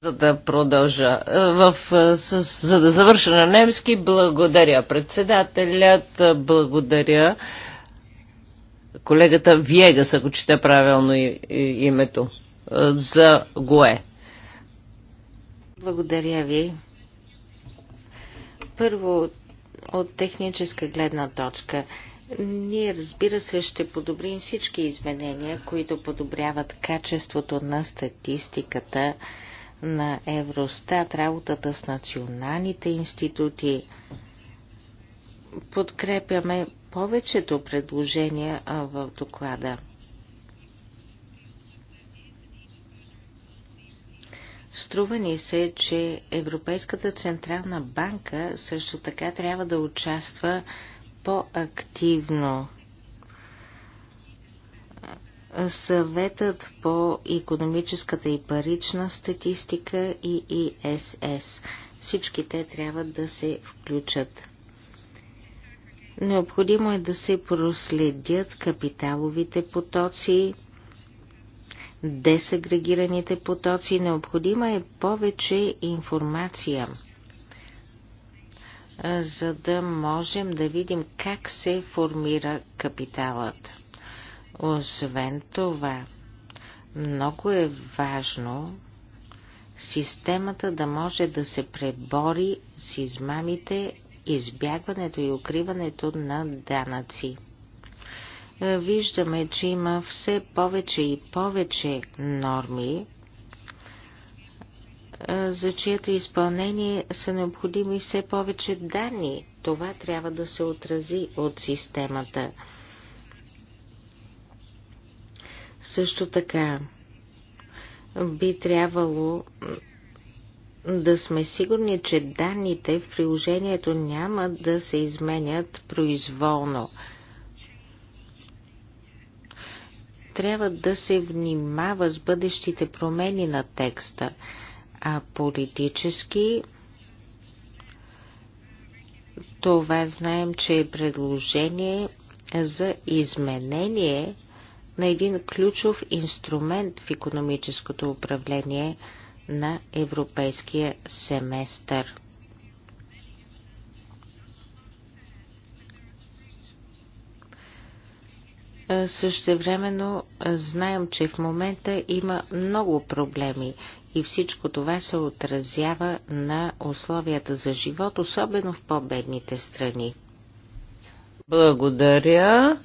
за да продължа. Е, в, е, с, за да завърша на немски, благодаря председателят, благодаря колегата Виегас, ако чете правилно името, е, за ГОЕ. Благодаря ви. Първо, от техническа гледна точка. Ние, разбира се, ще подобрим всички изменения, които подобряват качеството на статистиката на Евростат, работата с националните институти. Подкрепяме повечето предложения в доклада. Струва ни се, че Европейската Централна банка също така трябва да участва по-активно Съветът по економическата и парична статистика и ИСС. Всички те трябва да се включат. Необходимо е да се проследят капиталовите потоци, десагрегираните потоци. Необходима е повече информация, за да можем да видим как се формира капиталът. Освен това, много е важно системата да може да се пребори с измамите, избягването и укриването на данъци. Е, виждаме, че има все повече и повече норми, е, за чието изпълнение са необходими все повече данни. Това трябва да се отрази от системата. Също така би трябвало да сме сигурни, че данните в приложението няма да се изменят произволно. Трябва да се внимава с бъдещите промени на текста, а политически това знаем, че е предложение за изменение на един ключов инструмент в економическото управление на европейския семестър. Същевременно знаем, че в момента има много проблеми и всичко това се отразява на условията за живот, особено в по-бедните страни. Благодаря.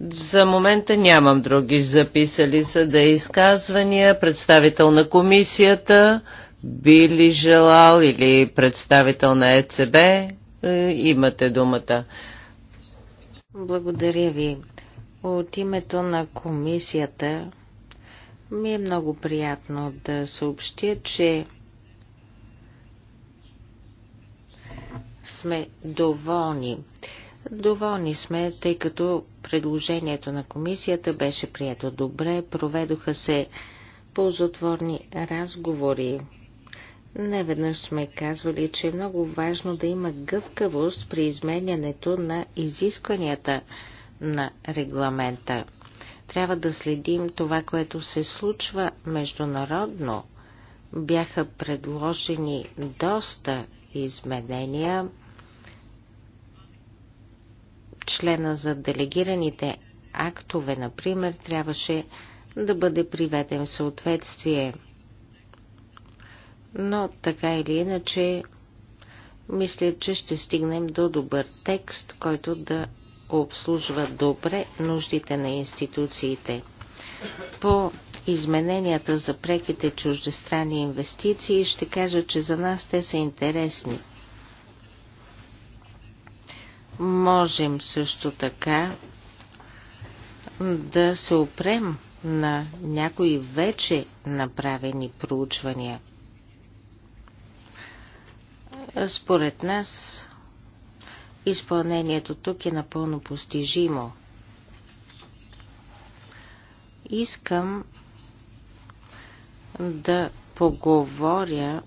За момента нямам други записали са да изказвания. Представител на комисията би ли желал или представител на ЕЦБ? Е, имате думата. Благодаря ви. От името на комисията ми е много приятно да съобщя, че сме доволни Доволни сме, тъй като предложението на комисията беше прието добре, проведоха се ползотворни разговори. Неведнъж сме казвали, че е много важно да има гъвкавост при изменянето на изискванията на регламента. Трябва да следим това, което се случва международно. Бяха предложени доста изменения члена за делегираните актове, например, трябваше да бъде приведен в съответствие. Но така или иначе, мисля, че ще стигнем до добър текст, който да обслужва добре нуждите на институциите. По измененията за преките чуждестранни инвестиции ще кажа, че за нас те са интересни – Можем също така да се опрем на някои вече направени проучвания. Според нас изпълнението тук е напълно постижимо. Искам да поговоря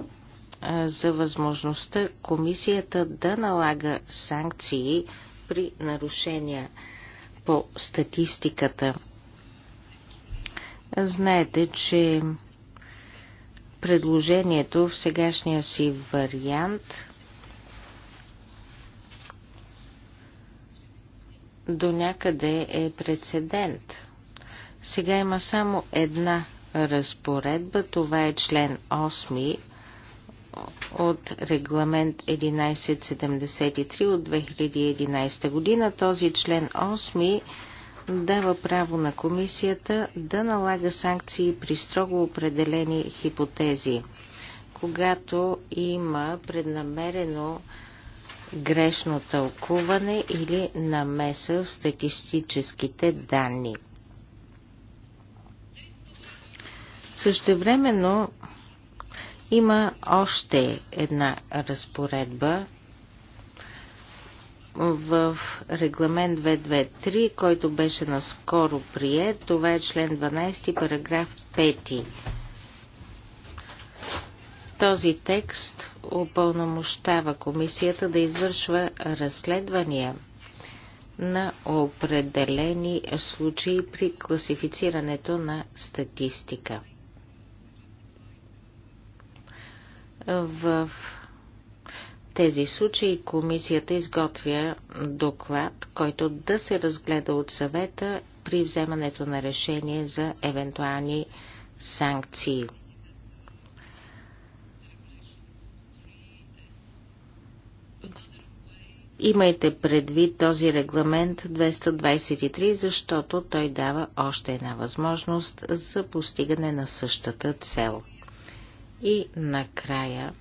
за възможността комисията да налага санкции при нарушения по статистиката. Знаете, че предложението в сегашния си вариант до някъде е прецедент. Сега има само една разпоредба, това е член 8 от регламент 1173 от 2011 година. Този член 8 дава право на комисията да налага санкции при строго определени хипотези, когато има преднамерено грешно тълкуване или намеса в статистическите данни. Същевременно има още една разпоредба в регламент 223, който беше наскоро прият. Това е член 12, параграф 5. Този текст упълномощава комисията да извършва разследвания на определени случаи при класифицирането на статистика. В тези случаи комисията изготвя доклад, който да се разгледа от съвета при вземането на решение за евентуални санкции. Имайте предвид този регламент 223, защото той дава още една възможност за постигане на същата цел. И накрая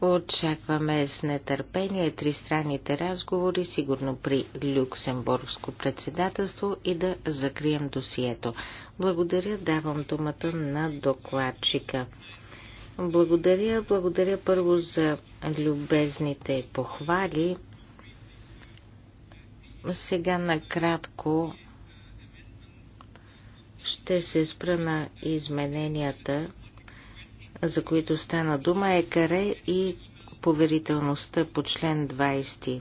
Очакваме с нетърпение тристранните разговори, сигурно при Люксембургско председателство и да закрием досието. Благодаря, давам думата на докладчика. Благодаря, благодаря първо за любезните похвали. Сега накратко ще се спра на измененията, за които стана дума, екаре и поверителността по член 20.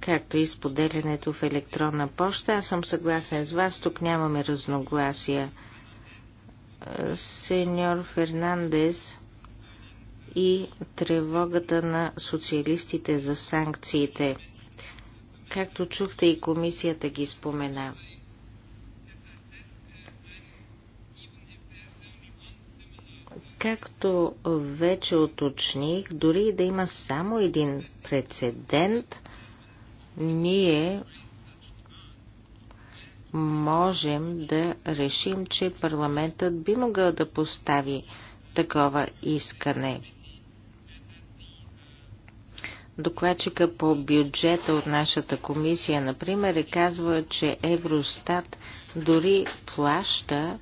както и споделянето в електронна поща. Аз съм съгласен с вас, тук нямаме разногласия. Сеньор Фернандес и тревогата на социалистите за санкциите – Както чухте и комисията ги спомена. Както вече уточних, дори да има само един прецедент, ние можем да решим, че парламентът би могъл да постави такова искане. Докладчика по бюджета от нашата комисия, например, е казва, че Евростат дори плаща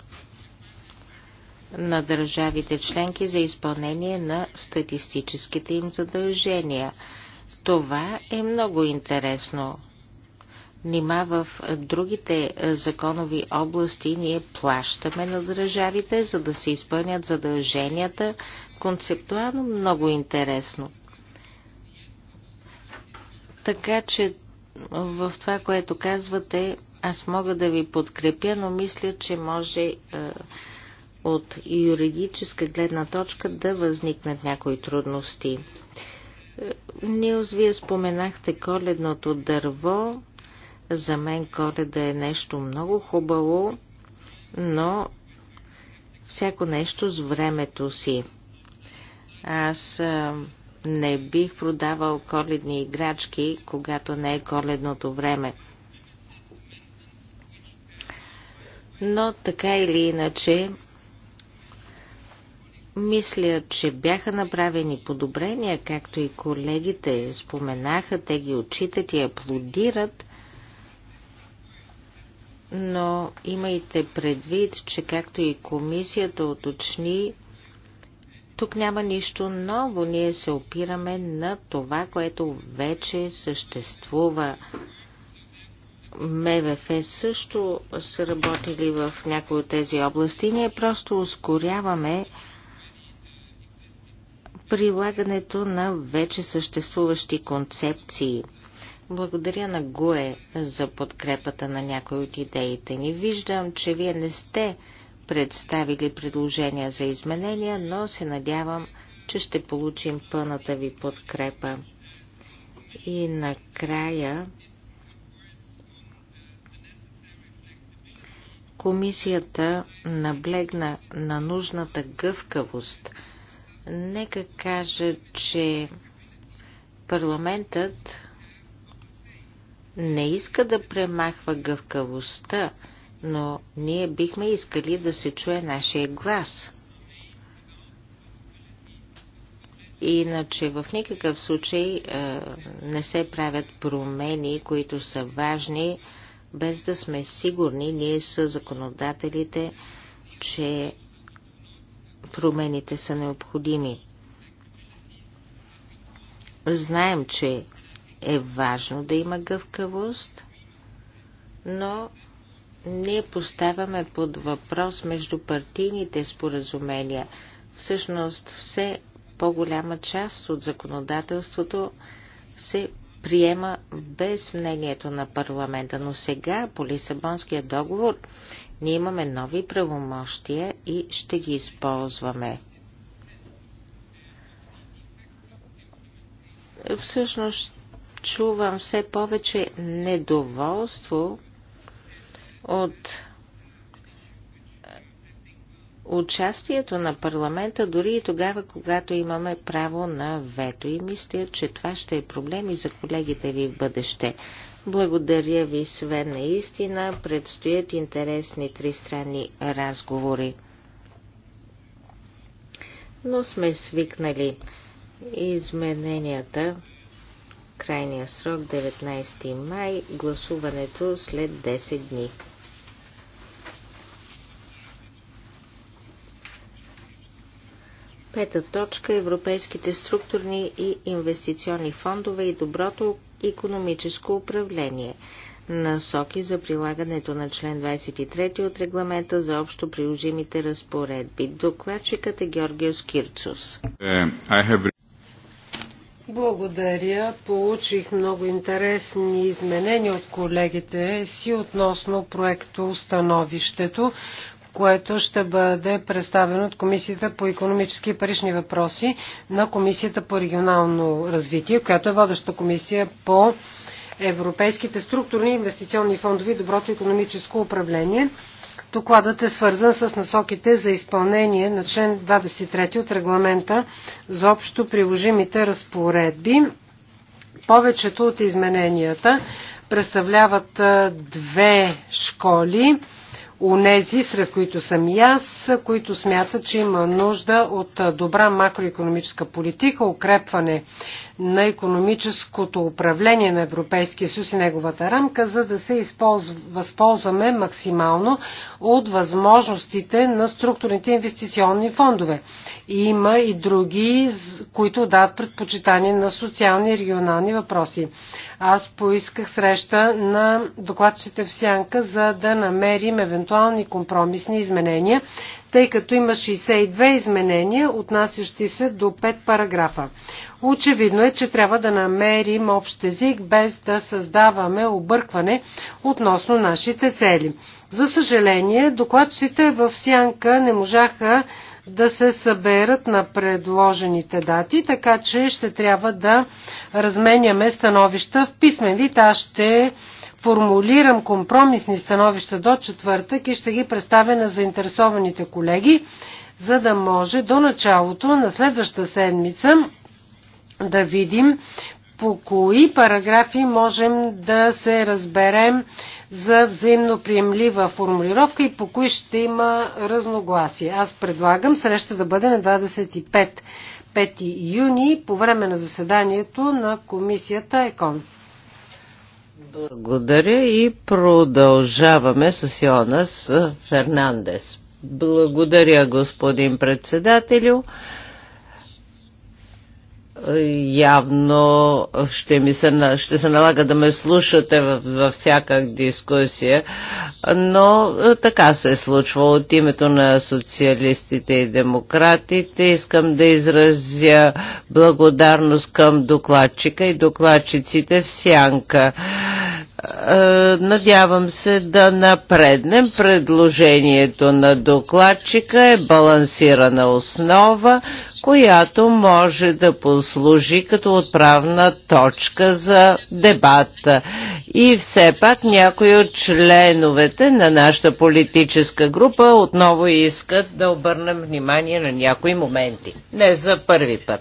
на държавите членки за изпълнение на статистическите им задължения. Това е много интересно. Нима в другите законови области ние плащаме на държавите, за да се изпълнят задълженията. Концептуално много интересно. Така че в това, което казвате, аз мога да ви подкрепя, но мисля, че може е, от юридическа гледна точка да възникнат някои трудности. Е, Нилс, вие споменахте коледното дърво. За мен коледа е нещо много хубаво, но всяко нещо с времето си. Аз е, не бих продавал коледни играчки, когато не е коледното време. Но така или иначе, мисля, че бяха направени подобрения, както и колегите споменаха, те ги отчитат и аплодират, но имайте предвид, че както и комисията уточни, тук няма нищо ново. Ние се опираме на това, което вече съществува. МВФ също са работили в някои от тези области. Ние просто ускоряваме прилагането на вече съществуващи концепции. Благодаря на Гуе за подкрепата на някои от идеите ни. Виждам, че вие не сте представили предложения за изменения, но се надявам, че ще получим пълната ви подкрепа. И накрая комисията наблегна на нужната гъвкавост. Нека кажа, че парламентът не иска да премахва гъвкавостта, но ние бихме искали да се чуе нашия глас. Иначе в никакъв случай е, не се правят промени, които са важни, без да сме сигурни, ние са законодателите, че промените са необходими. Знаем, че е важно да има гъвкавост, но ние поставяме под въпрос между партийните споразумения. Всъщност все по-голяма част от законодателството се приема без мнението на парламента, но сега по Лисабонския договор ние имаме нови правомощия и ще ги използваме. Всъщност чувам все повече недоволство от участието на парламента дори и тогава, когато имаме право на вето. И мисля, че това ще е проблем и за колегите ви в бъдеще. Благодаря ви, Свен, наистина. Предстоят интересни тристранни разговори. Но сме свикнали измененията. Крайния срок 19 май, гласуването след 10 дни. Пета точка – Европейските структурни и инвестиционни фондове и доброто економическо управление. Насоки за прилагането на член 23 от регламента за общо приложимите разпоредби. Докладчикът е Георгиос Кирцус. Е, Благодаря. Получих много интересни изменения от колегите си относно проекто становището което ще бъде представено от Комисията по економически и парични въпроси на Комисията по регионално развитие, която е водеща комисия по европейските структурни инвестиционни фондови и доброто економическо управление. Докладът е свързан с насоките за изпълнение на член 23 от регламента за общо приложимите разпоредби. Повечето от измененията представляват две школи Онези, сред които съм и аз, които смятат, че има нужда от добра макроекономическа политика, укрепване на економическото управление на Европейския съюз и неговата рамка, за да се възползваме максимално от възможностите на структурните инвестиционни фондове. Има и други, които дадат предпочитание на социални и регионални въпроси. Аз поисках среща на докладчите в Сянка, за да намерим евентуални компромисни изменения, тъй като има 62 изменения, отнасящи се до 5 параграфа. Очевидно е, че трябва да намерим общ език, без да създаваме объркване относно нашите цели. За съжаление, докладчите в Сянка не можаха да се съберат на предложените дати, така че ще трябва да разменяме становища в писмен вид. Аз ще формулирам компромисни становища до четвъртък и ще ги представя на заинтересованите колеги, за да може до началото на следващата седмица да видим по кои параграфи можем да се разберем за взаимно приемлива формулировка и по кои ще има разногласие. Аз предлагам среща да бъде на 25 5 юни по време на заседанието на комисията ЕКОН. Благодаря и продължаваме с Йонас Фернандес. Благодаря, господин председателю явно ще, ми се, ще се налага да ме слушате във всяка дискусия, но е, така се е случва. От името на социалистите и демократите искам да изразя благодарност към докладчика и докладчиците в сянка. Е, надявам се да напреднем. Предложението на докладчика е балансирана основа, която може да послужи като отправна точка за дебата. И все пак някои от членовете на нашата политическа група отново искат да обърнем внимание на някои моменти. Не за първи път.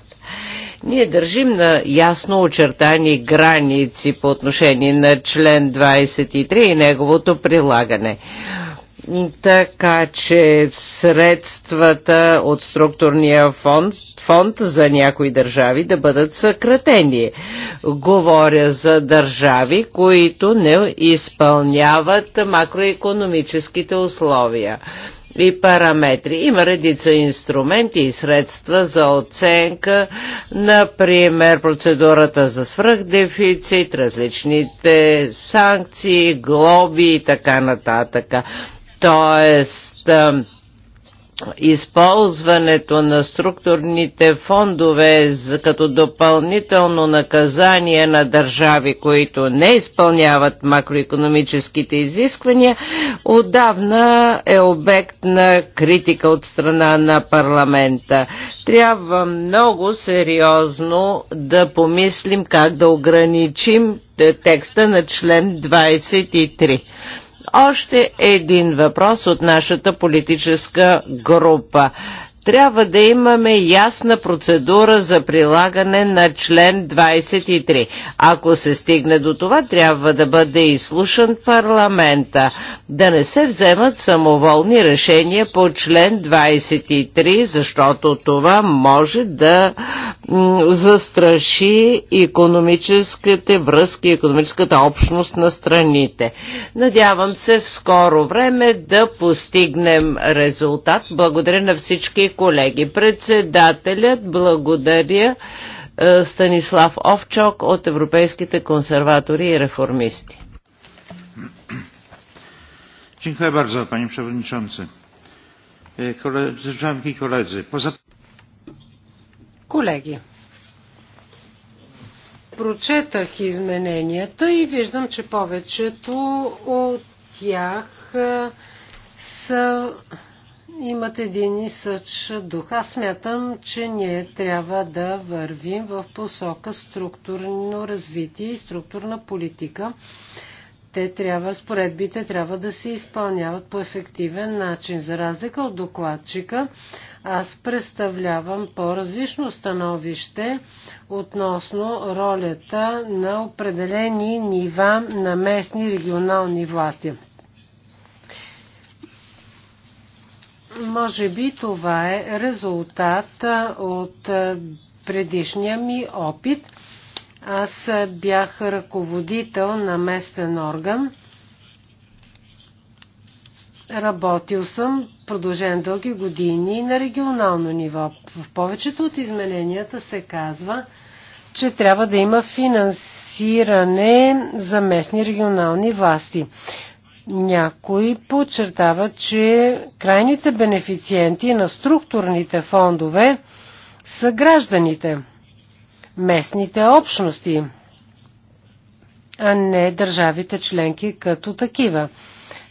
Ние държим на ясно очертани граници по отношение на член 23 и неговото прилагане така че средствата от структурния фонд, фонд за някои държави да бъдат съкратени. Говоря за държави, които не изпълняват макроекономическите условия и параметри. Има редица инструменти и средства за оценка, например процедурата за свръхдефицит, различните санкции, глоби и така нататък. Тоест, използването на структурните фондове като допълнително наказание на държави, които не изпълняват макроекономическите изисквания, отдавна е обект на критика от страна на парламента. Трябва много сериозно да помислим как да ограничим текста на член 23 още един въпрос от нашата политическа група трябва да имаме ясна процедура за прилагане на член 23. Ако се стигне до това, трябва да бъде изслушан парламента, да не се вземат самоволни решения по член 23, защото това може да застраши економическите връзки, економическата общност на страните. Надявам се в скоро време да постигнем резултат. Благодаря на всички колеги. Председателят благодаря е, Станислав Овчок от Европейските консерватори и реформисти. Dziękuję bardzo, panie przewodniczący. E, Koleżanki i koledzy. Poza... Колеги, прочетах измененията и виждам, че повечето от тях е, са имат един и съч дух. Аз смятам, че ние трябва да вървим в посока структурно развитие и структурна политика. Те трябва, споредбите трябва да се изпълняват по ефективен начин. За разлика от докладчика, аз представлявам по-различно становище относно ролята на определени нива на местни регионални власти. Може би това е резултат от предишния ми опит. Аз бях ръководител на местен орган. Работил съм продължен дълги години на регионално ниво. В повечето от измененията се казва, че трябва да има финансиране за местни регионални власти. Някои подчертават, че крайните бенефициенти на структурните фондове са гражданите, местните общности, а не държавите членки като такива.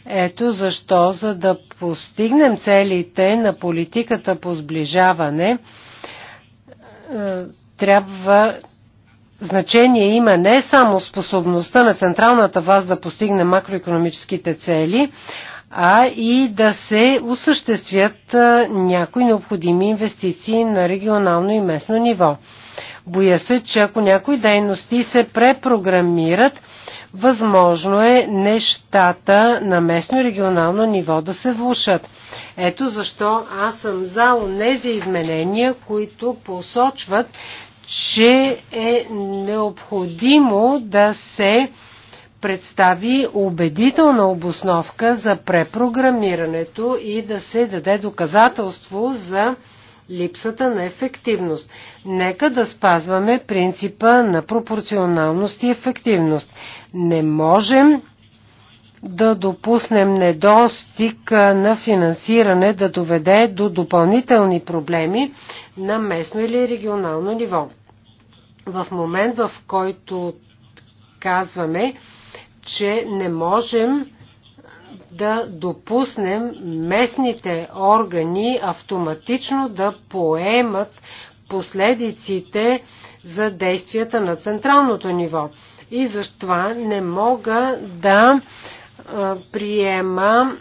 Ето защо, за да постигнем целите на политиката по сближаване, е, трябва значение има не само способността на централната власт да постигне макроекономическите цели, а и да се осъществят някои необходими инвестиции на регионално и местно ниво. Боя се, че ако някои дейности се препрограмират, възможно е нещата на местно и регионално ниво да се влушат. Ето защо аз съм за онези изменения, които посочват, че е необходимо да се представи убедителна обосновка за препрограмирането и да се даде доказателство за липсата на ефективност. Нека да спазваме принципа на пропорционалност и ефективност. Не можем да допуснем недостиг на финансиране да доведе до допълнителни проблеми на местно или регионално ниво. В момент, в който казваме, че не можем да допуснем местните органи автоматично да поемат последиците за действията на централното ниво. И защо не мога да приема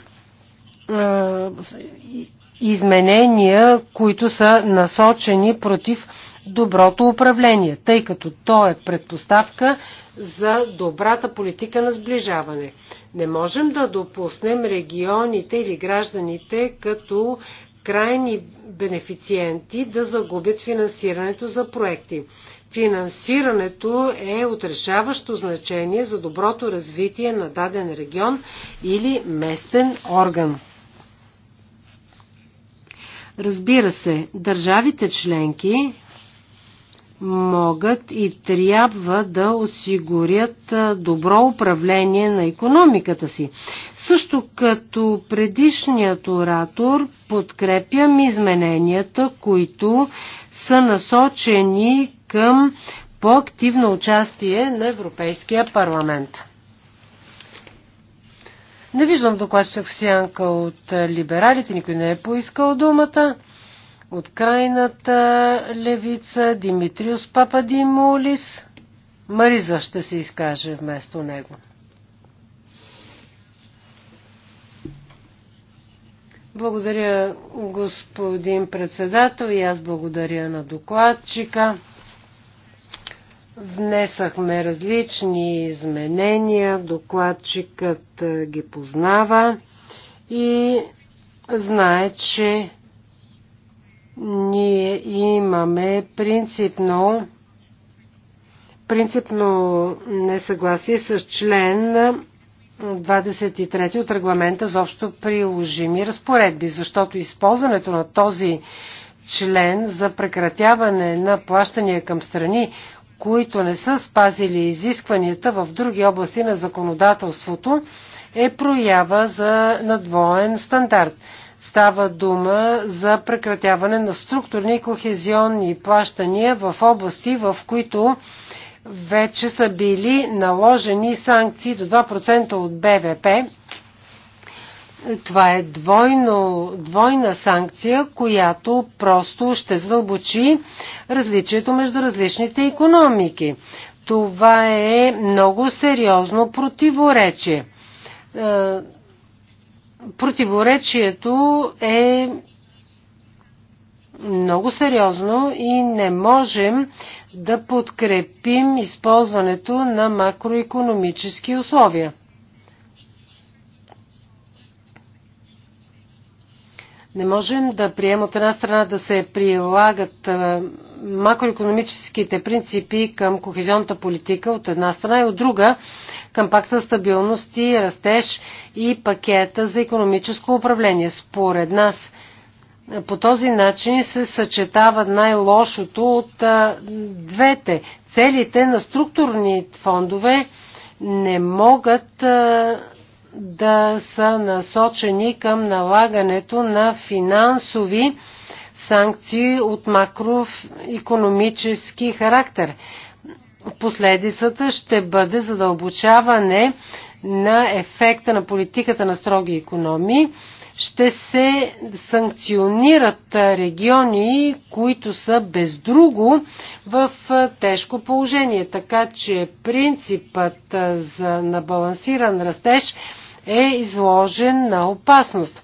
изменения, които са насочени против доброто управление, тъй като то е предпоставка за добрата политика на сближаване. Не можем да допуснем регионите или гражданите като крайни бенефициенти да загубят финансирането за проекти. Финансирането е отрешаващо значение за доброто развитие на даден регион или местен орган. Разбира се, държавите членки могат и трябва да осигурят добро управление на економиката си. Също като предишният оратор подкрепям измененията, които са насочени към по-активно участие на Европейския парламент. Не виждам докладчик в сянка от либералите, никой не е поискал думата. От крайната левица Димитриус Пападимулис. Мариза ще се изкаже вместо него. Благодаря, господин председател, и аз благодаря на докладчика. Внесахме различни изменения, докладчикът ги познава и знае, че ние имаме принципно принципно несъгласие с член 23 от регламента за общо приложими разпоредби, защото използването на този член за прекратяване на плащания към страни, които не са спазили изискванията в други области на законодателството, е проява за надвоен стандарт. Става дума за прекратяване на структурни и кохезионни плащания в области, в които вече са били наложени санкции до 2% от БВП това е двойно, двойна санкция, която просто ще задълбочи различието между различните економики. Това е много сериозно противоречие. Е, противоречието е много сериозно и не можем да подкрепим използването на макроекономически условия. Не можем да приемем от една страна да се прилагат макроекономическите принципи към кохезионната политика от една страна и от друга към пакта стабилност и растеж и пакета за економическо управление. Според нас по този начин се съчетава най-лошото от двете. Целите на структурни фондове не могат да са насочени към налагането на финансови санкции от макроекономически характер. Последицата ще бъде задълбочаване на ефекта на политиката на строги економии. Ще се санкционират региони, които са без друго в тежко положение. Така че принципът за набалансиран растеж е изложен на опасност.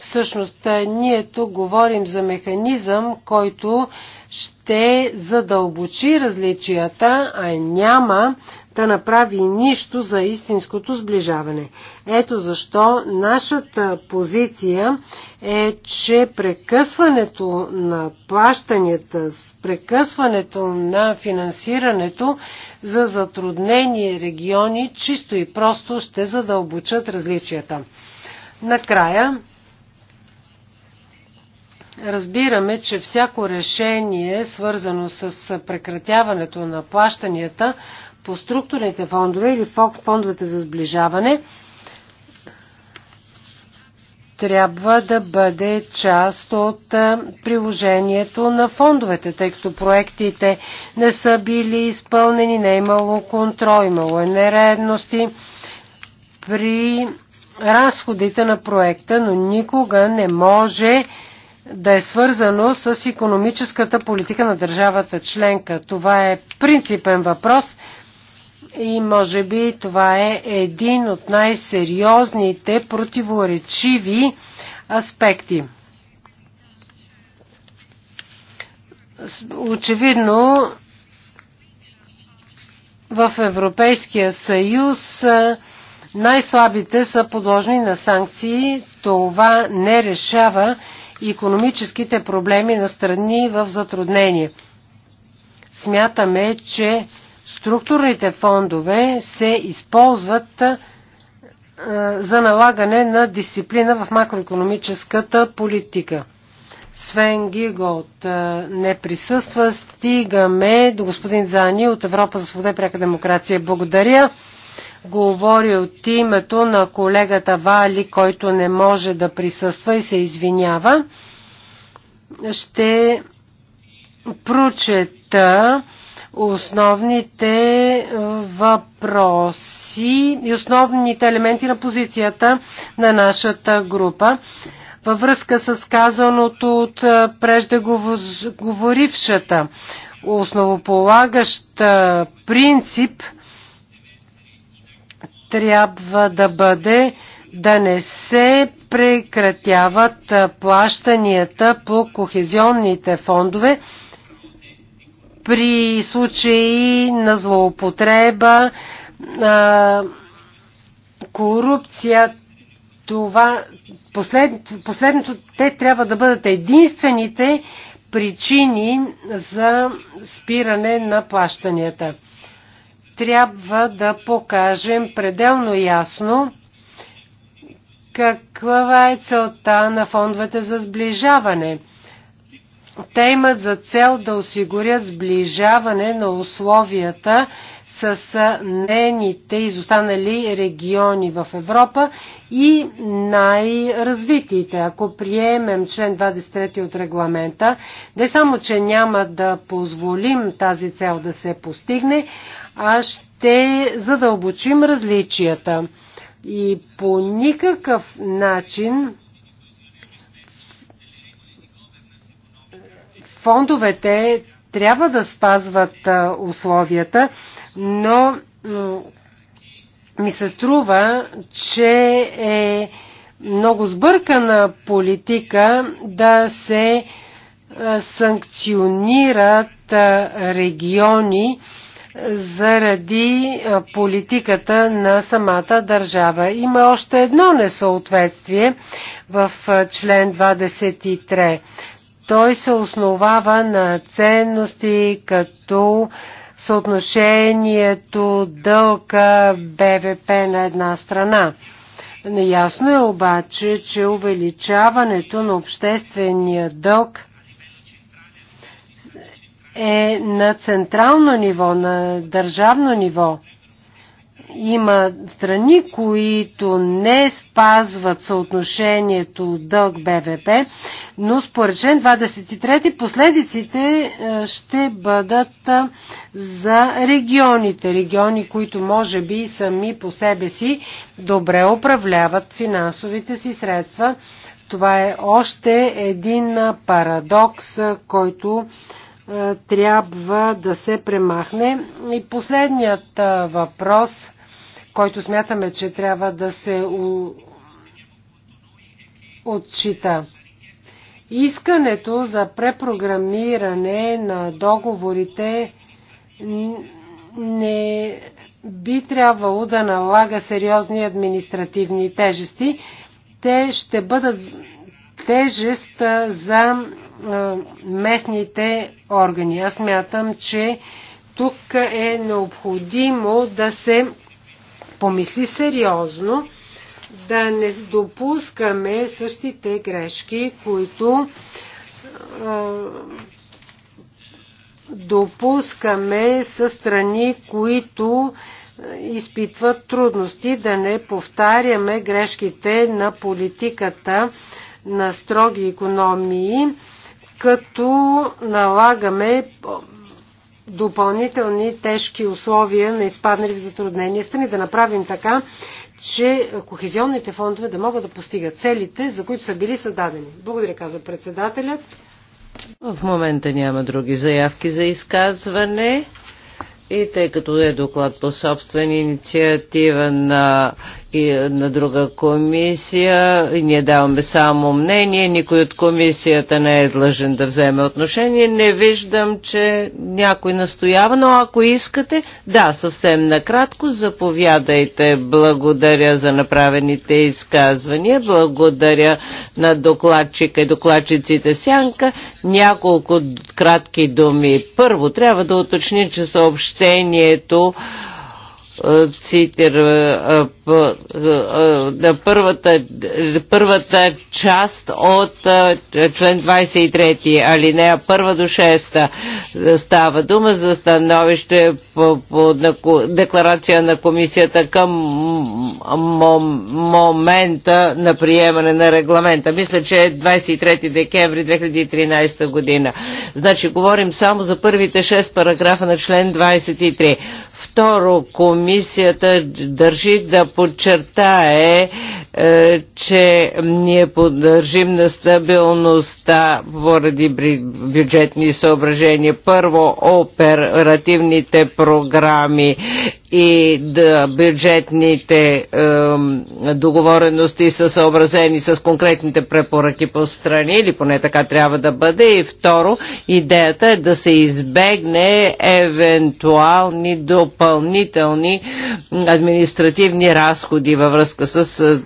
Всъщност, ние тук говорим за механизъм, който ще задълбочи различията, а няма да направи нищо за истинското сближаване. Ето защо нашата позиция е, че прекъсването на плащанията, прекъсването на финансирането за затруднени региони, чисто и просто ще задълбочат различията. Накрая, разбираме, че всяко решение, свързано с прекратяването на плащанията по структурните фондове или фондовете за сближаване, трябва да бъде част от приложението на фондовете, тъй като проектите не са били изпълнени, не е имало контрол, имало е нередности при разходите на проекта, но никога не може да е свързано с економическата политика на държавата членка. Това е принципен въпрос и може би това е един от най-сериозните противоречиви аспекти. Очевидно, в Европейския съюз най-слабите са подложни на санкции. Това не решава економическите проблеми на страни в затруднение. Смятаме, че Структурните фондове се използват за налагане на дисциплина в макроекономическата политика. Свен Гиголт не присъства. Стигаме до господин Зани от Европа за свобода и пряка демокрация. Благодаря. Говори от името на колегата Вали, който не може да присъства и се извинява. Ще прочета основните е, въпроси и основните елементи на позицията на нашата група. Във връзка с казаното от е, преждеговорившата основополагащ принцип трябва да бъде да не се прекратяват е, плащанията по кохезионните фондове, при случаи на злоупотреба, корупция, това, послед, последното, те трябва да бъдат единствените причини за спиране на плащанията. Трябва да покажем пределно ясно каква е целта на фондовете за сближаване – те имат за цел да осигурят сближаване на условията с нейните изостанали региони в Европа и най-развитите. Ако приемем член 23 от регламента, не само, че няма да позволим тази цел да се постигне, а ще задълбочим различията. И по никакъв начин фондовете трябва да спазват условията, но ми се струва, че е много сбъркана политика да се санкционират региони заради политиката на самата държава. Има още едно несъответствие в член 23. Той се основава на ценности като съотношението дълга БВП на една страна. Ясно е обаче, че увеличаването на обществения дълг е на централно ниво, на държавно ниво – има страни, които не спазват съотношението дълг БВП, но според член 23 последиците е, ще бъдат е, за регионите. Региони, които може би сами по себе си добре управляват финансовите си средства. Това е още един парадокс, е, който трябва да се премахне. И последният въпрос който смятаме, че трябва да се отчита. Искането за препрограмиране на договорите не би трябвало да налага сериозни административни тежести. Те ще бъдат тежест за местните органи. Аз мятам, че тук е необходимо да се помисли сериозно да не допускаме същите грешки, които допускаме със страни, които изпитват трудности, да не повтаряме грешките на политиката на строги економии, като налагаме допълнителни тежки условия на изпаднали в затруднения страни, да направим така, че кохезионните фондове да могат да постигат целите, за които са били създадени. Благодаря, каза председателят. В момента няма други заявки за изказване. И тъй като е доклад по собствена инициатива на и на друга комисия. ние даваме само мнение. Никой от комисията не е длъжен да вземе отношение. Не виждам, че някой настоява, но ако искате, да, съвсем накратко, заповядайте. Благодаря за направените изказвания. Благодаря на докладчика и докладчиците Сянка. Няколко кратки думи. Първо, трябва да уточни, че съобщението цитира на първата, първата част от член 23, алинея 1 до 6 става дума за становище по, по на, декларация на комисията към момента на приемане на регламента. Мисля, че е 23 декември 2013 година. Значи, говорим само за първите 6 параграфа на член 23. Второ, комисията държи да подчертае, е, че ние поддържим на стабилността поради бюджетни съображения. Първо, оперативните програми и да бюджетните е, договорености са съобразени с конкретните препоръки по страни, или поне така трябва да бъде. И второ, идеята е да се избегне евентуални допълнителни допълнителни административни разходи във връзка с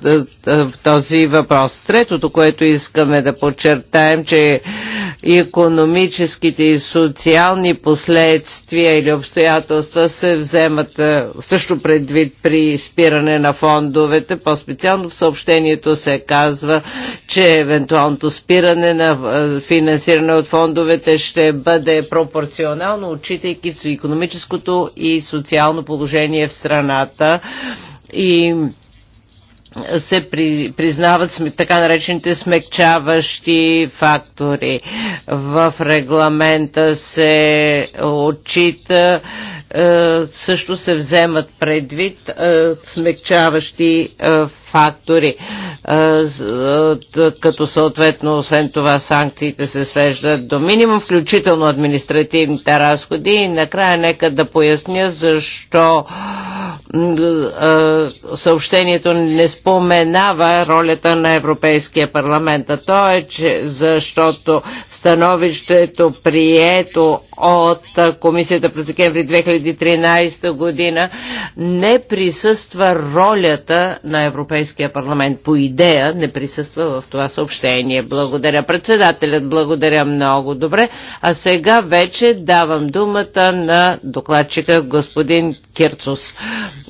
този въпрос. Третото, което искаме да подчертаем, че економическите и социални последствия или обстоятелства се вземат е, също предвид при спиране на фондовете. По-специално в съобщението се казва, че евентуалното спиране на е, финансиране от фондовете ще бъде пропорционално, отчитайки с економическото и социално положение в страната и се при, признават сме, така наречените смекчаващи фактори. В регламента се отчита, е, също се вземат предвид е, смекчаващи фактори. Е, фактори, като съответно, освен това, санкциите се свеждат до минимум, включително административните разходи. И накрая нека да поясня защо съобщението не споменава ролята на Европейския парламент, а то е, че защото становището прието от Комисията през декември 2013 година не присъства ролята на Европейския Европейския парламент по идея не присъства в това съобщение. Благодаря председателят, благодаря много добре. А сега вече давам думата на докладчика господин Кирцус.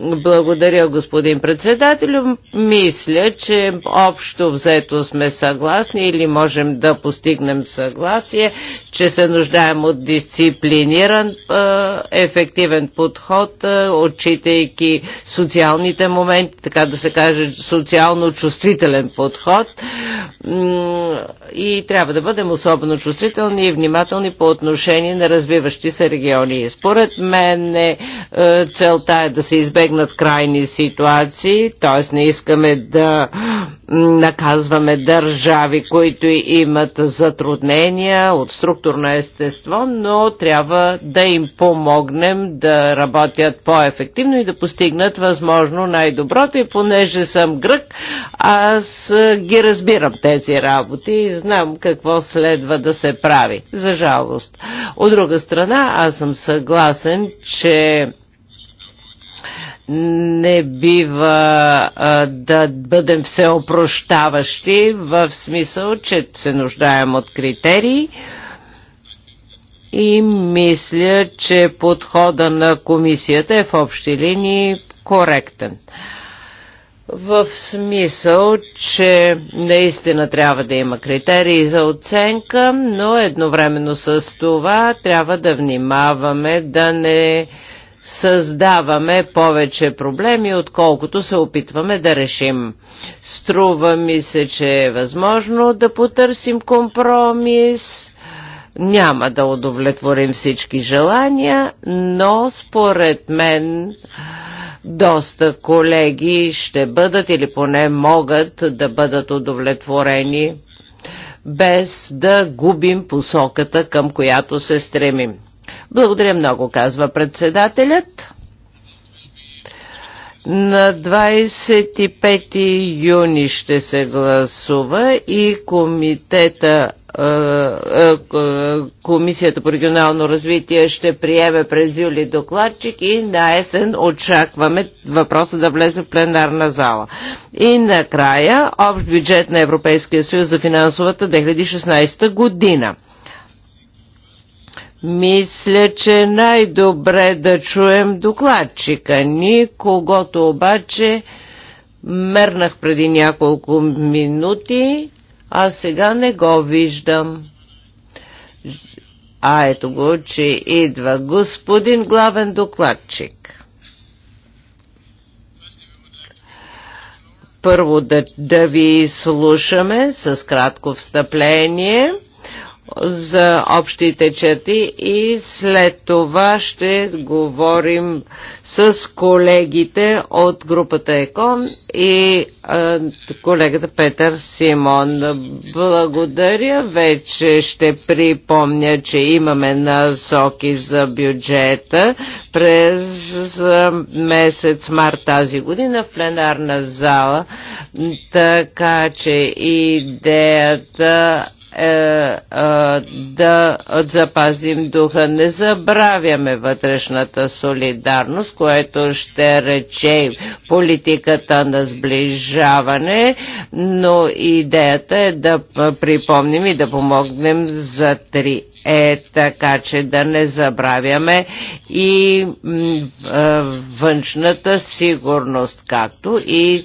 Благодаря господин председател. Мисля, че общо взето сме съгласни или можем да постигнем съгласие, че се нуждаем от дисциплиниран ефективен подход, отчитайки социалните моменти, така да се каже, социално чувствителен подход и трябва да бъдем особено чувствителни и внимателни по отношение на развиващи се региони. Според мен е, е целта е да се избегнат крайни ситуации, т.е. не искаме да наказваме държави, които имат затруднения от структурно естество, но трябва да им помогнем да работят по-ефективно и да постигнат възможно най-доброто и понеже са съм грък, аз ги разбирам тези работи и знам какво следва да се прави, за жалост. От друга страна, аз съм съгласен, че не бива а, да бъдем всеопрощаващи в смисъл, че се нуждаем от критерии и мисля, че подхода на комисията е в общи линии коректен. А, в смисъл, че наистина трябва да има критерии за оценка, но едновременно с това трябва да внимаваме да не създаваме повече проблеми, отколкото се опитваме да решим. Струва ми се, че е възможно да потърсим компромис. Няма да удовлетворим всички желания, но според мен доста колеги ще бъдат или поне могат да бъдат удовлетворени без да губим посоката, към която се стремим. Благодаря много, казва председателят. На 25 юни ще се гласува и комитета е, е, е, Комисията по регионално развитие ще приеме през юли докладчик и на есен очакваме въпроса да влезе в пленарна зала. И накрая, общ бюджет на Европейския съюз за финансовата 2016 година. Мисля, че най-добре да чуем докладчика ни, когато обаче мернах преди няколко минути а сега не го виждам. А ето го, че идва господин главен докладчик. Първо да, да ви слушаме с кратко встъпление за общите черти и след това ще говорим с колегите от групата ЕКОН и а, колегата Петър Симон. Благодаря. Вече ще припомня, че имаме насоки за бюджета през месец март тази година в пленарна зала, така че идеята е, е, да запазим духа. Не забравяме вътрешната солидарност, което ще рече политиката на сближаване, но идеята е да припомним и да помогнем за три е така, че да не забравяме и външната сигурност, както и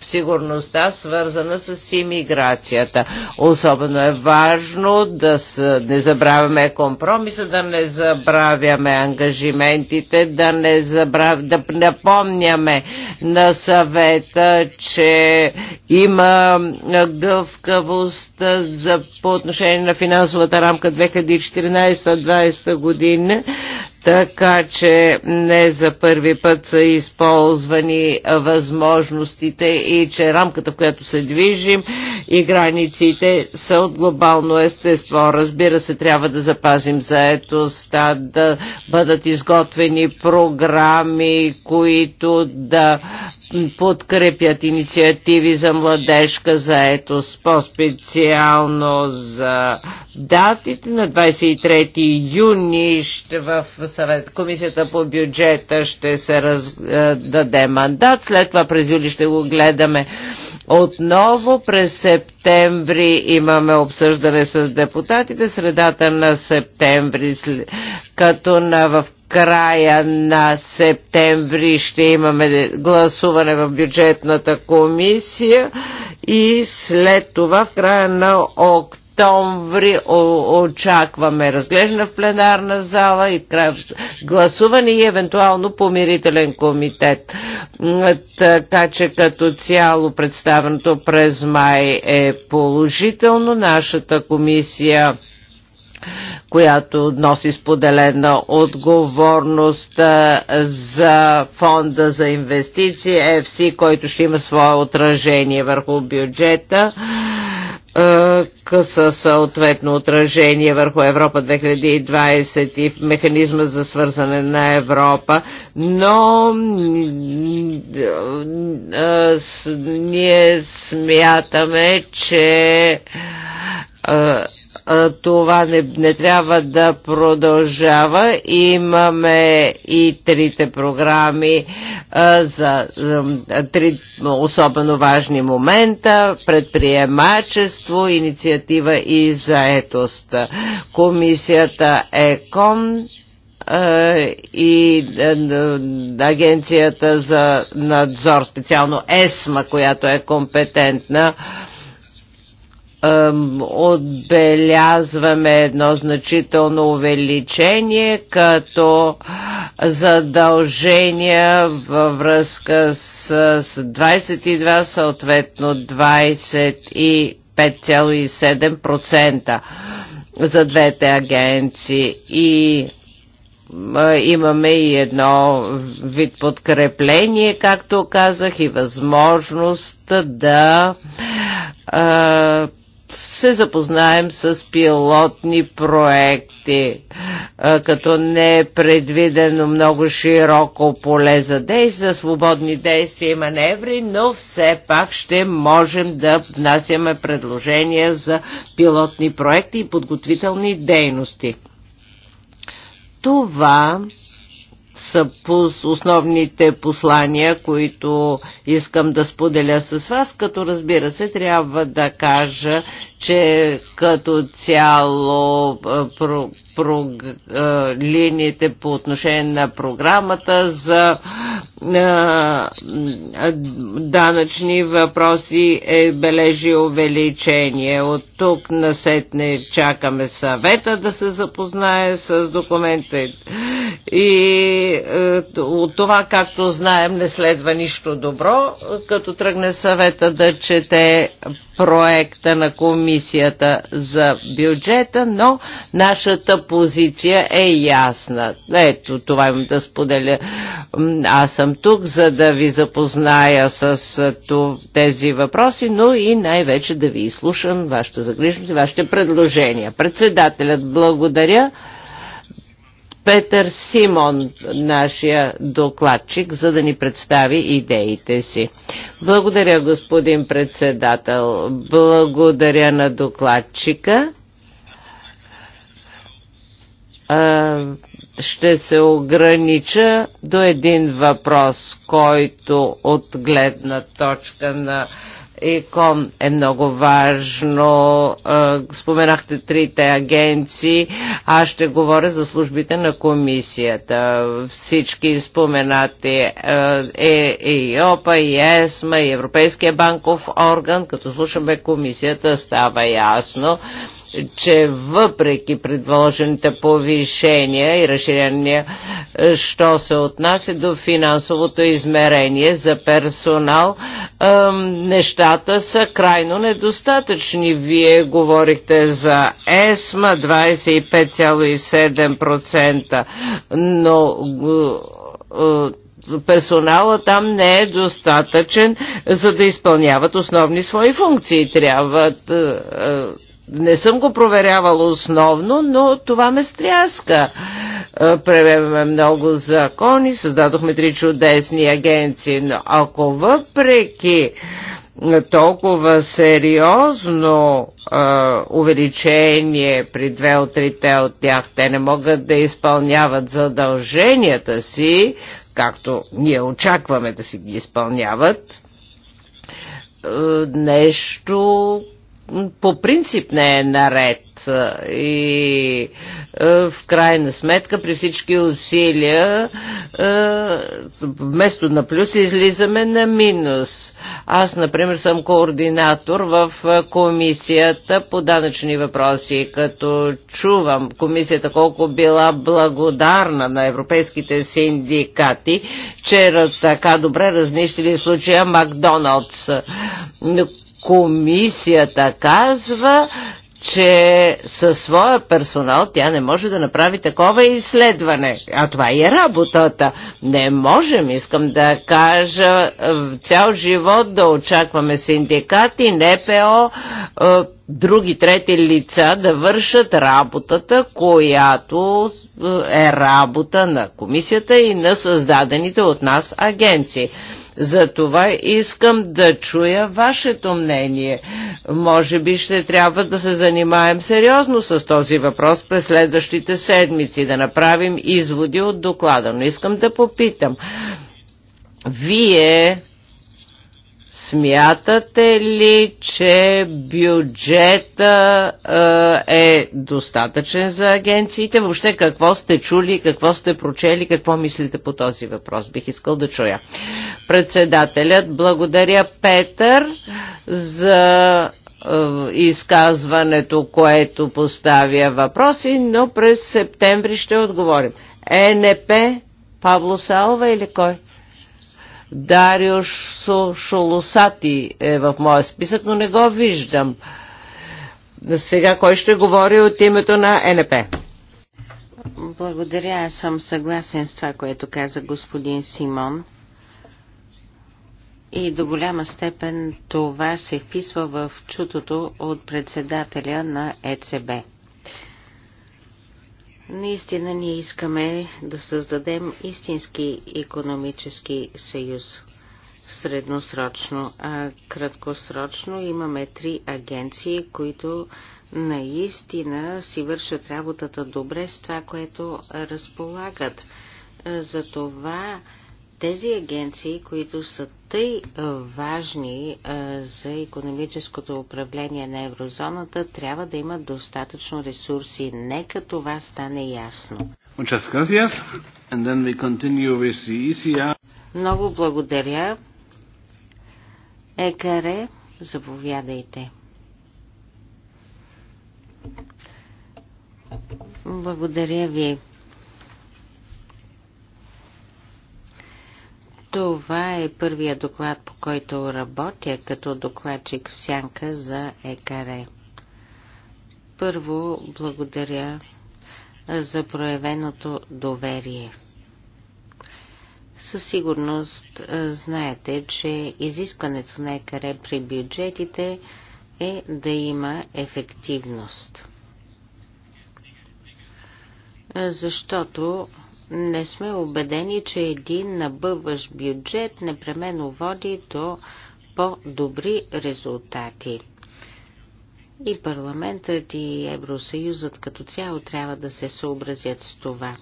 сигурността свързана с имиграцията. Особено е важно да не забравяме компромиса, да не забравяме ангажиментите, да не забрав... да напомняме на съвета, че има гъвкавост за... по отношение на финансовата рамка 2000 2014-2020 година, така че не за първи път са използвани възможностите и че рамката, в която се движим и границите са от глобално естество. Разбира се, трябва да запазим заетостта, да бъдат изготвени програми, които да подкрепят инициативи за младежка заетост, по-специално за датите на 23 юни ще в съвет, Комисията по бюджета ще се раз, даде мандат, след това през юли ще го гледаме отново през септември имаме обсъждане с депутатите, средата на септември, като на в края на септември ще имаме гласуване в бюджетната комисия и след това в края на октомври октомври очакваме разглеждане в пленарна зала и гласуване и евентуално помирителен комитет. Така че като цяло представеното през май е положително. Нашата комисия която носи споделена отговорност за фонда за инвестиции ЕФСИ, който ще има свое отражение върху бюджета къса съответно отражение върху Европа 2020 и механизма за свързане на Европа, но ние смятаме, че това не, не трябва да продължава. Имаме и трите програми а, за, за три особено важни момента предприемачество, инициатива и заетост. Комисията ЕКОН и агенцията за надзор, специално ЕСМА, която е компетентна, отбелязваме едно значително увеличение като задължения във връзка с 22, съответно 25,7% за двете агенции и имаме и едно вид подкрепление, както казах, и възможност да се запознаем с пилотни проекти, като не е предвидено много широко поле за действие, за свободни действия и маневри, но все пак ще можем да внасяме предложения за пилотни проекти и подготвителни дейности. Това са основните послания, които искам да споделя с вас, като разбира се трябва да кажа, че като цяло линиите по отношение на програмата за данъчни въпроси е бележи увеличение. От тук на не чакаме съвета да се запознае с документа. И от това, както знаем, не следва нищо добро, като тръгне съвета да чете проекта на комисията за бюджета, но нашата позиция е ясна. Ето, това имам да споделя. Аз съм тук, за да ви запозная с тези въпроси, но и най-вече да ви изслушам вашето загрижност и вашите предложения. Председателят, благодаря. Петър Симон, нашия докладчик, за да ни представи идеите си. Благодаря, господин председател. Благодаря на докладчика ще се огранича до един въпрос, който от гледна точка на ИКОМ е много важно. Споменахте трите агенции. Аз ще говоря за службите на комисията. Всички споменати е, е ИОПА, и ЕСМА, и Европейския банков орган. Като слушаме комисията, става ясно, че въпреки предложените повишения и разширения, е, що се отнася до финансовото измерение за персонал, нещата са крайно недостатъчни. Вие говорихте за ЕСМА 25,7%, но е, е, персонала там не е достатъчен, за да изпълняват основни свои функции. Трябват не съм го проверявал основно, но това ме стряска. Е, Превеме много закони, създадохме три чудесни агенции, но ако въпреки толкова сериозно а, е, увеличение при две от трите от тях, те не могат да изпълняват задълженията си, както ние очакваме да си ги изпълняват, е, нещо, по принцип не е наред. И е, в крайна сметка при всички усилия е, вместо на плюс излизаме на минус. Аз, например, съм координатор в е, комисията по данъчни въпроси. Като чувам комисията колко била благодарна на европейските синдикати, че така добре разнищили случая Макдоналдс. Комисията казва, че със своя персонал тя не може да направи такова изследване. А това и е работата. Не можем, искам да кажа, цял живот да очакваме синдикати, НПО, е, други трети лица да вършат работата, която е, е работа на комисията и на създадените от нас агенции. Затова искам да чуя вашето мнение. Може би ще трябва да се занимаем сериозно с този въпрос през следващите седмици, да направим изводи от доклада. Но искам да попитам. Вие Смятате ли, че бюджета е достатъчен за агенциите? Въобще какво сте чули, какво сте прочели, какво мислите по този въпрос? Бих искал да чуя. Председателят, благодаря Петър за изказването, което поставя въпроси, но през септември ще отговорим. ЕНП, Павло Салва или кой? Дариош Шолосати е в моя списък, но не го виждам. Сега кой ще говори от името на НП? Благодаря, аз съм съгласен с това, което каза господин Симон. И до голяма степен това се вписва в чутото от председателя на ЕЦБ. Наистина ние искаме да създадем истински економически съюз. Средносрочно, а краткосрочно имаме три агенции, които наистина си вършат работата добре с това, което разполагат. Затова това тези агенции, които са тъй важни за економическото управление на еврозоната, трябва да имат достатъчно ресурси. Нека това стане ясно. E Много благодаря. Екаре, заповядайте. Благодаря ви. Това е първия доклад, по който работя като докладчик в сянка за ЕКАРЕ. Първо, благодаря за проявеното доверие. Със сигурност знаете, че изискването на ЕКАРЕ при бюджетите е да има ефективност. Защото не сме убедени, че един набъваш бюджет непременно води до по-добри резултати. И парламентът и Евросъюзът като цяло трябва да се съобразят с това.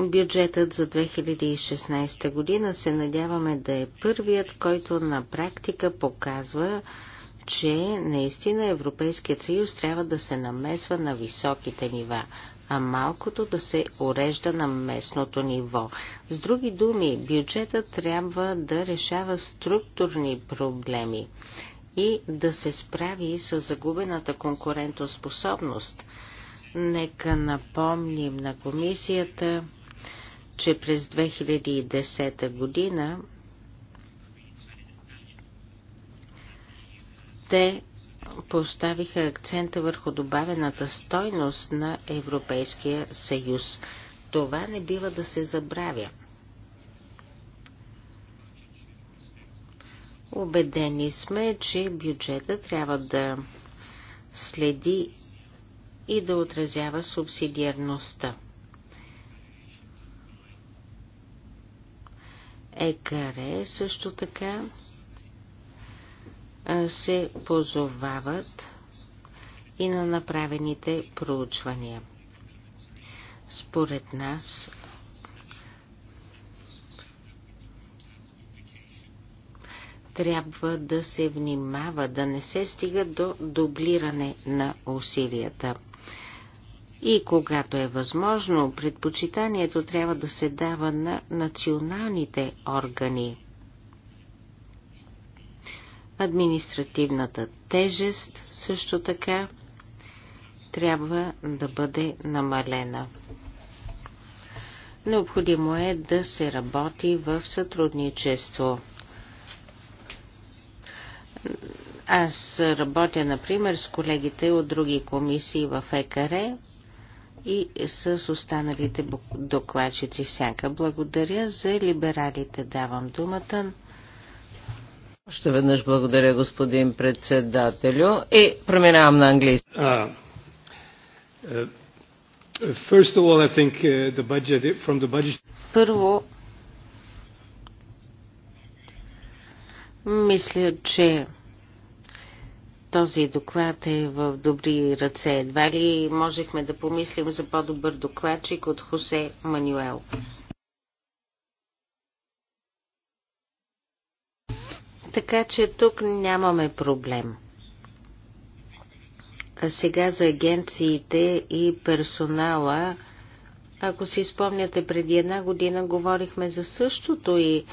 Бюджетът за 2016 година се надяваме да е първият, който на практика показва, че наистина Европейският съюз трябва да се намесва на високите нива а малкото да се урежда на местното ниво. С други думи, бюджета трябва да решава структурни проблеми и да се справи с загубената конкурентоспособност. Нека напомним на комисията, че през 2010 година те поставиха акцента върху добавената стойност на Европейския съюз. Това не бива да се забравя. Обедени сме, че бюджета трябва да следи и да отразява субсидиарността. ЕКР също така се позовават и на направените проучвания. Според нас трябва да се внимава, да не се стига до дублиране на усилията. И когато е възможно, предпочитанието трябва да се дава на националните органи. Административната тежест също така трябва да бъде намалена. Необходимо е да се работи в сътрудничество. Аз работя, например, с колегите от други комисии в ЕКАРЕ и с останалите докладчици всяка. Благодаря за либералите. Давам думата още веднъж благодаря, господин председателю. И преминавам на английски. Uh, first of all, I think е, the budget, from the budget... Първо, мисля, че този доклад е в добри ръце. Едва ли можехме да помислим за по-добър докладчик от Хосе Манюел. Така че тук нямаме проблем. А сега за агенциите и персонала. Ако си спомняте, преди една година говорихме за същото и е,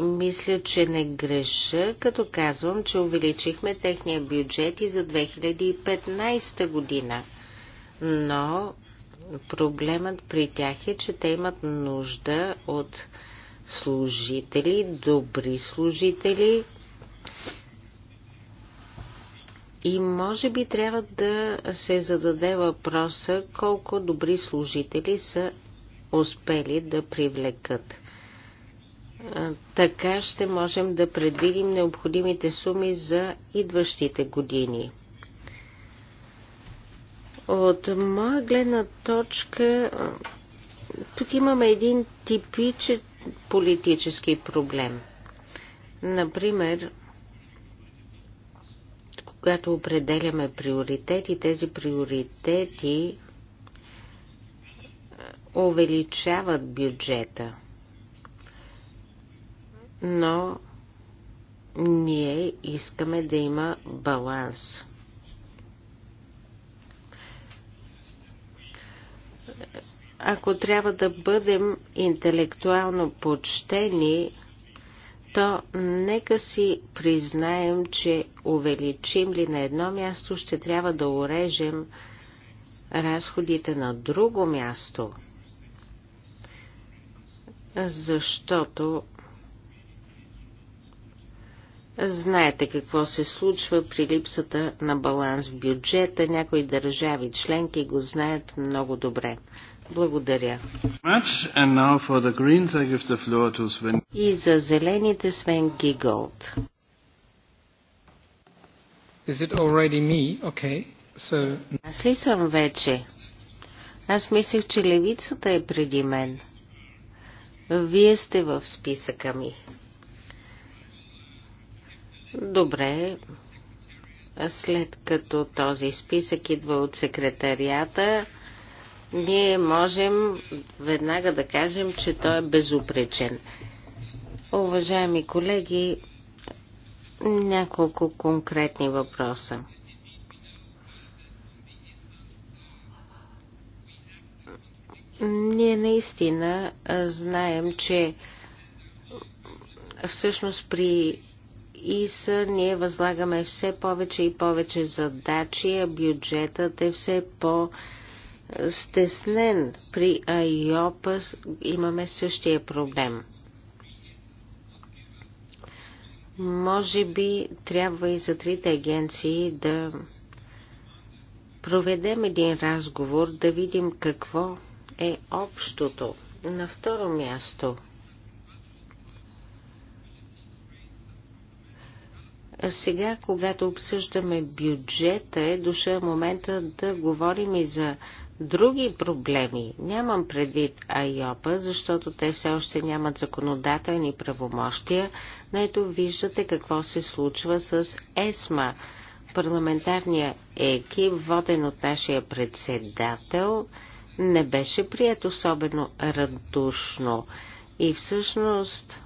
мисля, че не греша, като казвам, че увеличихме техния бюджет и за 2015 година. Но проблемът при тях е, че те имат нужда от служители, добри служители. И може би трябва да се зададе въпроса колко добри служители са успели да привлекат. Така ще можем да предвидим необходимите суми за идващите години. От моя гледна точка, тук имаме един типичен политически проблем. Например, когато определяме приоритети, тези приоритети е, увеличават бюджета. Но ние искаме да има баланс. Ако трябва да бъдем интелектуално почтени, то нека си признаем, че увеличим ли на едно място, ще трябва да урежем разходите на друго място, защото знаете какво се случва при липсата на баланс в бюджета. Някои държави членки го знаят много добре. Благодаря. Greens, И за зелените Свен Гиголд. Is it already me? Okay. So... Аз ли съм вече? Аз мислех, че левицата е преди мен. Вие сте в списъка ми. Добре. След като този списък идва от секретарията, ние можем веднага да кажем, че той е безупречен. Уважаеми колеги, няколко конкретни въпроса. Ние наистина знаем, че всъщност при ИСА ние възлагаме все повече и повече задачи, а бюджетът е все по стеснен. При Айопа имаме същия проблем. Може би трябва и за трите агенции да проведем един разговор, да видим какво е общото. На второ място Сега, когато обсъждаме бюджета, е дошъл момента да говорим и за други проблеми. Нямам предвид Айопа, защото те все още нямат законодателни правомощия, но ето виждате какво се случва с ЕСМА. Парламентарния екип, воден от нашия председател, не беше прият особено радушно. И всъщност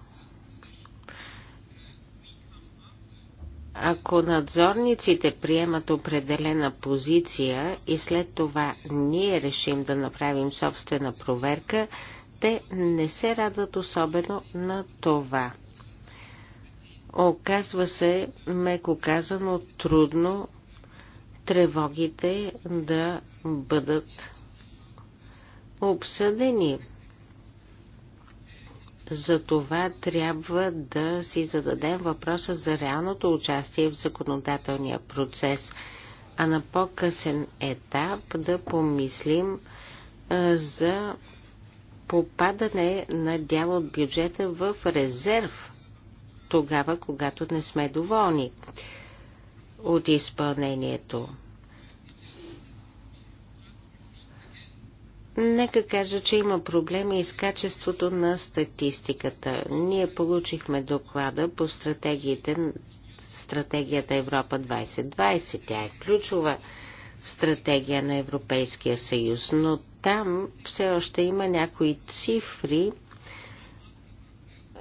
Ако надзорниците приемат определена позиция и след това ние решим да направим собствена проверка, те не се радват особено на това. Оказва се, меко казано, трудно тревогите да бъдат обсъдени. За това трябва да си зададем въпроса за реалното участие в законодателния процес, а на по-късен етап да помислим за попадане на дял от бюджета в резерв, тогава, когато не сме доволни от изпълнението. Нека кажа, че има проблеми и с качеството на статистиката. Ние получихме доклада по стратегиите, стратегията Европа 2020. Тя е ключова стратегия на Европейския съюз, но там все още има някои цифри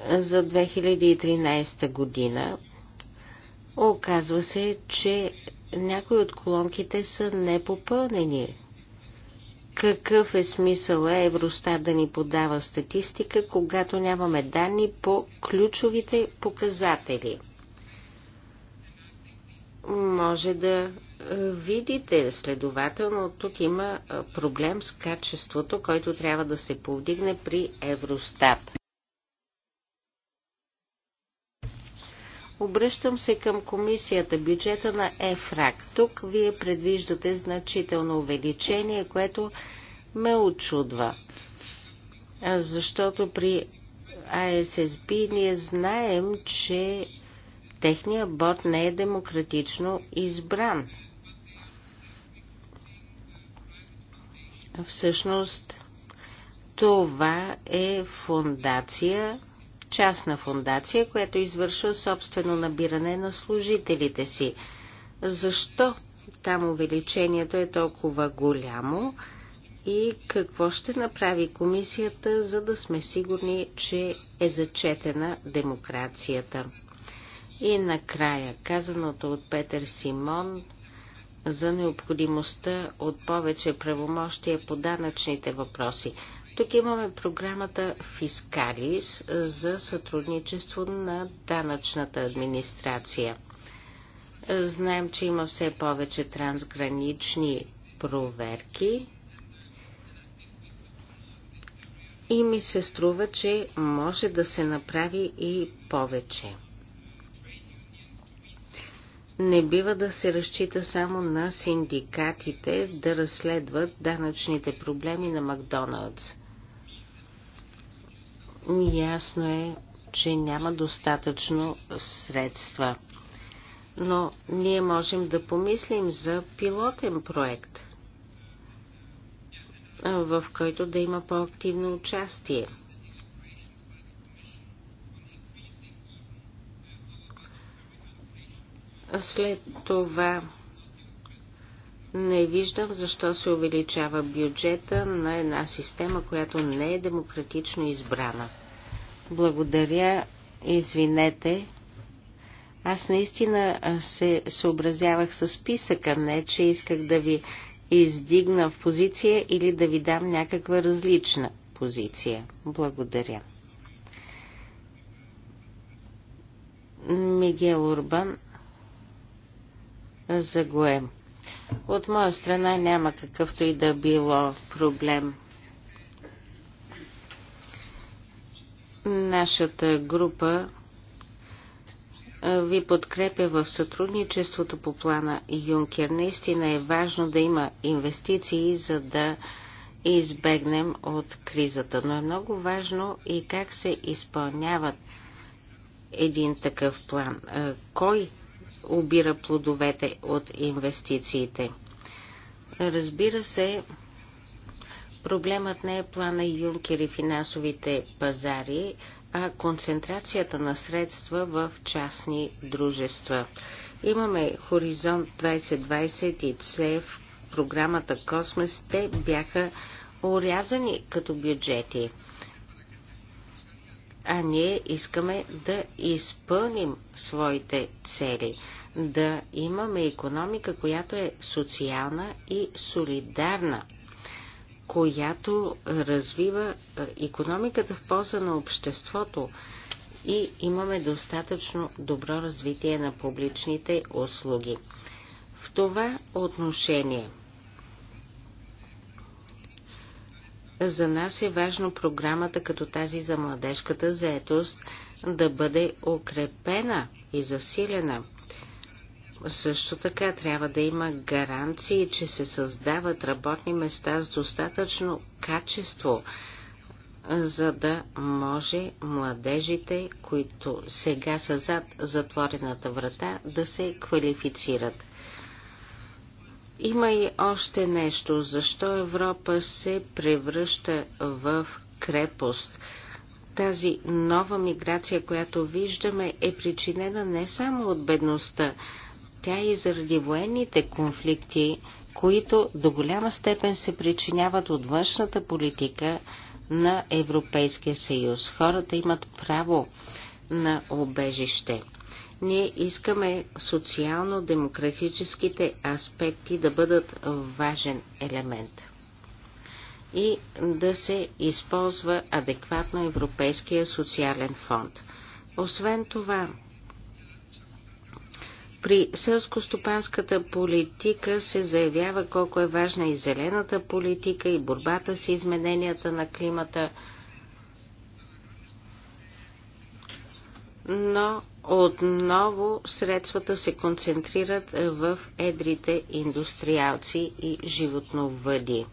за 2013 година. Оказва се, че някои от колонките са непопълнени. Какъв е смисъл е Евростат да ни подава статистика, когато нямаме данни по ключовите показатели? Може да е, видите, следователно тук има е, проблем с качеството, който трябва да се повдигне при Евростат. Обръщам се към комисията бюджета на ЕФРАК. Тук вие предвиждате значително увеличение, което ме очудва. Защото при АССБ ние знаем, че техният борт не е демократично избран. Всъщност, това е фундация, частна фундация, която извършва собствено набиране на служителите си. Защо там увеличението е толкова голямо и какво ще направи комисията, за да сме сигурни, че е зачетена демокрацията? И накрая, казаното от Петър Симон за необходимостта от повече правомощия по данъчните въпроси. Тук имаме програмата Фискалис за сътрудничество на данъчната администрация. Знаем, че има все повече трансгранични проверки и ми се струва, че може да се направи и повече. Не бива да се разчита само на синдикатите да разследват данъчните проблеми на Макдоналдс. Ясно е, че няма достатъчно средства. Но ние можем да помислим за пилотен проект, в който да има по-активно участие. След това не виждам защо се увеличава бюджета на една система, която не е демократично избрана. Благодаря, извинете. Аз наистина се съобразявах с списъка, не че исках да ви издигна в позиция или да ви дам някаква различна позиция. Благодаря. Мигел Урбан за гоем. От моя страна няма какъвто и да било проблем. Нашата група ви подкрепя в сътрудничеството по плана Юнкер. Наистина е важно да има инвестиции, за да избегнем от кризата. Но е много важно и как се изпълняват един такъв план. Кой обира плодовете от инвестициите. Разбира се, проблемът не е плана Юнкер и финансовите пазари, а концентрацията на средства в частни дружества. Имаме Хоризонт 2020 и ЦЕФ, програмата Космос, те бяха урязани като бюджети а ние искаме да изпълним своите цели, да имаме економика, която е социална и солидарна, която развива економиката в полза на обществото и имаме достатъчно добро развитие на публичните услуги. В това отношение – За нас е важно програмата като тази за младежката заетост да бъде укрепена и засилена. Също така трябва да има гаранции, че се създават работни места с достатъчно качество, за да може младежите, които сега са зад затворената врата, да се квалифицират. Има и още нещо. Защо Европа се превръща в крепост? Тази нова миграция, която виждаме, е причинена не само от бедността, тя е и заради военните конфликти, които до голяма степен се причиняват от външната политика на Европейския съюз. Хората имат право на обежище. Ние искаме социално-демократическите аспекти да бъдат важен елемент и да се използва адекватно Европейския социален фонд. Освен това, при селско-стопанската политика се заявява колко е важна и зелената политика, и борбата с измененията на климата – но отново средствата се концентрират в едрите индустриалци и животновъди.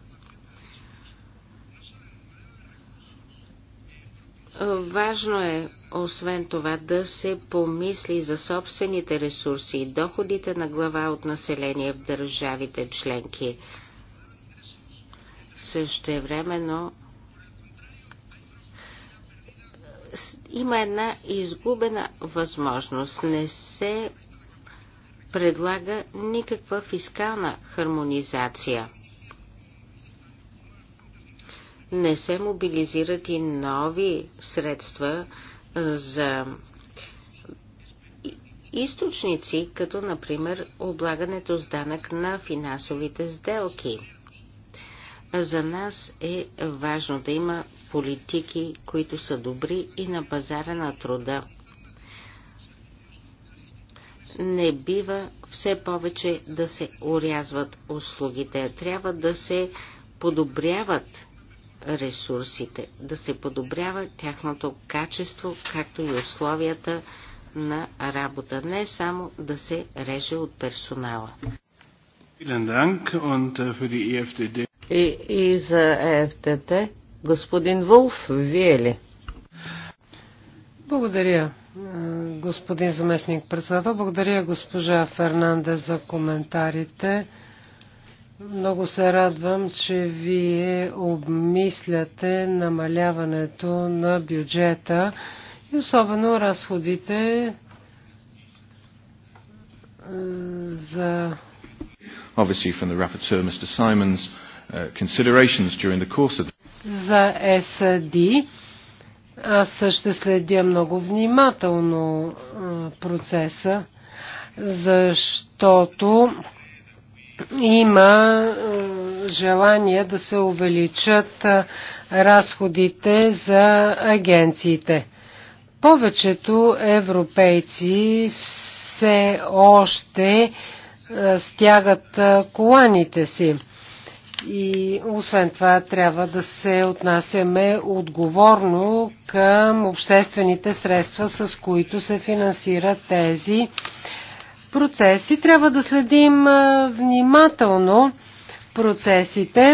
Важно е, освен това, да се помисли за собствените ресурси и доходите на глава от население в държавите членки. Същевременно времено има една изгубена възможност. Не се предлага никаква фискална хармонизация. Не се мобилизират и нови средства за източници, като например облагането с данък на финансовите сделки. За нас е важно да има политики, които са добри и на пазара на труда. Не бива все повече да се урязват услугите, трябва да се подобряват ресурсите, да се подобрява тяхното качество, както и условията на работа, не само да се реже от персонала и, и за ЕФТТ. Господин Вулф, вие ли? Благодаря, господин заместник председател. Благодаря госпожа Фернандес за коментарите. Много се радвам, че вие обмисляте намаляването на бюджета и особено разходите за Obviously from the rapporteur, Mr. Simons, Uh, considerations during the course of за SD, аз ще следя много внимателно процеса, защото има желание да се увеличат разходите за агенциите. Повечето европейци все още стягат коланите си. И освен това трябва да се отнасяме отговорно към обществените средства, с които се финансират тези процеси. Трябва да следим внимателно процесите.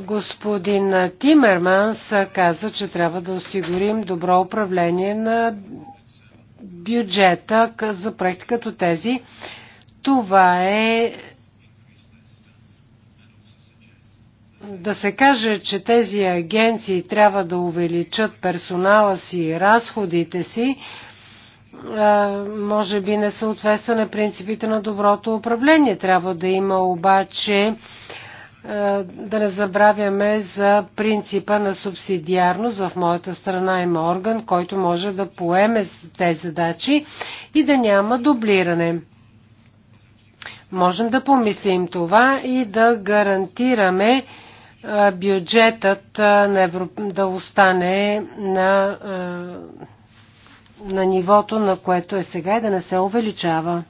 Господин Тимерманс каза, че трябва да осигурим добро управление на бюджета за проекти като тези. Това е да се каже, че тези агенции трябва да увеличат персонала си, и разходите си, може би не съответства на принципите на доброто управление. Трябва да има обаче да не забравяме за принципа на субсидиарност. В моята страна има орган, който може да поеме тези задачи и да няма дублиране. Можем да помислим това и да гарантираме бюджетът на Евро... да остане на, на нивото, на което е сега и да не се увеличава.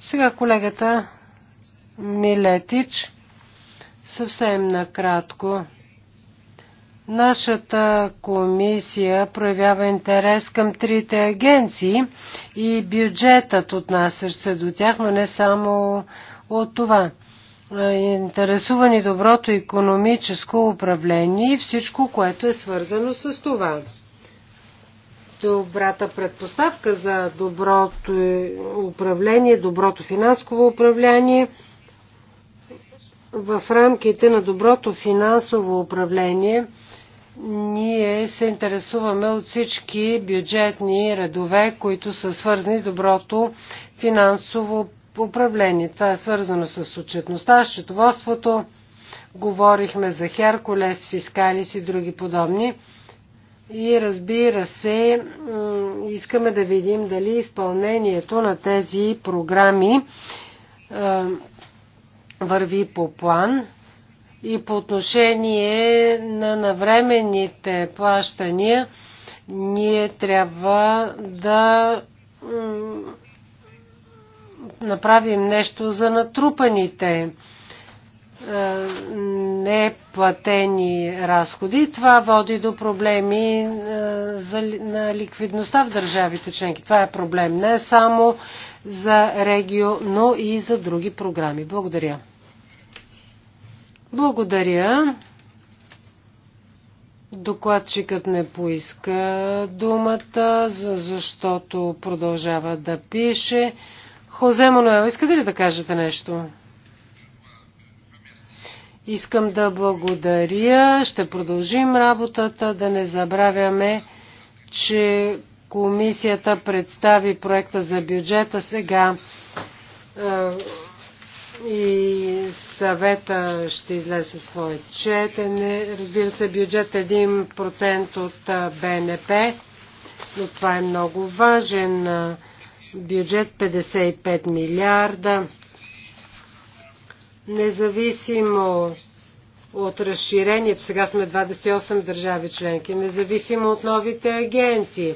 Сега колегата Милетич съвсем накратко. Нашата комисия проявява интерес към трите агенции и бюджетът отнасящ се до тях, но не само от това. Интересувани доброто економическо управление и всичко, което е свързано с това. Добрата предпоставка за доброто е управление, доброто финансово управление – в рамките на доброто финансово управление ние се интересуваме от всички бюджетни редове, които са свързани с доброто финансово управление. Това е свързано с отчетността, счетоводството. Говорихме за Херкулес, Фискалис и други подобни. И разбира се, искаме да видим дали изпълнението на тези програми върви по план. И по отношение на навременните плащания, ние трябва да направим нещо за натрупаните е, неплатени разходи. Това води до проблеми е, на ликвидността в държавите членки. Това е проблем не само за регио, но и за други програми. Благодаря. Благодаря. Докладчикът не поиска думата, защото продължава да пише. Хозе Мануел, искате ли да кажете нещо? Искам да благодаря. Ще продължим работата, да не забравяме, че комисията представи проекта за бюджета сега е, и съвета ще излезе със свое четене. Разбира се, бюджет 1% от БНП, но това е много важен бюджет 55 милиарда. Независимо от разширението, сега сме 28 държави членки, независимо от новите агенции,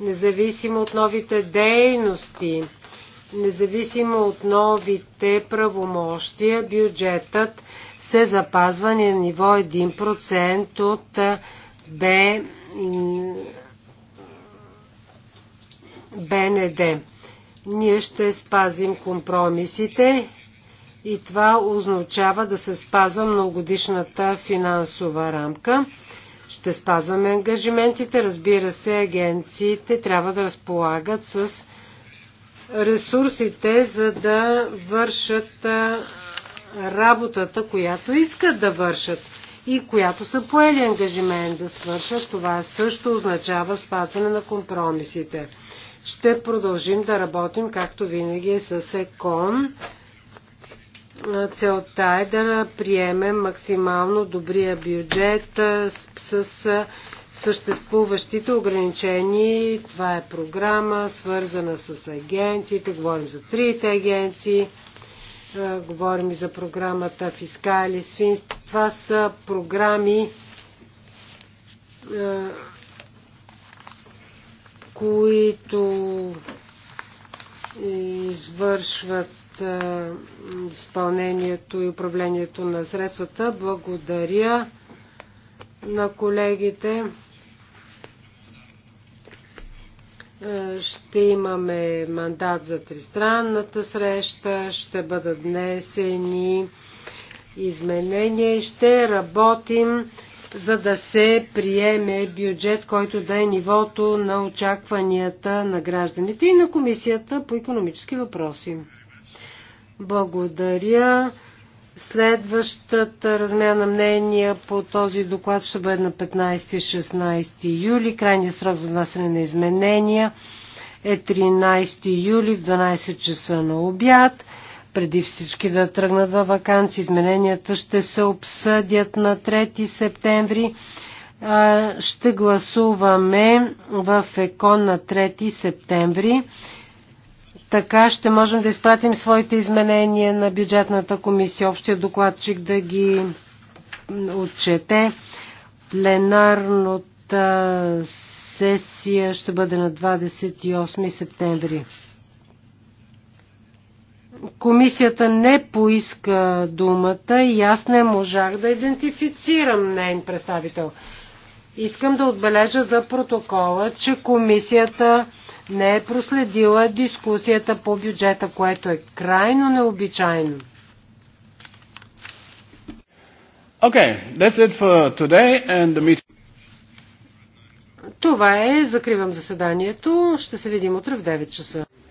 независимо от новите дейности, Независимо от новите правомощия, бюджетът се запазва на ниво 1% от Б... БНД. Ние ще спазим компромисите и това означава да се спазва многогодишната финансова рамка. Ще спазваме ангажиментите. Разбира се, агенциите трябва да разполагат с ресурсите, за да вършат работата, която искат да вършат и която са поели ангажимент да свършат. Това също означава спазване на компромисите. Ще продължим да работим, както винаги, е с ЕКОН. Целта е да приемем максимално добрия бюджет с съществуващите ограничения. Това е програма, свързана с агенциите. Говорим за трите агенции. Е, говорим и за програмата Фискали, Свинс. Това са програми, е, които извършват е, изпълнението и управлението на средствата. Благодаря на колегите. Е, ще имаме мандат за тристранната среща, ще бъдат днесени изменения и ще работим за да се приеме бюджет, който да е нивото на очакванията на гражданите и на Комисията по економически въпроси. Благодаря. Следващата размяна мнения по този доклад ще бъде на 15-16 юли. Крайният срок за внасяне на изменения е 13 юли в 12 часа на обяд. Преди всички да тръгнат във вакансии, измененията ще се обсъдят на 3 септември. Ще гласуваме в ЕКОН на 3 септември така ще можем да изпратим своите изменения на бюджетната комисия, общия докладчик да ги отчете. Пленарната сесия ще бъде на 28 септември. Комисията не поиска думата и аз не можах да идентифицирам нейн представител. Искам да отбележа за протокола, че комисията не е проследила дискусията по бюджета, което е крайно необичайно. Okay, that's it for today and the meeting. Това е. Закривам заседанието. Ще се видим утре в 9 часа.